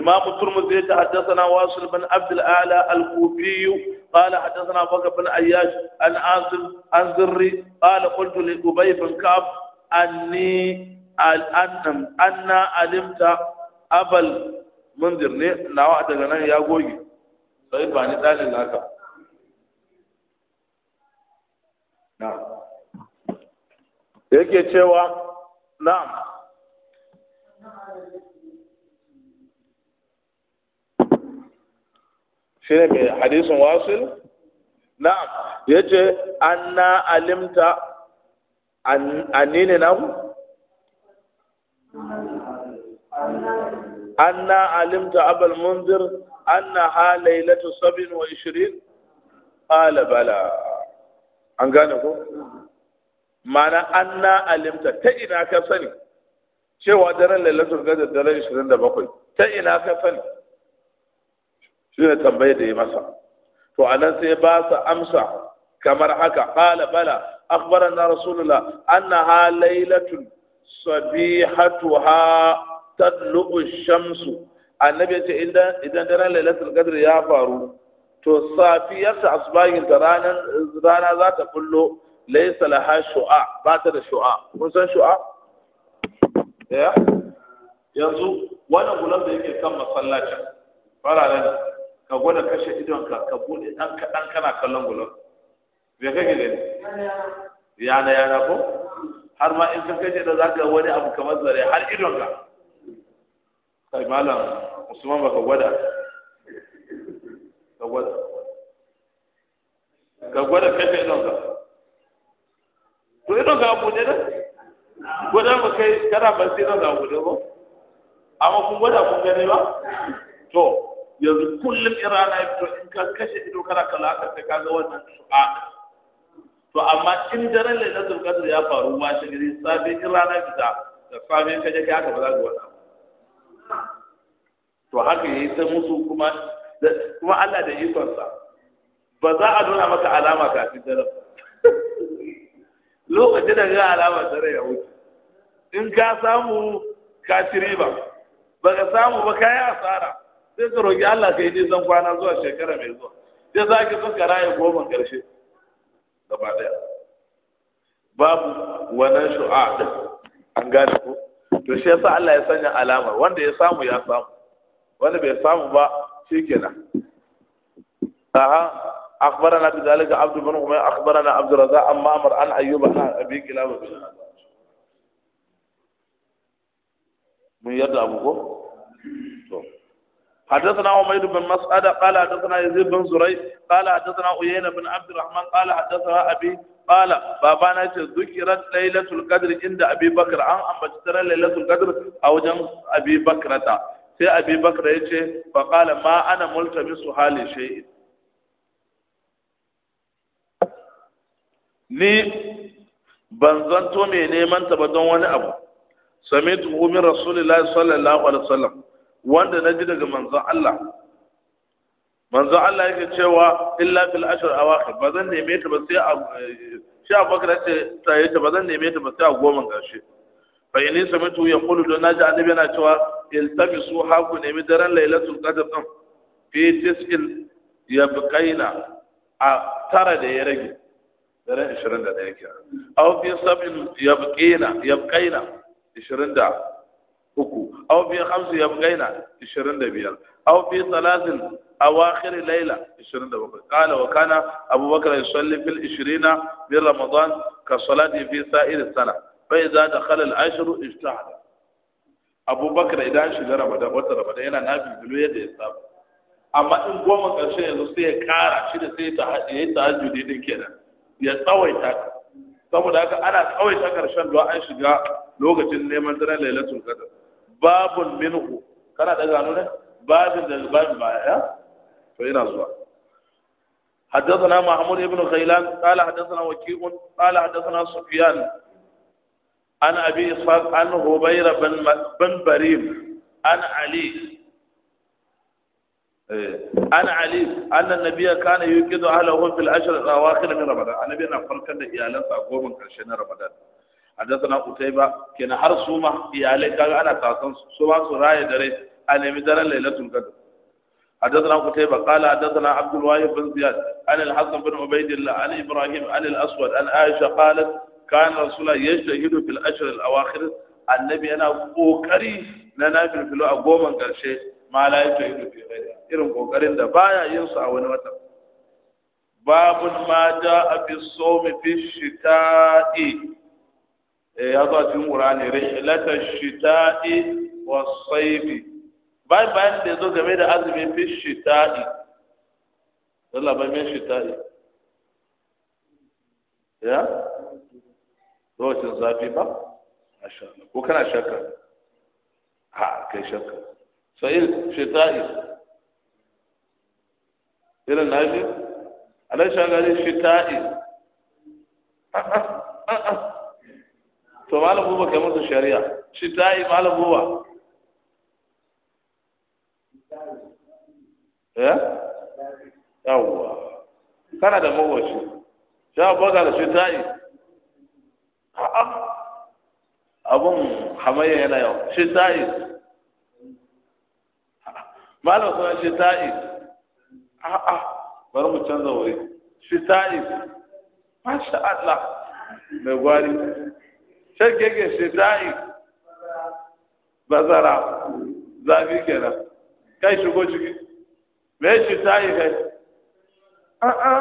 imam turmus zai ta haddasa wasu bin abdul ala al-kufiyu qala haddasa bakar bin ayyash an azir an zirri qala qultu li ubay bin kaf anni al-annam alimta abal munzir ne nawa daga nan ya goge sai ba ni dalilin haka na'am yake cewa na. shi ne mai hadisun wasil na ya ce an na alimta anni ne na an na alimta abal munzir an na ha lailatu sabin wa ishirin ala bala an gane ko ma'ana an na alimta ta ina ka sani cewa daren lalatar gada daren 27 ta ina ka sani shi ne tambaye da ya masa to a nan sai ba sa amsa kamar haka qala bala na akhbarana rasulullah annaha lailatul sabihatuha tadlu'u shamsu annabi ya ce idan daren lalatar qadr ya faru to safiyarta asbahin ta rana za ta bullo laysa ha shu'a ba ta da shu'a kun san shu'a ya eh? yanzu wannan gulan da yake kan masallacin fararen ka gwada kashe idonka ka bude dan kadan kana kallon gulan bai kake gani yana yana ko har ma in ka kaje da zaka wani abu kamar zare har idonka kai malam usman baka gwada ka gwada ka gwada kashe idonka ko yi don ga bude da gwada mu kai kada ba sai ɗan ga bude ba amma kun gwada kun gani ba to yanzu kullum irana ya fito in ka kashe ido kana kala haka sai ka ga wannan su'a to amma in daren lailatul qadr ya faru ma shi gari safe irana fita da safe ka je ka haka ba za ka wannan to haka yayi ta musu kuma kuma Allah da ikonsa ba za a nuna maka alama kafin daren ba lokacin da ga alama dare ya wuce in ka samu ka ci ba, ba ka samu ba ka yi asara sai ka roƙi Allah ka yi nisan kwana zuwa shekara mai zuwa sai za ki ka raye goma ƙarshe gaba ɗaya babu wannan shu'a an gane ko to shi yasa Allah ya sanya alama wanda ya samu ya samu wanda bai samu ba shikenan aha أخبرنا بذلك عبد بن أمية أخبرنا عبد الرزاق أما أمر عن أيوب عن أبي كلاب من يرد أبوكم حدثنا عمير بن مسعد قال حدثنا يزيد بن زري قال حدثنا عيينة بن عبد الرحمن قال حدثنا أبي قال بابانا ذكرت ليلة القدر عند أبي بكر عن أم بجتر ليلة القدر أو جنس أبي بكرة سي أبي بكر يتشي فقال ما أنا ملتمس حالي شيء ni ban zanto mai neman ta ba don wani abu samitu hu min rasulillahi sallallahu alaihi wasallam wanda naji daga manzon Allah manzon Allah yake cewa illa fil ashr awakhir ba zan neme ta ba sai a shi abubakar ce ta yi ta ba zan neme ta ba sai a goma gashi fa inni tu yaqulu don naji annabi yana cewa iltabisu haku nemi daren lailatul qadr din fi tis'il yabqaina a tara da ya rage daren 21 ke aw fi sab'in yabqina yabqina 23 aw fi khamsi yabqina 25 aw fi salasin أواخر ليلة 27 قال وكان أبو بكر يصلي في العشرين من رمضان كصلاته في سائر السنة فإذا دخل العشر اجتهد أبو بكر إذا شجر رمضان وتر رمضان هنا نافل بلوية يساب amma in goma ƙarshe yanzu sai ya ƙara shi da sai ya yi tahajjudi din kenan ya tsawaita saboda haka ana tsawaita karshen du'a an shiga lokacin neman daren lailatul qadr babun minhu kana da gano ne babin da babin baya to ina zuwa حدثنا محمود بن خيلان قال حدثنا وكيع قال حدثنا سفيان عن ابي اسحاق عن هبير بن بن بريم عن علي Eh, an ali annan nabiya kana yuqidu ahlahu fil ashr al-awakhir min ramadan annabi yana farkar da iyalansa a goma karshe na ramadan hadathana utayba kina har suma ma iyalai kaga ana tasan su ba su raye dare a nemi daren lailatul qadr حدثنا قتيبة قال حدثنا عبد الواهب بن زياد عن الحسن بن عبيد الله Ibrahim إبراهيم عن الأسود عن عائشة قالت كان رسول الله يجتهد في الأشهر الأواخر النبي أنا أوكري na في filo a goma شيء ma yi fi ghairi irin kokarin da baya yin su a wani wata babun ma jaa fi mu fi shita'i eh, ya zo a cikin qur'ani rihlata shita'i was-sayfi bai bayan da zo game da azumi fi shita'i Allah bai mai shita'i ya lokacin zafi ba ko kana shakka ha kai shakka sahil shita'i irin na shi alan shagari shita'i to malam buba kai musu shari'a shita'i malam buba ya eh? yawwa kana da mawashi Ya boga da shita'i abun hamayya yana yau shita'i malam suna shi ta'if a'a bari mu canza wuri shi ta'if masha Allah mai gwari shan gege shi ta'if bazara zafi kenan kai shigo ciki me shi ta'if kai a'a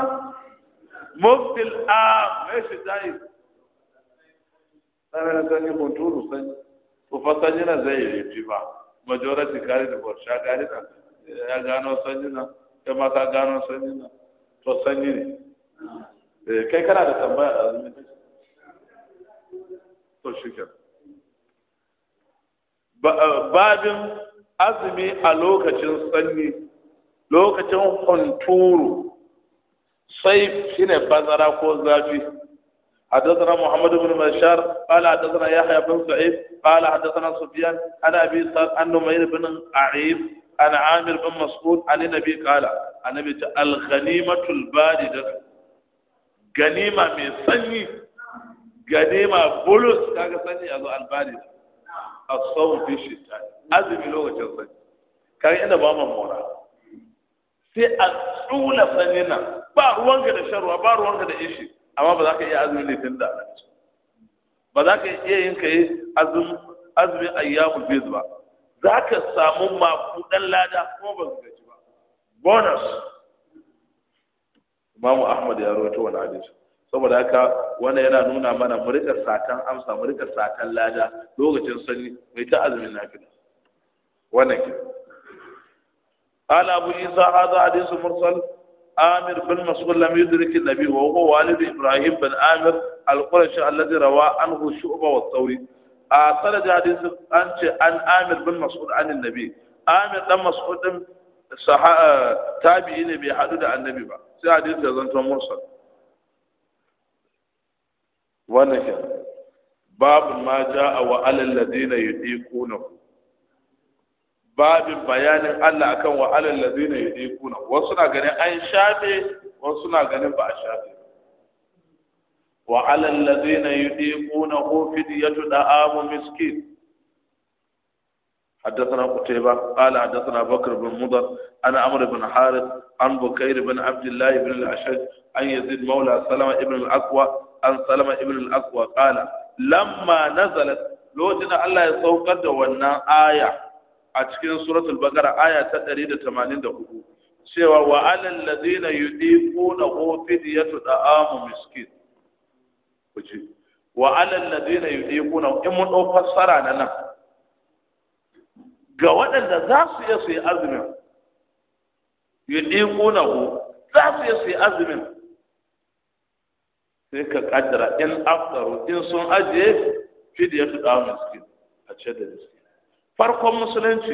muftil a me shi ta'if sanarwa sanyi kunturu sanyi turu fa Ko fasajina zai yi ba majority kare da borsha kare na ya gano sanyi na kai ma ka gano sanyi na to sanyi ne eh, kai kana da tambaya a azumi to shi ke eh, babin azumi a lokacin sanyi lokacin hunturu sai shine bazara ko zafi حدثنا محمد بن بشار قال حدثنا يحيى بن سعيد قال حدثنا سفيان عن ابي عن نمير بن ععيب عن عامر بن مسعود عن النبي قال النبي الغنيمة الباردة غنيمة من سني غنيمة بولس كاغا سني ازو الباردة الصوم في الشتاء azumi lokacin sanyi kaga inda ba mu mora sai a tsula sanyi nan ba ruwanka da sharwa ba ruwanka da ishi amma ba za ka iya azumin litin da alhamis ba za ka iya yin ka yi azumin ayyamul biz ba za ka samu makudan lada kuma ba su gaji ba bonus imamu ahmad ya rawaito wani hadisi saboda haka wannan yana nuna mana mu rika satan amsa mu rika satan lada lokacin sanyi mai ta azumin nafila wannan ke قال أبو عيسى هذا حديث مرسل عامر بن مسعود لم يدرك النبي وهو والد ابراهيم بن عامر القرشي الذي روى عنه شعبة والثوري اثر حديث أنت عن عامر بن مسعود عن النبي عامر بن مسعود تابعي ne bai haɗu da annabi ba sai hadisi ya zanto mursal wannan ke babu ma ja'a wa alal ladina yudiquna babin bayanin Allah akan wa alal ladina kuna. wasu na ganin an shafe wasu na ganin ba a shafe wa alal ladina yudiquna hu fidyatu da'am miskin حدثنا قتيبة قال حدثنا بكر بن مضر أنا عمرو بن حارث عن بكير بن عبد الله بن الأشج Ibn يزيد مولى سلمة بن الأقوى al سلمة بن الأقوى قال لما نزلت لوجنا الله يسوق da wannan آية a cikin suratul bakara aya ta 184 cewa wa alal ladina yudiquna fidyatu da'amu miskin kuce wa alal ladina yudiquna in mun dau fassara nan ga waɗanda za su iya su yi azumin yudiquna za su iya su yi azumin sai ka kaddara in afdaru in sun ajiye fidiyatu da'amu miskin a cikin da miskin farkon musulunci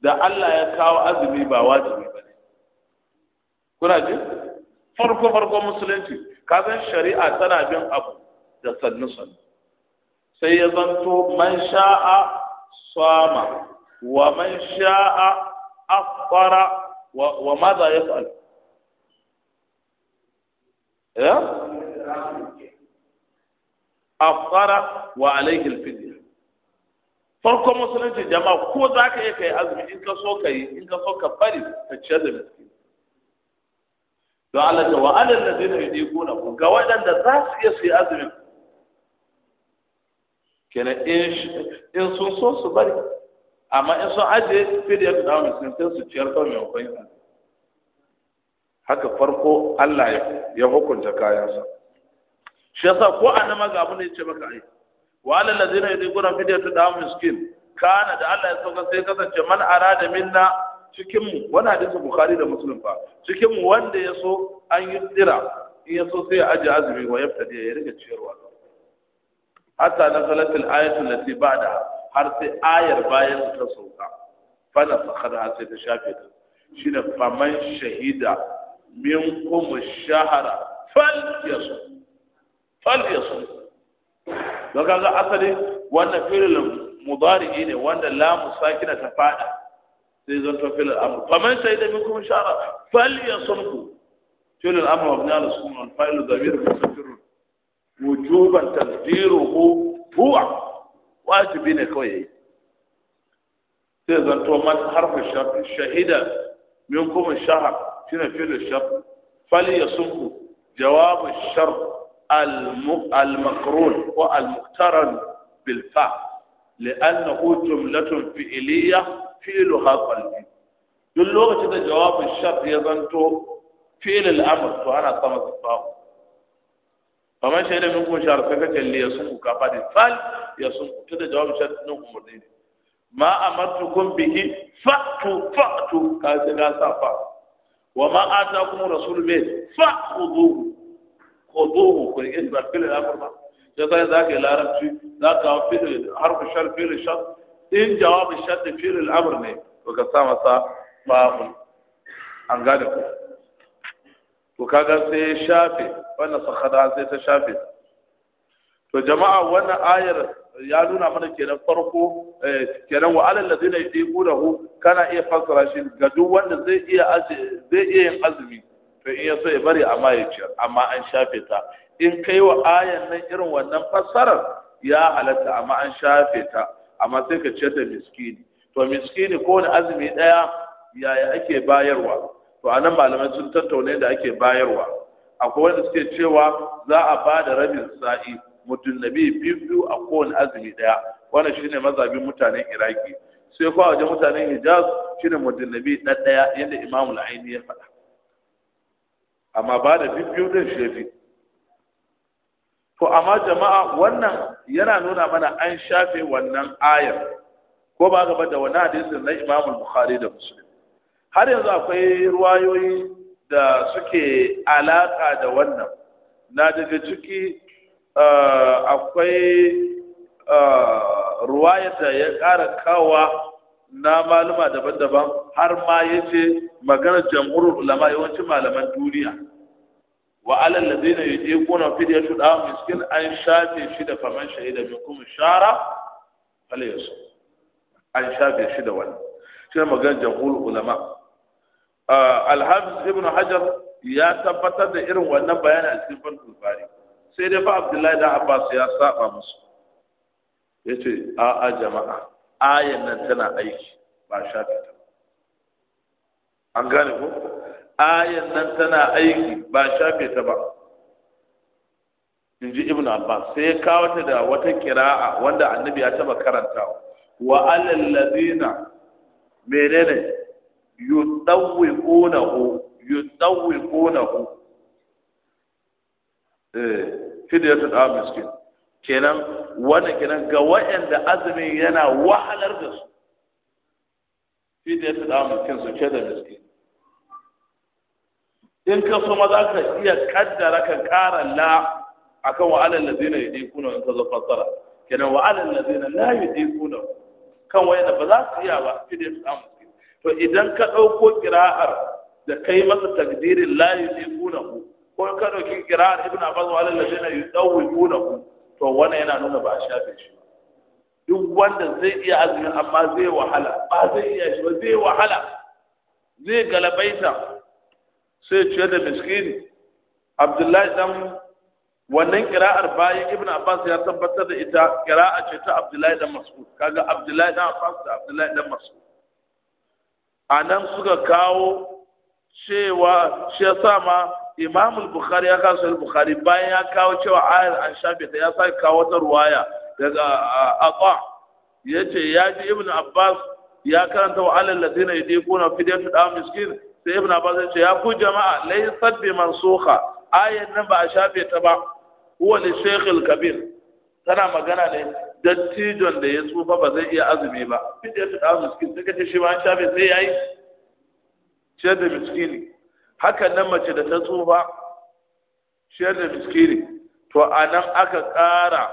da Allah ya kawo azumi ba wajibi ba ne kuna ji farko farkon musulunci ka san shari'a tana bin abu da sannu sannu sai ya zanto man sha'a sama wa man sha'a afara wa ma za ya fa'al ya afara wa eh? alaihi alfidya farkon musulunci jama'a ko za ka iya kai azumi in ka so ka yi in ka so ka bari ka ciyar da miski don Allah ta zai yi ladina yudiquna ku ga waɗanda za su iya su yi azumi kenan in sun so su bari amma in sun ajiye fidiyar da miskin sai su ciyar kawai mai kwanci haka farko Allah ya hukunta kayansa shi yasa ko a ga abin da ya ce maka ai wa lazina ladzina yuquna fidyatu da'am miskin kana da Allah ya sauka sai kasance man arada minna cikin mu wani hadisi bukhari da muslim fa cikin mu wanda ya so an yi tsira in ya so sai ya aje azumi wa yaftadi ya rike ciyarwa hatta na al-ayatu lati ba'da har sai ayar bayan ta sauka fa da sakhara sai ta shafe ta shine faman shahida min kum shahara fal yasu fal yasu don kaga asali wannan fi'il mudari ne wanda la musakina ta fada sai zan to fi'il amr faman shahida minkum shara falyasumku fi'il amr mabni ala sukun wal fa'il dhamir mustaqirrun wujuban tadbiruhu huwa wajibin ne kawai sai zan to man harfu sharfi shahida minkum shahar shine fi'il shart falyasumku jawabu shart المقرون والمقترن بالفع لأنه جملة فئلية فئلها قلبي يقول لغة جواب الشر يظنته فئل الأمر فأنا طمت الطاق فما شهد منكم شرفك اللي يصنك كفاد الفال يصنك كده جواب الشر نقوم بردين ما أمرتكم به فأتوا فأتوا كذا لا وما آتاكم رسول به فأخذوه ba كل اسم كل الامر ما جزاء ذاك العربي ذاك في حرف الشر في الشر ان جواب الشد في الامر ne baka sa ba babu an gane ku to kaga sai shafe wannan sakhada sai ta shafe to jama'a wannan ayar ya nuna mana kenan farko eh, kenan wa alal ladina yudiqunahu kana iya fassara shi ga duk wanda zai iya zai iya yin azumi to in ya so ya bari amma ya ciyar amma an shafe ta in kai wa ayan nan irin wannan fassarar ya halatta amma an shafe ta amma sai ka ciyar da miskini to miskini ko wani azumi daya yaya ake bayarwa to a nan malamai sun tattaune da ake bayarwa akwai wanda suke cewa za a ba da rabin sa'i mutum na biyu biyu a kowane azumi daya wannan shine mazabin mutanen iraki sai kuma waje mutanen hijaz shine mutum nabi ɗaya yadda imamul aini ya faɗa amma ba da bibbiyu ɗin shefi to amma jama'a wannan yana nuna mana an shafe wannan ayar ko ba gaba da wani hadisin na imam bukhari da muslim har yanzu akwai ruwayoyi da suke alaka da wannan na daga ciki akwai ruwayar da ya ƙara kawa na maluma daban-daban har ma ya ce maganar jam'urar ulama yawancin malaman duniya wa alal ladina yudiquna fidyatu da miskin an shafe shi da faman shahida kuma shara fala an shafe shi da wani shi maganar jam'urar ulama ah, alhafiz ibn hajar ya tabbatar da irin wannan bayani a cikin fatul bari sai dai fa abdullahi da abbas ya saba musu yace a a jama'a ayan nan tana aiki ba shafe ta an gane ko ayan nan tana aiki ba shafe ta ba in ji ibn abbas sai ya kawo ta da wata kira'a wanda annabi ya taba karantawa wa alal ladina menene yudawwiqunahu yudawwiqunahu eh fidiyatul amiskin kenan wanda kenan ga waɗanda azumin yana wahalar da su shi da ya damu mutum su ce da miski in ka so ma za ka iya kaddara ka ƙara la akan wa alal ladina yudikuna in ka zo fassara kenan wa alal ladina la yudikuna kan wayanda ba za su iya ba shi da ya fi damu miski to idan ka ɗauko kira'ar da kai masa takdirin la yudikuna ko ka ɗauki kira'ar ibn abbas wa alal ladina yudawwikunahu to wannan yana nuna ba a shafe shi duk wanda zai iya azumi amma zai wahala ba zai iya shi ba zai wahala zai galabaita sai ciyar da miskini abdullahi dan wannan kira'ar bayan ibn abbas ya tabbatar da ita kira'a ce ta abdullahi dan mas'ud kaga abdullahi dan abbas da abdullahi dan mas'ud anan suka kawo cewa shi yasa ma Imamul bukhari ya kawo sahih bukhari bayan ya kawo cewa ayar an shafe ta ya kawo wata ruwaya daga aqa yace ya ji ibn abbas ya karanta wa alal ladina yudikuna fidatu da miskin sai ibn abbas ya ce ya ku jama'a laysat bi mansukha ayar nan ba a ta ba Kowane li kabir tana magana ne dattijon da ya tsufa ba zai iya azumi ba fidatu da miskin sai kace shi ba an shafe sai yayi ce da miskini haka nan mace da ta tsufa shiyar da miskini to nan aka ƙara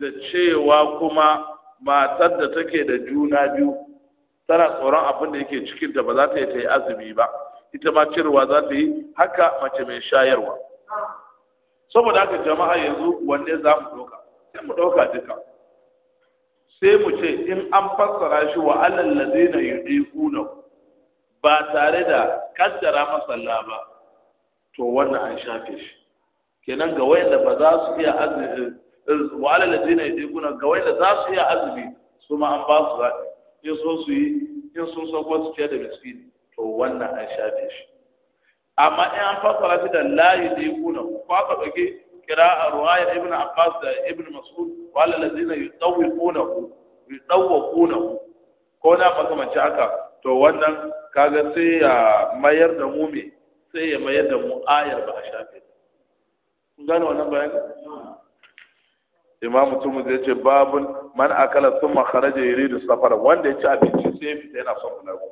da cewa kuma matar da take da juna biyu tana tsoron abin da yake cikinta ba za ta yi ta yi azumi ba ita ma cirewa za ta yi haka mace mai shayarwa saboda haka jama'a yanzu wanne za mu ɗauka sai mu ɗauka duka sai mu ce in an fassara shi wa alal ladina yudiquna ba tare da kaddara masalla ba to wannan an shafe shi kenan ga wayanda ba za su iya azumi eh, wa alal ladina yadiquna ga wayanda za su iya azumi su ma an ba su zaɓi in so su yi in sun so ko su ce da miskini to wannan an shafe shi amma in an fassara shi da la yadiquna ko Ibn ɗauki قراءة رواية ابن عباس ابن مسعود وعلى الذين يطوقونه na كونا فكما haka, to wannan kaga sai ya mayar da mu me sai ya mayar da mu ayar ba a shafe kun gane wannan bayanin imamu tumu zai ce babun man akala sun kharaja yuridu safar wanda ya ci abinci sai ya fita yana son bulago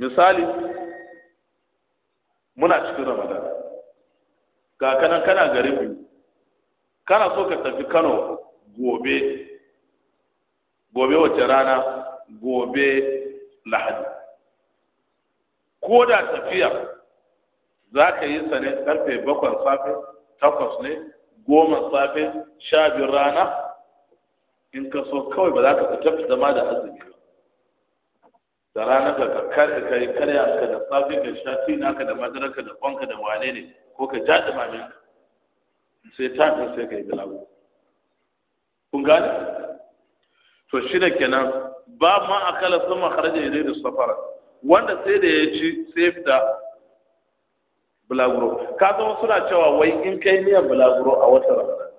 misali muna cikin ramadan ga kana kana garin kana so ka tafi kano gobe gobe wace rana gobe lahadi ko da tafiya za ka yi sa ne karfe bakwai safe takwas ne goma safe sha biyu rana in ka so kawai ba za ka fita fita ma da azumi ba da ranar ka karya ka da safe ka sha tina ka da madara ka da kwanka da wane ne ko ka ja mamin ka sai ta sai ka yi bilago kun gane to shi da kenan ba ma akala sama makaraje ilai da safara wanda sai da ya ci sai fita bulaguro ka zama suna cewa wai in kai miyan bulaguro a wata ramadan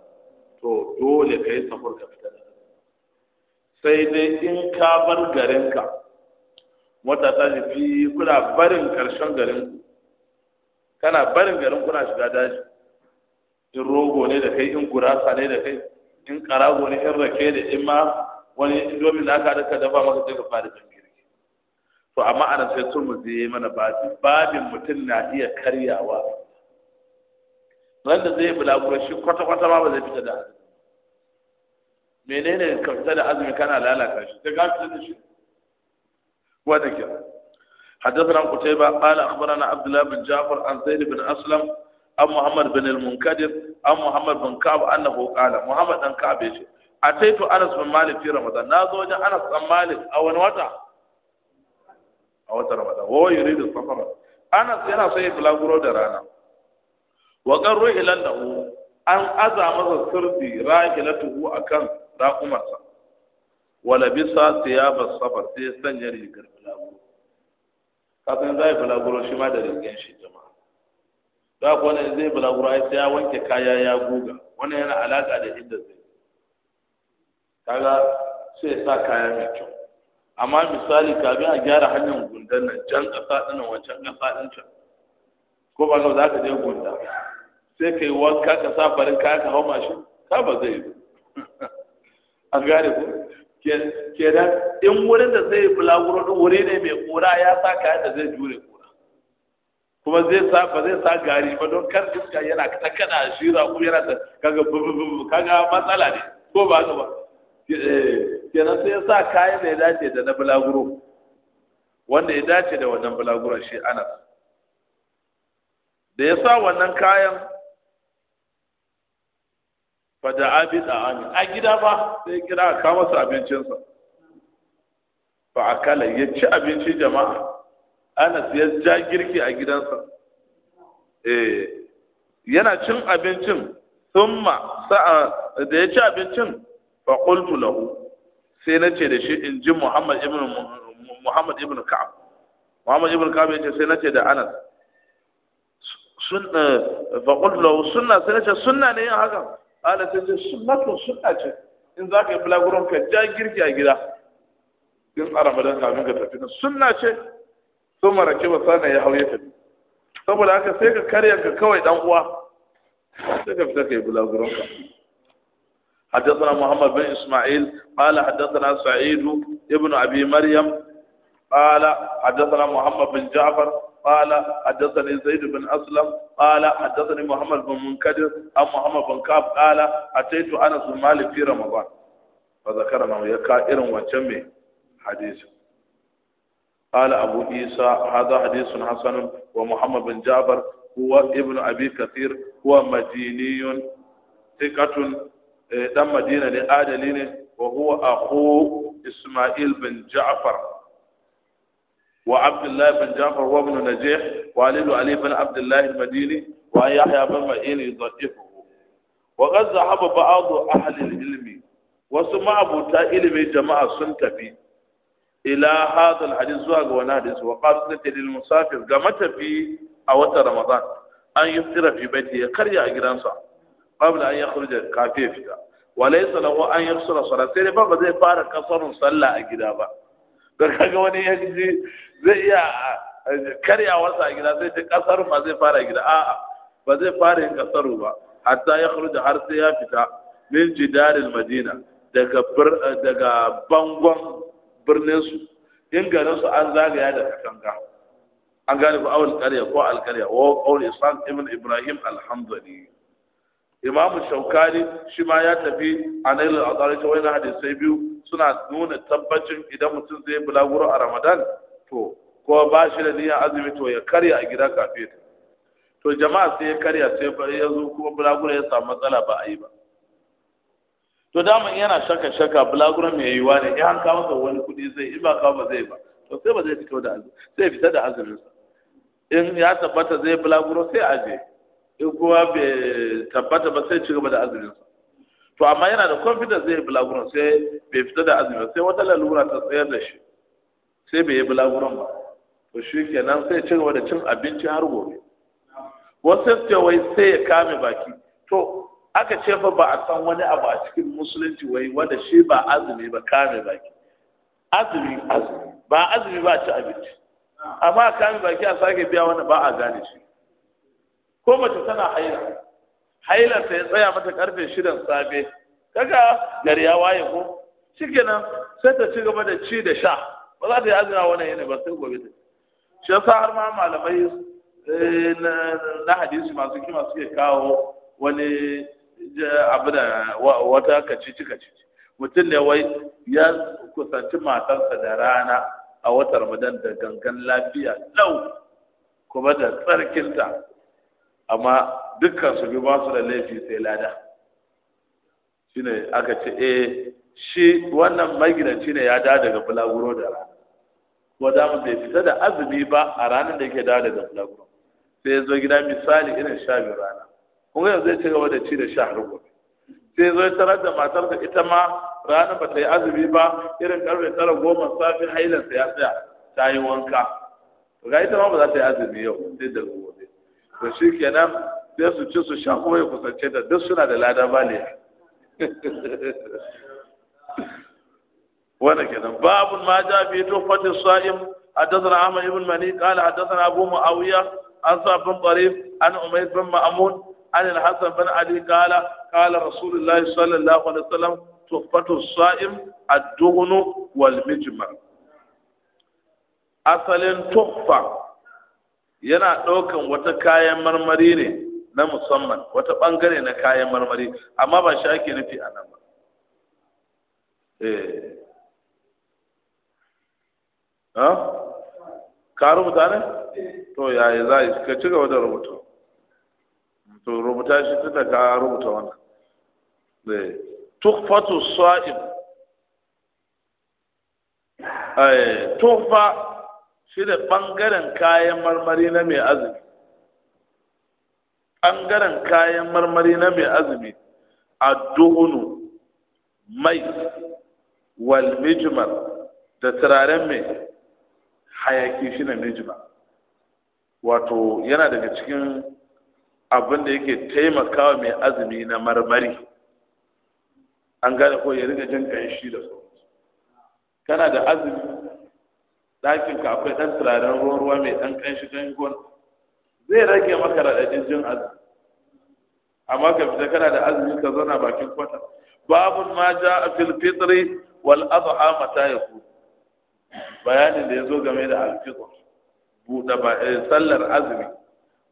to dole ka yi safar ka fita sai dai in ka bar garinka wata ta fi kuna barin karshen garin kana barin garin kuna shiga daji in rogo ne da kai in gurasa ne da kai in karago ne in rake da in ma wani indomi na aka rika dafa maka sai ka fara jin girki to amma ana sai turmuzi ya yi mana babin babin mutum na iya karyawa wanda zai bulaguro shi kwata-kwata ba zai fita da azumi menene ka fita da azumi kana lalaka shi ta gafi da shi wata ke حدثنا قتيبة قال أخبرنا عبد الله بن جعفر عن زيد بن أسلم عن محمد بن المنكدر عن محمد بن كعب أنه قال محمد بن كعب يشهد ataitu anas bin malik fi ramadan na zo wajen anas bin malik a wani wata a wata ramadan wa yuridu safara anas yana so ya bulaguro da rana wa qarru ila lahu an aza masa sirdi rahilatuhu akan raqumarsa wa labisa tiyaba safar sai sanya rigar bulaguro kafin zai bulaguro shi ma da rigar shi jama'a da kuma ne zai bulaguro ai sai ya wanke kaya ya guga wannan yana alaka da inda zai kaga sai sa kaya mai kyau amma misali bi a gyara hanyar gundar nan can ƙasa ɗin wancan ƙasa ɗin can ko ba za ka je gunda sai ka yi wanka ka sa farin kaya ka hau mashi. ka ba zai yi an gane ku ke da in wurin da zai bulaguro ɗin wuri ne mai ƙura ya sa kaya da zai jure ƙura kuma zai sa ba zai sa gari ba don kar iska yana ta shi shira ko yana ta kaga kaga matsala ne ko ba ka ba kenan sai ya sa kayan da ya dace da na bulaguro wanda ya dace da wannan bulaguro shi anas da ya sa wannan kayan fada abi da ami a gida ba sai kira a kama su abincinsa Ba a kala ya ci abinci jama'a anas ya ja girki a gidansa eh yana cin abincin summa sa'a da ya ci abincin فقلت له lahu sai na ce da shi in ji Muhammad ibn Muhammad Muhammad ibn Ka'ab ya ce sai na ce da Anas sun eh, fa qultu ce sunna ne yin haka ala sai ce sunnatun sunna ce in za ka yi bulaguron ka ja girki a gida kafin ka tafi sunna ce sun ba sana ya hau saboda haka sai ka karya ka kawai dan uwa sai ka fita ka yi bulaguron ka حدثنا محمد بن إسماعيل قال حدثنا سعيد ابن أبي مريم قال حدثنا محمد بن جعفر قال حدثني زيد بن أسلم قال حدثني محمد بن منكدر أو محمد بن كعب قال أتيت أنا بن مالك في رمضان فذكر أنه يكا إرم حديث قال أبو عيسى هذا حديث حسن ومحمد بن جعفر هو ابن أبي كثير هو مديني ثقة dan madina ne adali ne wa huwa akhu isma'il bin ja'far wa abdullah bin ja'far wa ibn najih walidu ali bin abdullah al-madini wa yahya bin ma'in yudhifuhu wa qad zahaba ba'd ahli al-ilm wasu ma'abuta ilimi jama'a sun tafi ila hadha al-hadith zuwa ga wani hadisi wa qad lil musafir ga matafi a watan ramadan an yuftira fi baiti ya karya a gidansa qabla an yakhruja kafi ya fita walaysa lahu an yaksura salat sai ba zai fara kasarun sallah a gida ba don kaga wani ya ji zai iya karyawarsa a gida zai ji kasar ba zai fara gida a'a ba zai fara yin kasaru ba hatta ya khruja har sai ya fita min jidaril madina daga daga bangon birnin su in garin su an zagaya da an gane karya ko wa ibn ibrahim alhamdulillah imam shaukani shi ma ya tafi a nailul azhar ta wani hadisai biyu suna nuna tabbacin idan mutum zai bulaguro a ramadan to ko ba shi da niyyar azumi to ya karya a gida kafin to jama'a sai ya karya sai bari ya zo kuma bulaguro ya samu matsala ba a yi ba to daman yana shaka shaka bulaguro mai yiwuwa ne in an kawo wani kuɗi zai in ba kawo ba zai ba to sai ba zai fito da azumi sai fita da azumin sa in ya tabbata zai bulaguro sai aje in kowa bai tabbata ba sai ci gaba da azumin sa to amma yana da confidence zai bulaguron sai bai fita da azumin sai wata lalura ta tsayar da shi sai bai yi bulaguron ba to shi kenan sai ci gaba da cin abinci har gobe wasu sai wai sai ya kame baki to aka ce fa ba a san wani abu a cikin musulunci wai wanda shi ba azumi ba kame baki azumi azumi ba azumi ba ci abinci amma kame baki a sake biya wani ba a gane shi ko mace tana haila haila sai ya tsaya mata karfe shidan safe kaga gari ya waye ko shikenan sai ta ci gaba da ci da sha ba za ta yi azumi wannan yana ba sai gobe ta shi yasa har ma malamai eh, na hadisi masu kima suke kawo wani abu da wata kacici kacici mutum ne wai ya kusanci matarsa da rana a watan ramadan da gangan lafiya lau kuma da tsarkinta amma dukkan su bi ba su da laifi sai lada shine aka ce eh shi wannan magidanci ne ya da daga bulaguro da rana ko da mu bai fita da azumi ba a ranar da yake da daga bulaguro sai ya zo gida misali irin sha biyu rana kuma yanzu zai ci gaba da ci da sha rubu sai ya zo ya tarar da matarsa ita ma rana ba ta yi azumi ba irin karfe tara goma safin hailansa ya tsaya ta yi wanka ga ita ma ba za ta yi azumi yau sai da gobe da shi kenan sai su ci su sha kuma ya kusance da duk suna da lada baliya wannan kenan babun ma ja fi tuhfatis sa'im حدثنا عمر بن مني قال حدثنا أبو معاوية عن بن طريف عن أمير بن مأمون عن الحسن بن علي قال قال رسول الله صلى الله عليه وسلم تحفة الصائم الدغن والمجمع أصل تحفة yana ɗaukan wata kayan marmari ne na musamman wata ɓangare na kayan marmari amma ba shi ake nufi a nan ba eh. ka rubuta ne? to yayi za yi ka ci gaba da rubuta to rubuta shi tunda ka rubuta wannan tukfatu eh tufa shi da ɓangaren kayan marmari na mai azumi ɓangaren kayan marmari na mai azumi a duhunu mai wal mijimar da turaren mai hayaki shi na mijimar wato yana daga cikin abin da yake taimakawa mai azumi na marmari an gane ko ya riga jin ƙanshi da su kana da azumi ɗakin ka akwai ɗan turaren ruwa ruwa mai ɗan ƙanshi ƙanshi zai rage maka raɗaɗin jin azumi amma ka fita kana da azumi ka zauna bakin kwata Babu ma ja fil fitri wal adha mata yakun bayanin da yazo game da al fitr ba eh, sallar azumi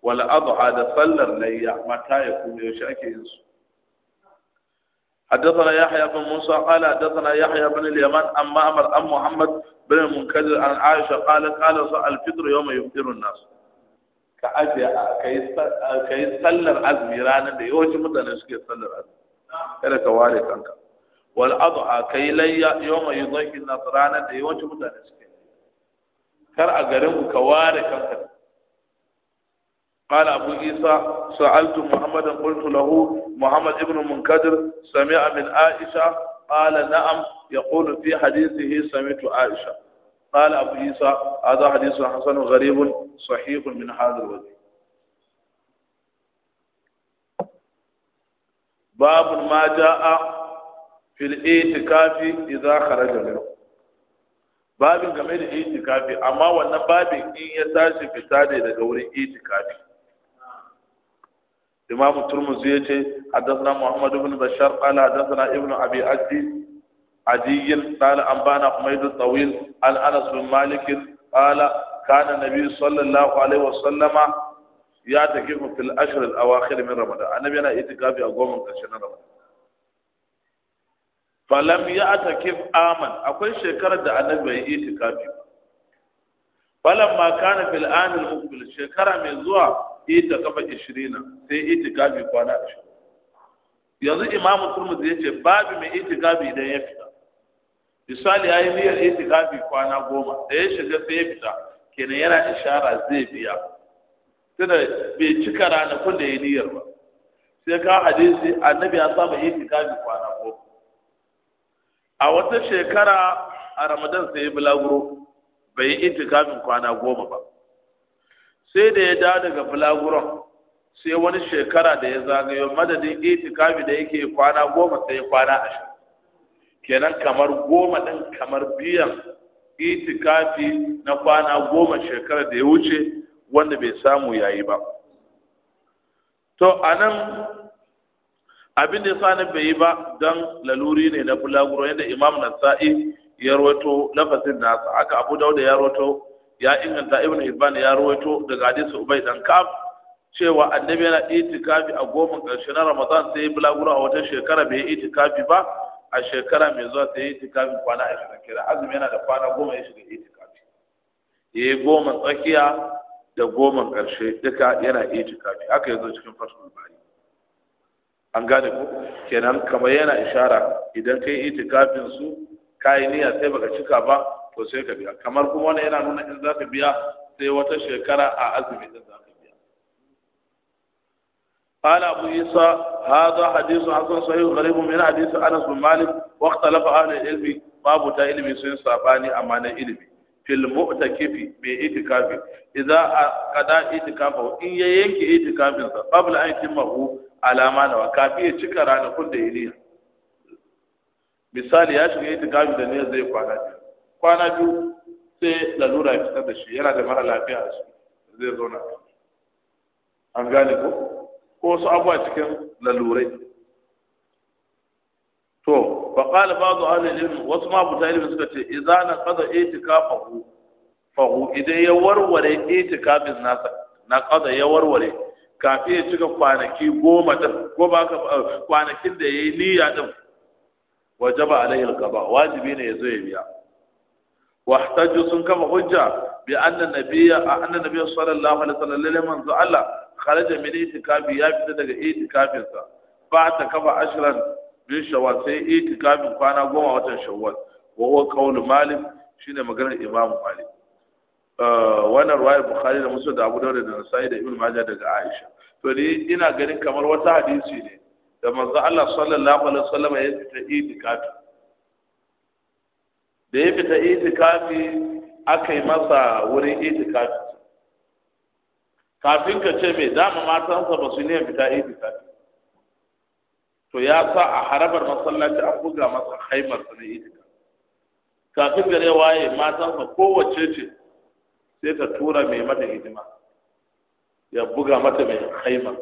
wal adha da sallar layya mata yakun yaushe ake yin su حدثنا يحيى بن موسى قال حدثنا يحيى بن اليمان أم مأمر أم محمد بن المنكدر عن عائشة قال قال صلى الفطر يوم يفطر الناس كأجي كيستلر عزم يرانا دي هو شو مدى نسكي يستلر عزم نعم. كلا كوالي كانك والأضحى كي لي يوم يضيح النصران دي هو شو مدى نسكي كرأ قرم كوالي كانك قال أبو عيسى سألت محمد قلت له محمد ابن منكدر سمع من عائشة قال نعم يقول في حديثه سمعت عائشة قال أبو عيسى هذا حديث حسن غريب صحيح من هذا الوجه باب ما جاء في الاعتكاف إذا خرج منه babin game da itikafi amma wannan babin in ya tashi fita ne daga wurin itikafi إمام الترمذي حدثنا محمد بن بشار قال حدثنا ابن أبي عدي عدي قال أنبانا حميد الطويل عن أنس بن مالك قال كان النبي صلى الله عليه وسلم يعتكف في الأشهر الأواخر من رمضان النبي أنا اعتكافي أقوم من قشر رمضان فلم ya آمن أقول شكرا shekarar da annabi bai itikafi كان في الآن المقبل شكرا من shekara ita kafa ishirina sai ita gabi kwana 20 yanzu imamu turmuzi ya ce babu mai ita gabi idan ya fita misali ya yi niyyar ita gabi kwana goma da ya shiga sai ya fita kenan yana ishara zai biya tunda bai cika ranakun da ya niyyar ba sai ka hadisi annabi ya saba ita gabi kwana goma a wata shekara a ramadan sai ya bulaguro bai yi itikafin kwana goma ba sai da ya da daga bulaguron sai wani shekara da ya zagayo madadin itikafi da yake kwana goma sai kwana ashirin kenan kamar goma ɗin kamar biyan itikafi na kwana goma shekara da ya wuce wanda bai samu yayi ba to anan abin da yasa na bai yi ba don laluri ne na bulaguro yadda imam nasa'i ya roto lafasin nasa aka abu dauda ya roto ya inganta ibnu hibban ya ruwaito daga hadisi ubay dan kaf cewa annabi yana itikafi a goma ƙarshe na ramadan sai ya bulaguro a wata shekara bai itikafi ba a shekara mai zuwa sai ya itikafi kwana 20 kira azumi yana da kwana goma ya shiga itikafi ya yi goma tsakiya da goma ƙarshe duka yana itikafi haka yazo cikin fasul bari an gane ko kenan kamar yana ishara idan kai itikafin su kai niyya sai baka cika ba to sai ka biya kamar kuma wani yana nuna in za ka biya sai wata shekara a azumi din za ka biya qala abu isa hadha hadithu hasan sahih gharib min hadith anas bin malik wa ikhtalafa ahli ilmi babu ta ilmi sun sabani amma na ilmi fil mu'takifi bi itikafi idza qada itikafa in ya yanke itikafin sa qabla an yatimahu alama na wa kafi ya cika ranakun da ya misali ya shiga itikafi da ne zai kwana biyu kwana biyu sai lalura ya fitar da shi yana da mara lafiya a zai zauna an gane ko ko wasu abuwa cikin lalurai to kala ba zuwa ahli ilimin wasu ma buta ilimin suka ce Idan na qada itikafahu fahu idan ya warware bin nasa na qada ya warware kafin ya cika kwanaki goma din ko ba ka eh, kwanakin da yayi niyya din wajaba alaihi alqaba wajibi ne ya zo ya biya واحتجوا سنكم حجة بأن النبي أن النبي صلى الله عليه وسلم لمن زعل خرج من اعتكافه يا فتدق اعتكافه بعد كما عشرا من شوال سي اعتكاف كان قوم وتن شوال وهو قول مالك شنو مغنى الإمام مالك wannan ruwayar bukhari da musu da abu daura da nasa'i da ibn majah daga aisha to ni ina ganin kamar wata hadisi ne da manzo Allah sallallahu alaihi wasallam ya fita itikafi da ya fita itikafi aka yi masa wurin itikafi kafin ka ce mai dama matansa ba su ne fita itikafi to ya sa a harabar masallaci an buga masa haimar su na itikafi kafin gare waye matansa kowace ce sai ta tura mai mata hidima ya buga mata mai haimar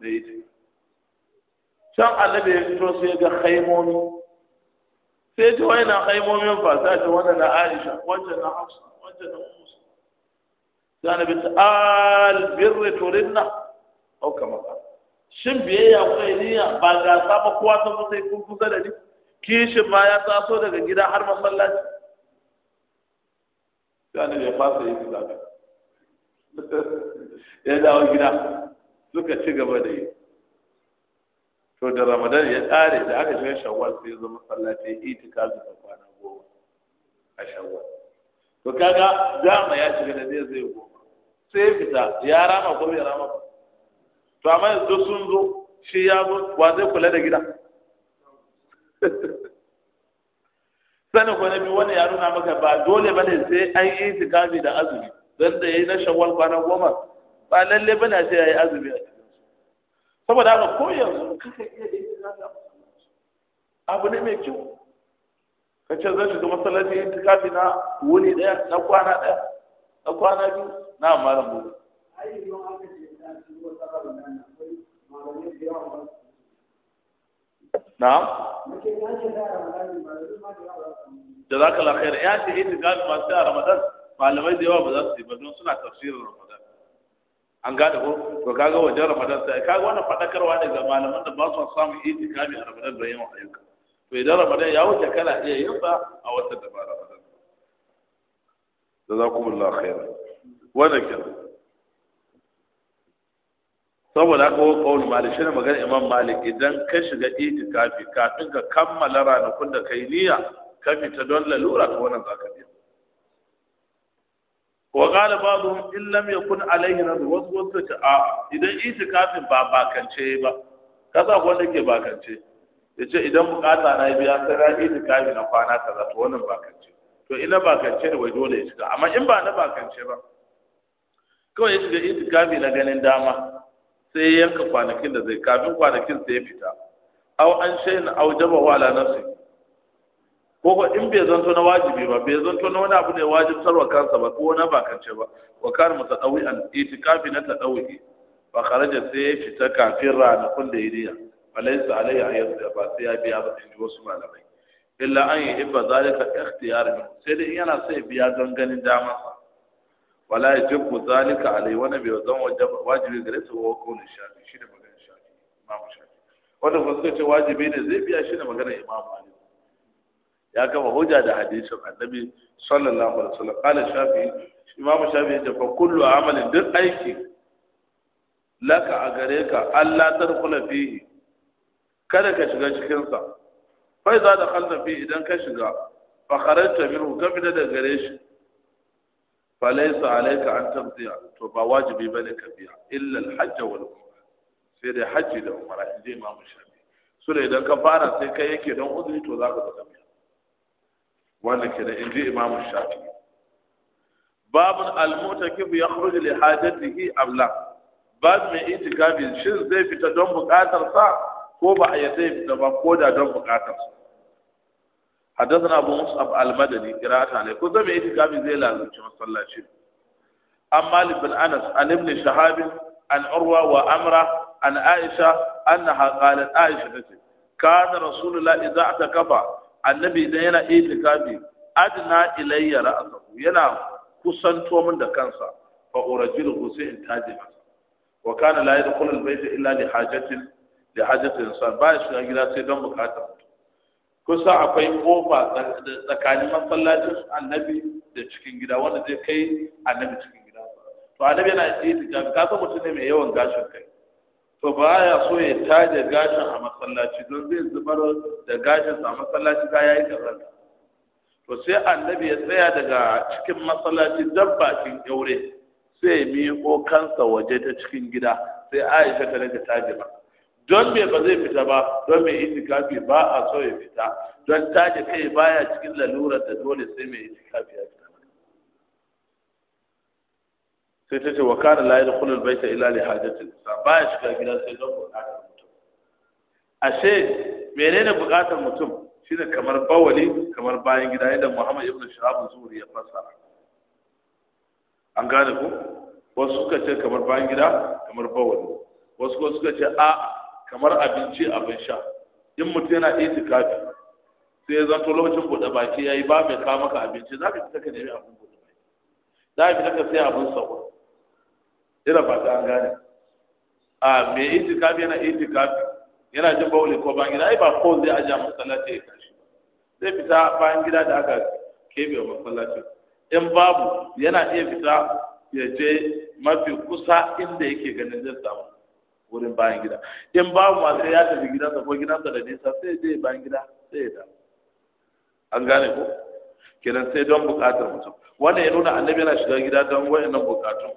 da itikafi can annabi ya fito sai ga haimomi sai ji wai na haimomin fa sai ji wannan na Aisha wancan na Hafsa wancan na Ummu sai na ta al birri turinna au kama ka shin biyayya kai niyya ba ga saba kowa ta mutai kun kusa da ni kishin ma ya taso daga gida har masallaci sai annabi ya fasa yi zabe ya dawo gida suka ci gaba da yi to da ramadan ya tsare da aka shiga shawwal sai ya zo masallaci itikafi da kwana goma a shawwal to kaga dama ya shiga da zai zai goma sai fita ya rama ko bai rama ba to amma yanzu sun zo shi ya zo wa zai kula da gida Sani ko na biyu wani ya nuna maka ba dole ba ne sai an yi itikafi da azumi don da ya yi na shawwal kwana goma ba lalle ba ne sai ya yi azumi saboda haka ko yanzu kaka iya da yin zaka abu ne mai kyau ka ce zan shiga masallaci yin tukafi na wuni ɗaya na kwana ɗaya na kwana biyu na malam bude Na? da za ka lafiyar ya ce yin tukafi masu a ramadan malamai da yawa ba za su yi ba don suna tafsirin ramadan an gada ko to kaga wajen ramadan sai kaga wannan fadakarwa daga malaman da ba su samu itikami a ramadan don yawan ayyuka to idan ramadan ya wuce kana iya yin ba a wata da ba ramadan jazakumullahu khairan wannan kenan saboda haka wani kawai malik shi ne magana imam malik idan ka shiga itikafi kafin ka kammala ranakun da kai niyya ka fita don lalura ta wannan zaka wa qala ba'dhum in lam yakun alayhi nadhr wasu wasu ce a idan kafin ba bakance ba kasa wanda ke bakance yace idan bukata na biya sai ita kafin na kwana kaza to wannan bakance to ina bakance da wajo dole ya shiga amma in ba na bakance ba kawai ya shiga kafin na ganin dama sai ya yanka kwanakin da zai kafin kwanakin sai ya fita aw an shayna aw jaba wa ala nafsi ko ko in bai zanto na wajibi ba bai zanto na wani abu ne sarwa kansa ba ko na bakance ba wa kana mutadawi an itikafi na tadawi fa kharaja sai fita kafin ranakun da yiriya falaysa alayhi ayyad ba sai ya biya ba in wasu malamai illa an yi ibba zalika ikhtiyar min sai dai yana sai biya don ganin dama wala yajibu zalika alai wani bai zan wajibi gare su wa ko ne shafi shi da magana shafi imamu shafi wanda ko su ce wajibi ne zai biya shi da magana imam Ali. ya kafa hujja da hadisin annabi sallallahu alaihi wasallam qala shafi imam shafi ya fa kullu amalin duk aiki laka a gare ka Allah tarkula fihi kada ka shiga cikin sa fa idza dakhalta fihi idan ka shiga fa kharajta minhu ka fita da gare shi fa laysa alayka an tabdiya to ba wajibi bane ka biya illa al-hajj wal sai da hajji da umara inji imam shafi sura idan ka fara sai kai yake don uzuri to zaka zaka biya wanda ke da inji imam shafi babun almutakif ya khruj li hajatihi am la bab mai itikafi shin zai fita don bukatar ko ba a zai fita ba ko da don abu sa حدثنا ta ne المدني قراءة عليه كنت من zai lalace masallaci. Amma صلى شيء عن مالك بن انس عن ابن شهاب عن عروه وامره عن عائشه انها قالت عائشه كان رسول الله اذا اعتكف annabi idan yana itikafi adna ilayya ra'sahu yana kusanto min da kansa fa urajil sai in taje masa wa kana la yadkhul al-bayta illa li hajatin li hajatin insan ba shi gida sai don bukata kusa akwai kofa tsakanin masallacin annabi da cikin gida wanda zai kai annabi cikin gida to annabi yana itikafi ka san mutum ne mai yawan gashin kai to ba ya so ya taje gashin a masallaci don zai zubar da gashin a masallaci ga yayi gaban to sai annabi ya tsaya daga cikin masallaci dabba bakin yaure sai ya ko kansa waje ta cikin gida sai Aisha ta rage taje ba don me ba zai fita ba don me itikafi ba a so ya fita don taje kai baya cikin lalurar da dole sai mai itikafi ya fita sai ta ce wa kana la yadkhulul baita illa li hajatin ba ya shiga gida sai don buƙatar mutum ashe menene buƙatar mutum shine kamar bawali kamar bayan gida yadda Muhammad ibnu Shahab zuri ya fassara an gane ku wasu suka ce kamar bayan gida kamar bawali wasu ko suka ce a kamar abinci abin sha in mutum yana itikafi sai ya zanto lokacin buɗe baki yayi ba mai kawo maka abinci za ka fita ka nemi abin buɗe baki za ka fita ka sai abin sawa ina fata an gane a me itikafi yana itikafi yana jin wuli ko bayan gida ai ba ko zai aje masallaci ya kashi zai fita bayan gida da aka kebe wa masallaci in babu yana iya fita ya je mafi kusa inda yake ganin zai samu wurin bayan gida in babu ma sai ya tafi gidansa ko gidansa da nisa sai je bayan gida sai ya dawo an gane ko kenan sai don bukatar mutum wannan ya nuna annabi yana shiga gida don wayannan bukatun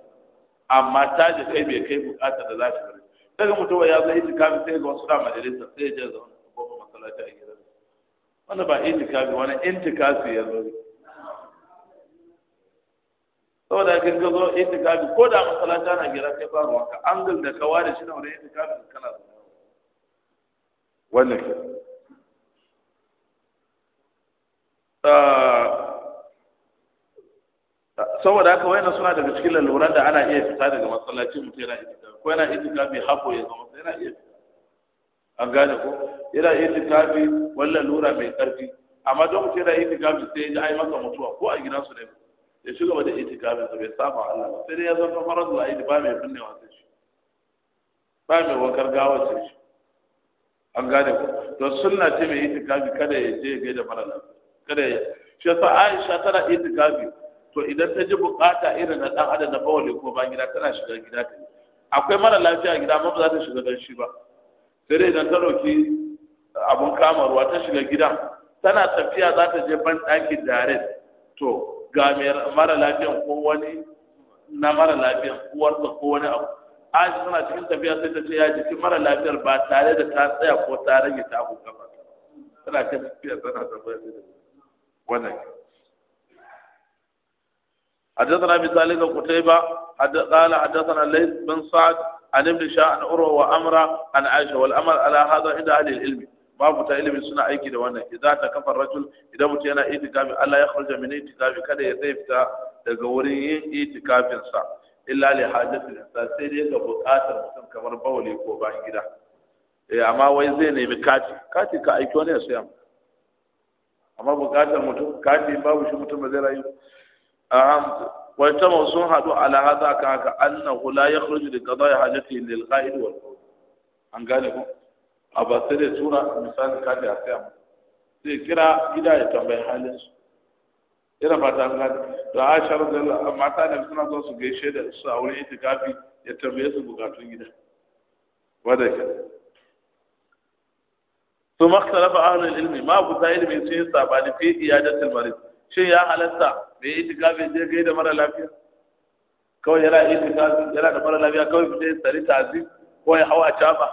amma ta caji kai bai kai bukata da za shi bari daga mutuwa ya zai zo kafin sai ga wasu da majalisa sai ya je zaune a kofar masallaci a gidan wanda ba itikafi wani intikafi ya zo saboda ka ga zo itikafi ko da masallaci ana gira sai ba ruwanka angal da kawa da shi na wani wurin itikafi kana da wannan saboda haka wayannan suna daga cikin laluran da ana iya fita daga masallaci mutum yana itikafi ko yana mai hako ya zama yana iya fita an gane ko yana itikafi wannan lura mai karfi amma don mutum yana itikafi sai ya ji ai masa mutuwa ko a gidansu ne ya shiga ba da itikafi sa bai saba Allah ba sai dai ya zama farar zuwa idi ba mai binnewa sai shi ba mai wakar gawa sai shi an gane ko to sunna ce mai itikafi kada ya je ya gaida mara lafiya kada ya shi yasa Aisha tana itikafi to idan ta ji bukata irin na dan adam na bawali ko ba gida tana shiga gida ta akwai mara lafiya a gida ma ba za ta shiga dan shi ba sai dai idan ta dauki abun kama ruwa ta shiga gida tana tafiya za ta je ban daki direct to ga mara lafiyan ko wani na mara lafiyan uwarsa ko wani abu aisha tana cikin tafiya sai ta ce ya jiki mara lafiyar ba tare da ta tsaya ko tare da ta abu tana ta tafiya tana tafiya wannan حدثنا بذلك قتيبة a قال حدثنا الليث بن سعد عن ابن شاء عن أروى وأمرة عن عائشة والأمر على هذا عند أهل العلم babu ta ilimin suna aiki da wannan idan ta kafar rajul idan mutum yana itikafi Allah ya kharja min itikafi kada ya zai fita daga wurin yin itikafin sa illa li hajatil insan sai dai ga buƙatar mutum kamar bawali ko bayan gida eh amma wai zai nemi kati kati ka aiki wani ya saya amma buƙatar mutum kati babu shi mutum zai rayu أهم واجتمعوا سنحة على هذا كهك أنه لا يخرج لقضاء حاجته للغائب والفوز an gane ko a ba sai da tura misali ka da sai mu sai kira gida ya tambayi halin su ira ba ta gane to Aisha radiyallahu mata da suna zo su gaishe da su a wurin itikafi ya tambaye su bukatun gida wanda ke ثم اختلف اهل العلم ما ابو سعيد بن سيد صاحب في عياده المريض شيء يا halatta me itikafi je kai da mara lafiya kawai yana itikafi yana da mara lafiya kawai fita tsari tazi ko ya hawa caba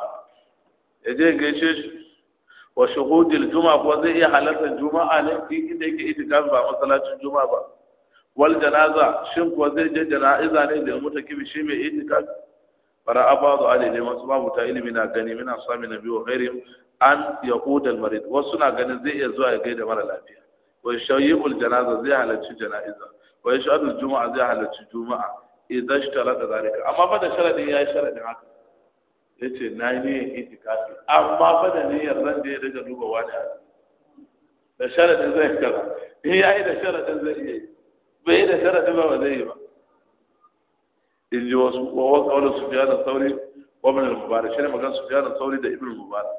ya je gaishe shi wa shuhudil juma'a ko zai iya halartar juma'a ne inda yake itikafi ba masallacin juma'a ba wal janaza shin ko zai je jana'iza ne da kibi shi mai itikafi ilimi na gani, muna sami تعليم wa أغني an أصحاب النبي وغيرهم Wasu na ganin zai iya zuwa ya gaida mara lafiya. ويشيئ الجنازة زيها لتجنائزة ويشهد الجمعة زيها لتجمعة إذا اشترط ذلك أما بدأ شرط هي إيه؟ شرط إياه يتي نايني إتكافي أما بدأ نية رنجي رجل لغة وانا بشرط إياه كذا هي إيه؟ أيضا شرط هي إيه؟ بهذا شرط ما وزيبا إذ وقال أول سفيان الثوري ومن المبارك شنو مكان سفيان الثوري ده ابن المبارك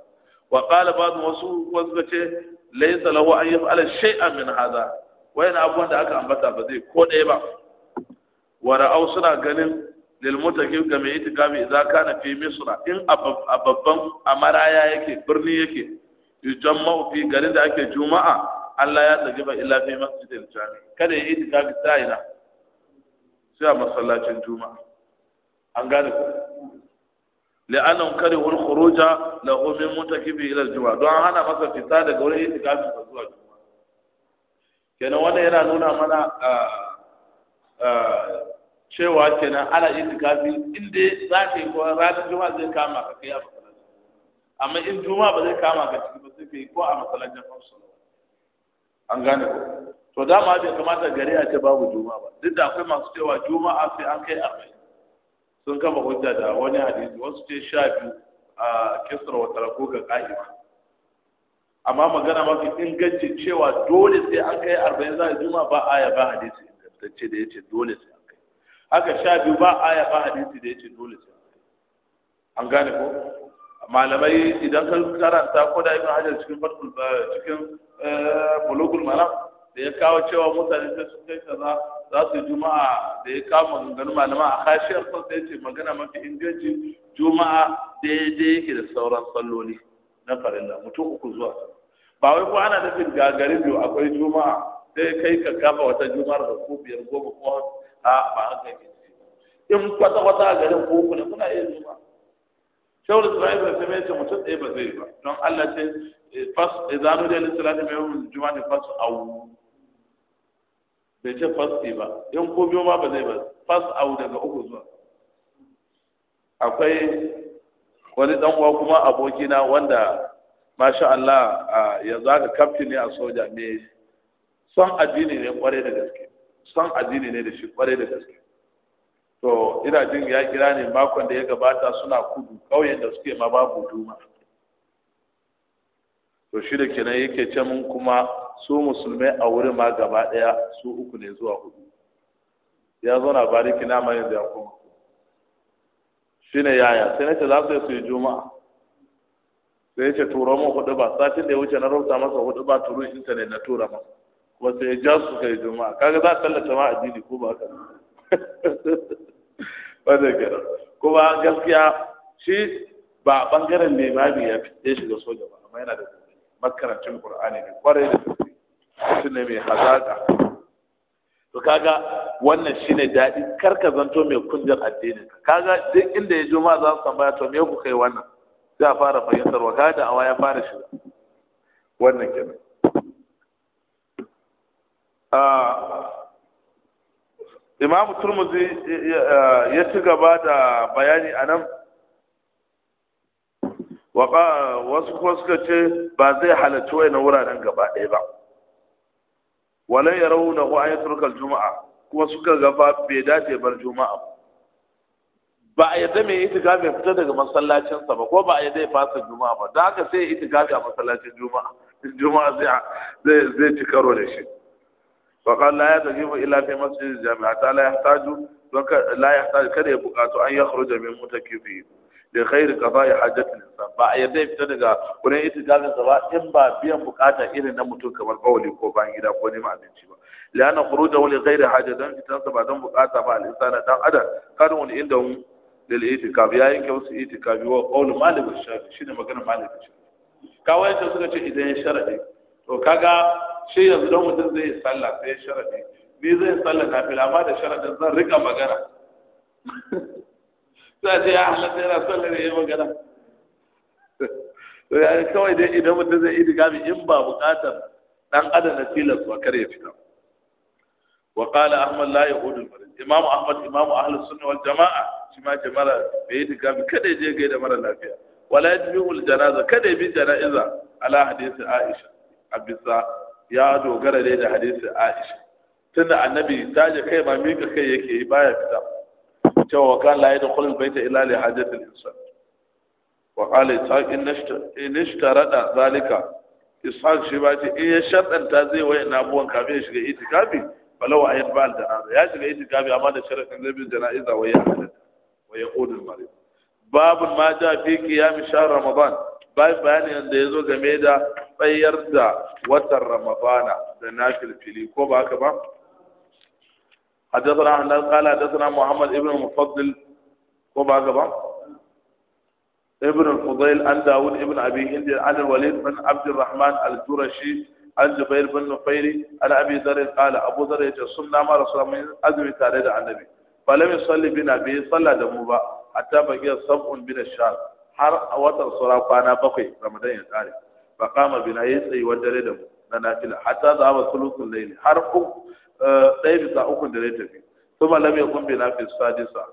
وقال بعض وصول وزبته laysa lahu an yaf'ala shay'an min hadha na abubuwan da aka ambata ba zai ko ɗaya ba wa au suna ganin lil mutaqin ga mai itikafi idza kana fi misra in a babban amaraya yake birni yake yujamma'u fi garin da ake juma'a Allah ya tsage ba illa fi masjidil jami kada yi itikafi sa'ina sai a masallacin juma'a an gane ku la'annan kare wal khuruja lahu min mutakibi ila al-jumu'a don hana masa fita daga wani wurin itikafin zuwa juma'a kenan wannan yana nuna mana cewa kenan ana itikafi inda za ka yi ko ranar juma'a zai kama ka kai a masallaci amma in juma'a ba zai kama ka ciki ba sai ko a masallacin farsu an gane ko to dama bai kamata gari a ce babu juma'a ba duk da akwai masu cewa juma'a sai an kai arba'in sun kama hujja da wani hadisi wasu ce sha biyu a kisra wa tarako ga ƙa'ima amma magana mafi inganci cewa dole sai an kai arba'in za a juma ba aya ba hadisi ingantacce da ya ce dole sai an kai haka sha biyu ba aya ba hadisi da ya ce dole sai an kai an gane ko malamai idan ka karanta ko da ibn hajar cikin fatul eh, cikin eh, bulugul maram da ya kawo cewa mutane sai sun kai kaza za su juma'a da ya kama gangan malama a kashiyar sassa ya ce magana mafi inganci juma'a daidai yake da sauran salloli na farilla mutum uku zuwa ba wai ko ana nufin gagarin biyu akwai juma'a sai kai ka kafa wata juma'ar da ko biyar goma ko a ba haka ke in kwata kwata a garin ko kuna kuna iya juma'a shawar da ba sai mai ce mutum ɗaya ba zai ba don allah ce eh, fas idanu eh, da lissalati mai yawan juma'a ne fas awu bai ce ɗi ba yan ko ma ba zai ba fas au daga uku zuwa akwai wani ɗanwa uwa kuma abokina wanda masha Allah yanzu haka kafi ne a soja me son addini ne kware da gaske son addini ne da shi kware da gaske to ina jin ya kira ne makon da ya gabata suna kudu kauyen da suke ma babu duma to shi da kenan yake ce mun kuma su musulmai a wurin ma gaba ɗaya su uku ne zuwa hudu ya zauna bariki na mai da kuma shi ne yaya sai nace za su yi juma'a sai ce turo mu hudu ba satin da ya wuce na rubuta masa hudu ba turu intanet na tura masa kuma sai ya ja su kai juma'a kaga za a tallata ma addini ko ba haka wanda gara kuma gaskiya shi ba bangaren limami ya fi ɗaya shiga soja ba amma yana da makarancin qur'ani ne kwarai da gaske mutum ne mai hazaka to kaga wannan shine daɗi kar ka zanto mai kundin addini kaga duk inda ya juma za su tambaya to me ku kai wannan za fara fahimtar wa kaga da awa ya fara shiga wannan kenan imamu turmuzi ya ci gaba da bayani a nan wasu kuma suka ce ba zai halarci wani wuraren gaba ɗaya ba wala yarawnahu an ayatul kal juma'a? kuma suka ga bai dace bar juma'a ba a yadda mai itikafi fita daga masallacinsa ba ko ba a yadda ya fasa juma'a ba da haka sai itikafi a masallacin juma'a juma'a zai zai ci karo da shi fa qala la yatajibu illa fi masjidil jami'a ta la yahtaju la yahtaju kada ya bukatu an yakhruja min mutakifihi da khairi kafa ya hajjatul insan ba a yadda ya fita daga wurin itikafin sa ba in ba biyan bukata irin na mutum kamar bawali ko bayan gida ko neman abinci ba liana khuruja wali ghairi haja dan fitan sa ba dan bukata ba al insana dan adam kada wani inda da itikaf ya yanke wasu itikaf wa qawl malik shafi shine magana malik shafi kawai sai suka ce idan ya sharadi to kaga shi yanzu dan mutum zai sallah sai ya sharadi ni zai sallah nafila amma da sharadin zan rika magana sai ce ya halatta yana sallar ya yi magana to ya kawai dai idan mutum zai idi gami in ba bukatar dan adam na tilas ba kar ya fita wa qala ahmad la yahudu al-marid imamu ahmad imamu ahlus sunna wal jamaa shi ma jama'a bai idi gami kada ya je gai da mara lafiya wala yajbihu al-janaza kada ya bi janaza ala hadisi aisha abisa ya dogara dai da hadisi aisha tunda annabi taje kai ma mika kai yake yi baya fita cewa wa kan la yadkhul al-bayta illa li hajati al-insan wa qala in ishtarada zalika ishaq shi ba ce in ya shartanta zai waye na abuwan kafin ya shiga itikafi falau ayat ba al-janaza ya shiga itikafi amma da sharadin zai bin janaza wa wa ya qudul ma fi ramadan game da tsayar da watan ramadana da nafil fili ko ba haka ba حدثنا احمد قال حدثنا محمد ابن المفضل وما غبا ابن الفضيل عن داود ابن ابي هند عن الوليد بن عبد الرحمن الجرشي عن جبير بن نفيري عن ابي ذر قال ابو ذر يتصنع مع رسول الله من ازمي تاريخ عن النبي فلم يصلي بنا به صلى دموبا حتى بقي سبع من الشهر har a watan sura kwana bakwai ramadan ya kare fa kama bina yayi tsayi wa dare da na nafila hatta za ba sulusul layl har uku ɗaya bisa ukun da zai tafi su ma lam yakun bina fi sadisa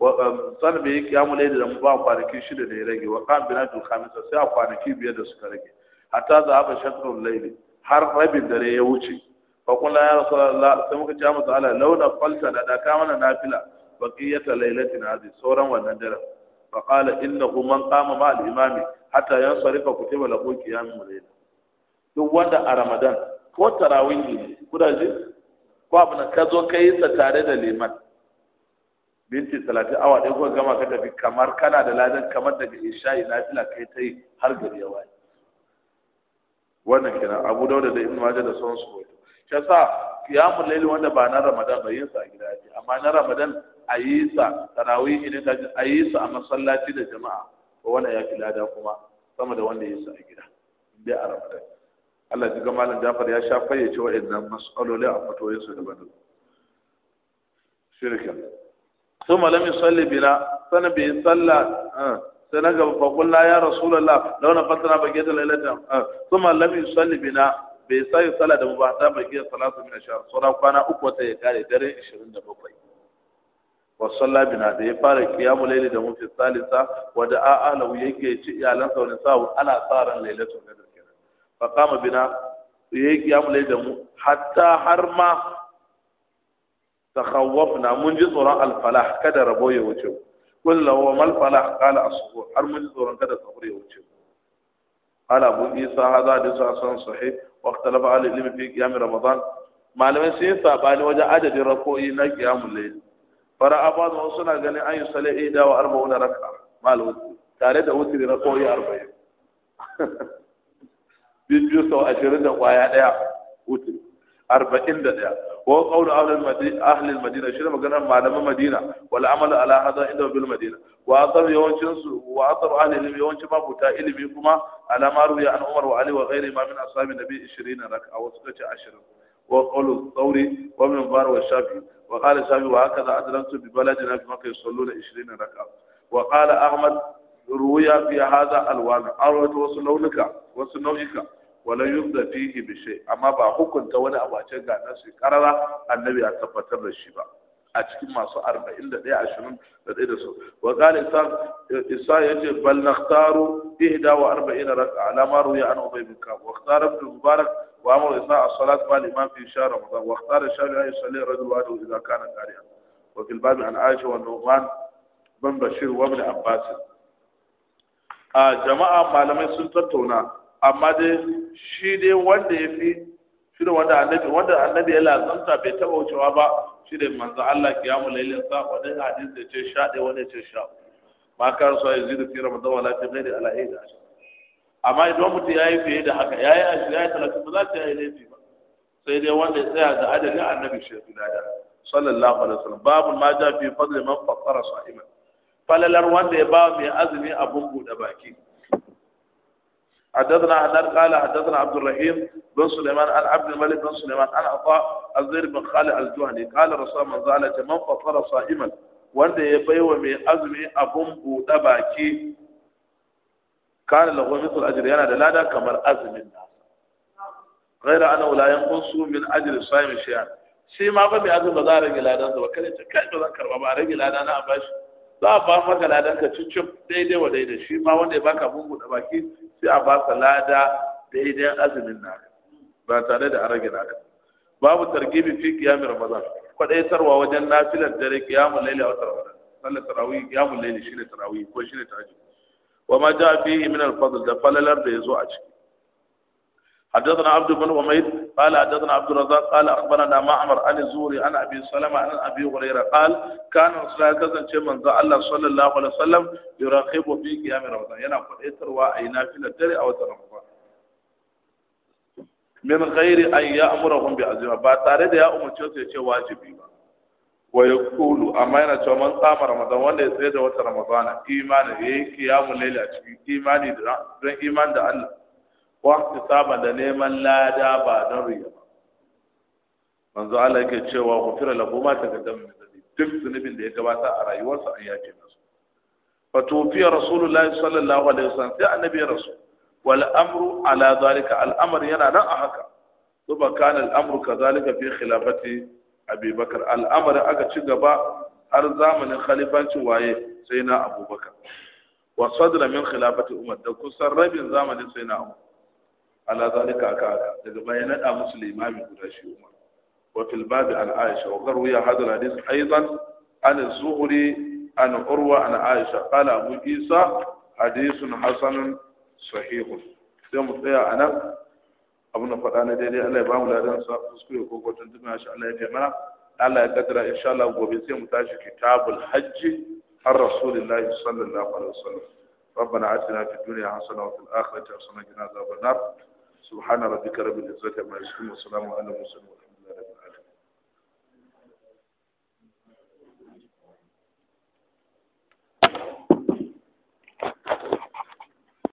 um, sannan bai yi kiyamu laidi da mu ba kwanaki shida da ya rage wa kan bina fi khamisa sai a kwanaki biyar da suka rage hatta za a ba shatrun laidi har rabin dare ya wuce fa kullu ya rasulullah sai muka ja masa ala launa falta da da ka mana nafila baqiyata lailatin zai sauran wannan daren fa qala innahu man qama ma al imami hatta yansarifa kutiba lahu qiyamul layl duk wanda a ramadan ko tarawih ne je? ko na ka zo ka yi sa tare da liman binti talatin awa ɗaya kuma gama ka tafi kamar kana da ladan kamar daga isha'i fila kai ta yi har gari ya waye wannan kenan abu dauda da ibnu majah da sauran su wato shi ya qiyamul laili wanda ba na ramadan ba yin sa a gida ake amma na ramadan a yi sa tarawih idan ta ce a yi sa a masallaci da jama'a ko wannan ya fi lada kuma sama da wanda ya sa a gida dai a ramadan Allah ji ga malam Jafar ya sha fayyace waɗannan mas'aloli a fatoyinsu daban-daban sanin ثم لم يصلي بنا فنبي صلى سنغب ya يا رسول الله لو نفتنا بقيت الليلة ثم لم يصلي بنا bai sai sala da mubata bai gina salatu min ashar sauran kwana uku wata ya kare dare da 27 wa salla bina da ya fara kiyamu laili da mufi salisa wa da a'a lahu yake ci iyalansa wani sawu ana tsaran lailatul qadr fa kama bina yayi kiyamul layl da har ma takhawwafna mun ji tsoron alfalah kada rabo ya wuce kullu wa mal falah qala as-suhur har mun ji tsoron kada sahur ya wuce ala abu isa hada da sa san sahih wa ikhtalafa ahli ilmi fi qiyam ramadan malamai sai sabani wajen adadin rako'i na qiyamul layl fara abadu suna ganin an yi sale tare da arba'in biyu sau ashirin da kwaya ɗaya hutu. arba'in da ɗaya wa qawlu ahli al-madina shi maganar malaman madina wal amal ala hada inda bil madina wa asar yawancin su wa asar ahli ilmi yawancin buta ilimi kuma ala ma an umar wa ali wa ghairi ma min ashabi nabi 20 rak'a a wasu ce ashirin. wa qawlu thawri wa min bar wa shafi wa qala shafi wa hakaza adraktu bi baladina bi da yusalluna 20 rak'a wa qala ahmad ruya fi hada alwana. An arwat wasu launuka. wasu nau'ika wala yunda fihi bi shay amma ba hukunta wani abu a ce ga nasu karara annabi a tabbatar da shi ba a cikin masu 41 21 da su wa qala isa isa yace bal nakhtaru 41 raka'a alama ruya an ubay bin kab wa ikhtara ibn mubarak wa amara isa as-salat ma al-imam fi shahr ramadan wa ikhtara shafi'i yusalli rajul wa idha kana qari'an wa fil bab an aisha wa nu'man bin bashir wa ibn abbas a jama'a malamai sun tattauna amma dai shi dai wanda ya fi shi da wanda annabi wanda annabi ya lazanta bai taba wucewa ba shi da manzo Allah ya mu lailin sa wani hadisi da ce sha ɗaya wani ce sha ma kar so ya zidu fi ramadan wala fi ghairi ala aida amma idan mutum ya yi fiye da haka ya yi ashirin ya yi talatin ba za ta yi laifi ba sai dai wanda ya tsaya da adalin annabi shi fi lada sallallahu alaihi wasallam babu ma ja fi fadli man fassara sa'iman falalar wanda ya ba mai azumi abun buɗe baki حدثنا حدث قال حدثنا عبد الرحيم بن سليمان عن عبد الملك بن سليمان عن عطاء الزير بن خالد الجهني قال رسول من زال من فطر صائما wanda ya baiwa mai azumi abun buɗe baki kana lahu mithl ajri yana da lada kamar azumin nasa ghaira ana la yanqusu min ajri sa'im shay'an shi ma ba mai azumi ba za a rage ladan sa ba kada ta kai ba za karba ba a rage ladan na bashi za a ba maka ladan ka cicin daidai wa shi ma wanda ya baka abun buɗe baki sai a ba lada daidai azumin na ba tare da arage naka babu targibi fi qiyamir ramadan sarwa wajen nafilar dare qiyamul layli a tarawih sallar tarawih qiyamul layli shine tarawih ko shine tahajjud wa ma ja fihi min al-fadl da falalar da yazo a ciki حدثنا عبد بن حميد قال حدثنا عبد الرزاق قال اخبرنا معمر عن الزهري عن ابي سلمة عن ابي هريره قال كان رسول الله كذا من الله صلى الله عليه وسلم يراقب في قيام رمضان ينا قدروا اي نافله دري او رمضان min ghairi an ya'murahum bi azima ba tare da ya umarce su ya ce wajibi ba wa yaqulu A yana cewa man qama ramadan wanda ya tsaya da wata ramadana imani yayi qiyamul a cikin imani da don da Allah waqti saba da neman lada ba don riya manzo Allah yake cewa gufira lahu ma taqaddama min dhanbi duk zunubin da ya gabata a rayuwarsa an yafe masa fa tufiya rasulullahi sallallahu alaihi wasallam sai annabi rasul wal amru ala zalika al amr yana nan a haka ثم كان الأمر كذلك في aka ci gaba har zamanin تشجبا waye sai na واي سينا أبو بكر وصدر Umar da kusan rabin ربي sai na أبو على ذلك أكاد إذا بينت مسلم إمام قريش عمر وفي الباب عن عائشة وقد روي هذا الحديث أيضا عن الزهري عن عروة عن عائشة قال أبو عيسى حديث حسن صحيح يوم الثاني أنا أبو نفر أنا دي ألا يبان ولا ينسى أسكوي كوكو تنتمع شاء الله يجمع ألا يقدر إن شاء الله أبو بيتي كتاب الحج الرسول الله صلى الله عليه وسلم ربنا عاتنا في الدنيا حسنة وفي الآخرة حسنة جنازة النار subhana rabbika rabbil izzati amma yasifun wa salamun ala mursalin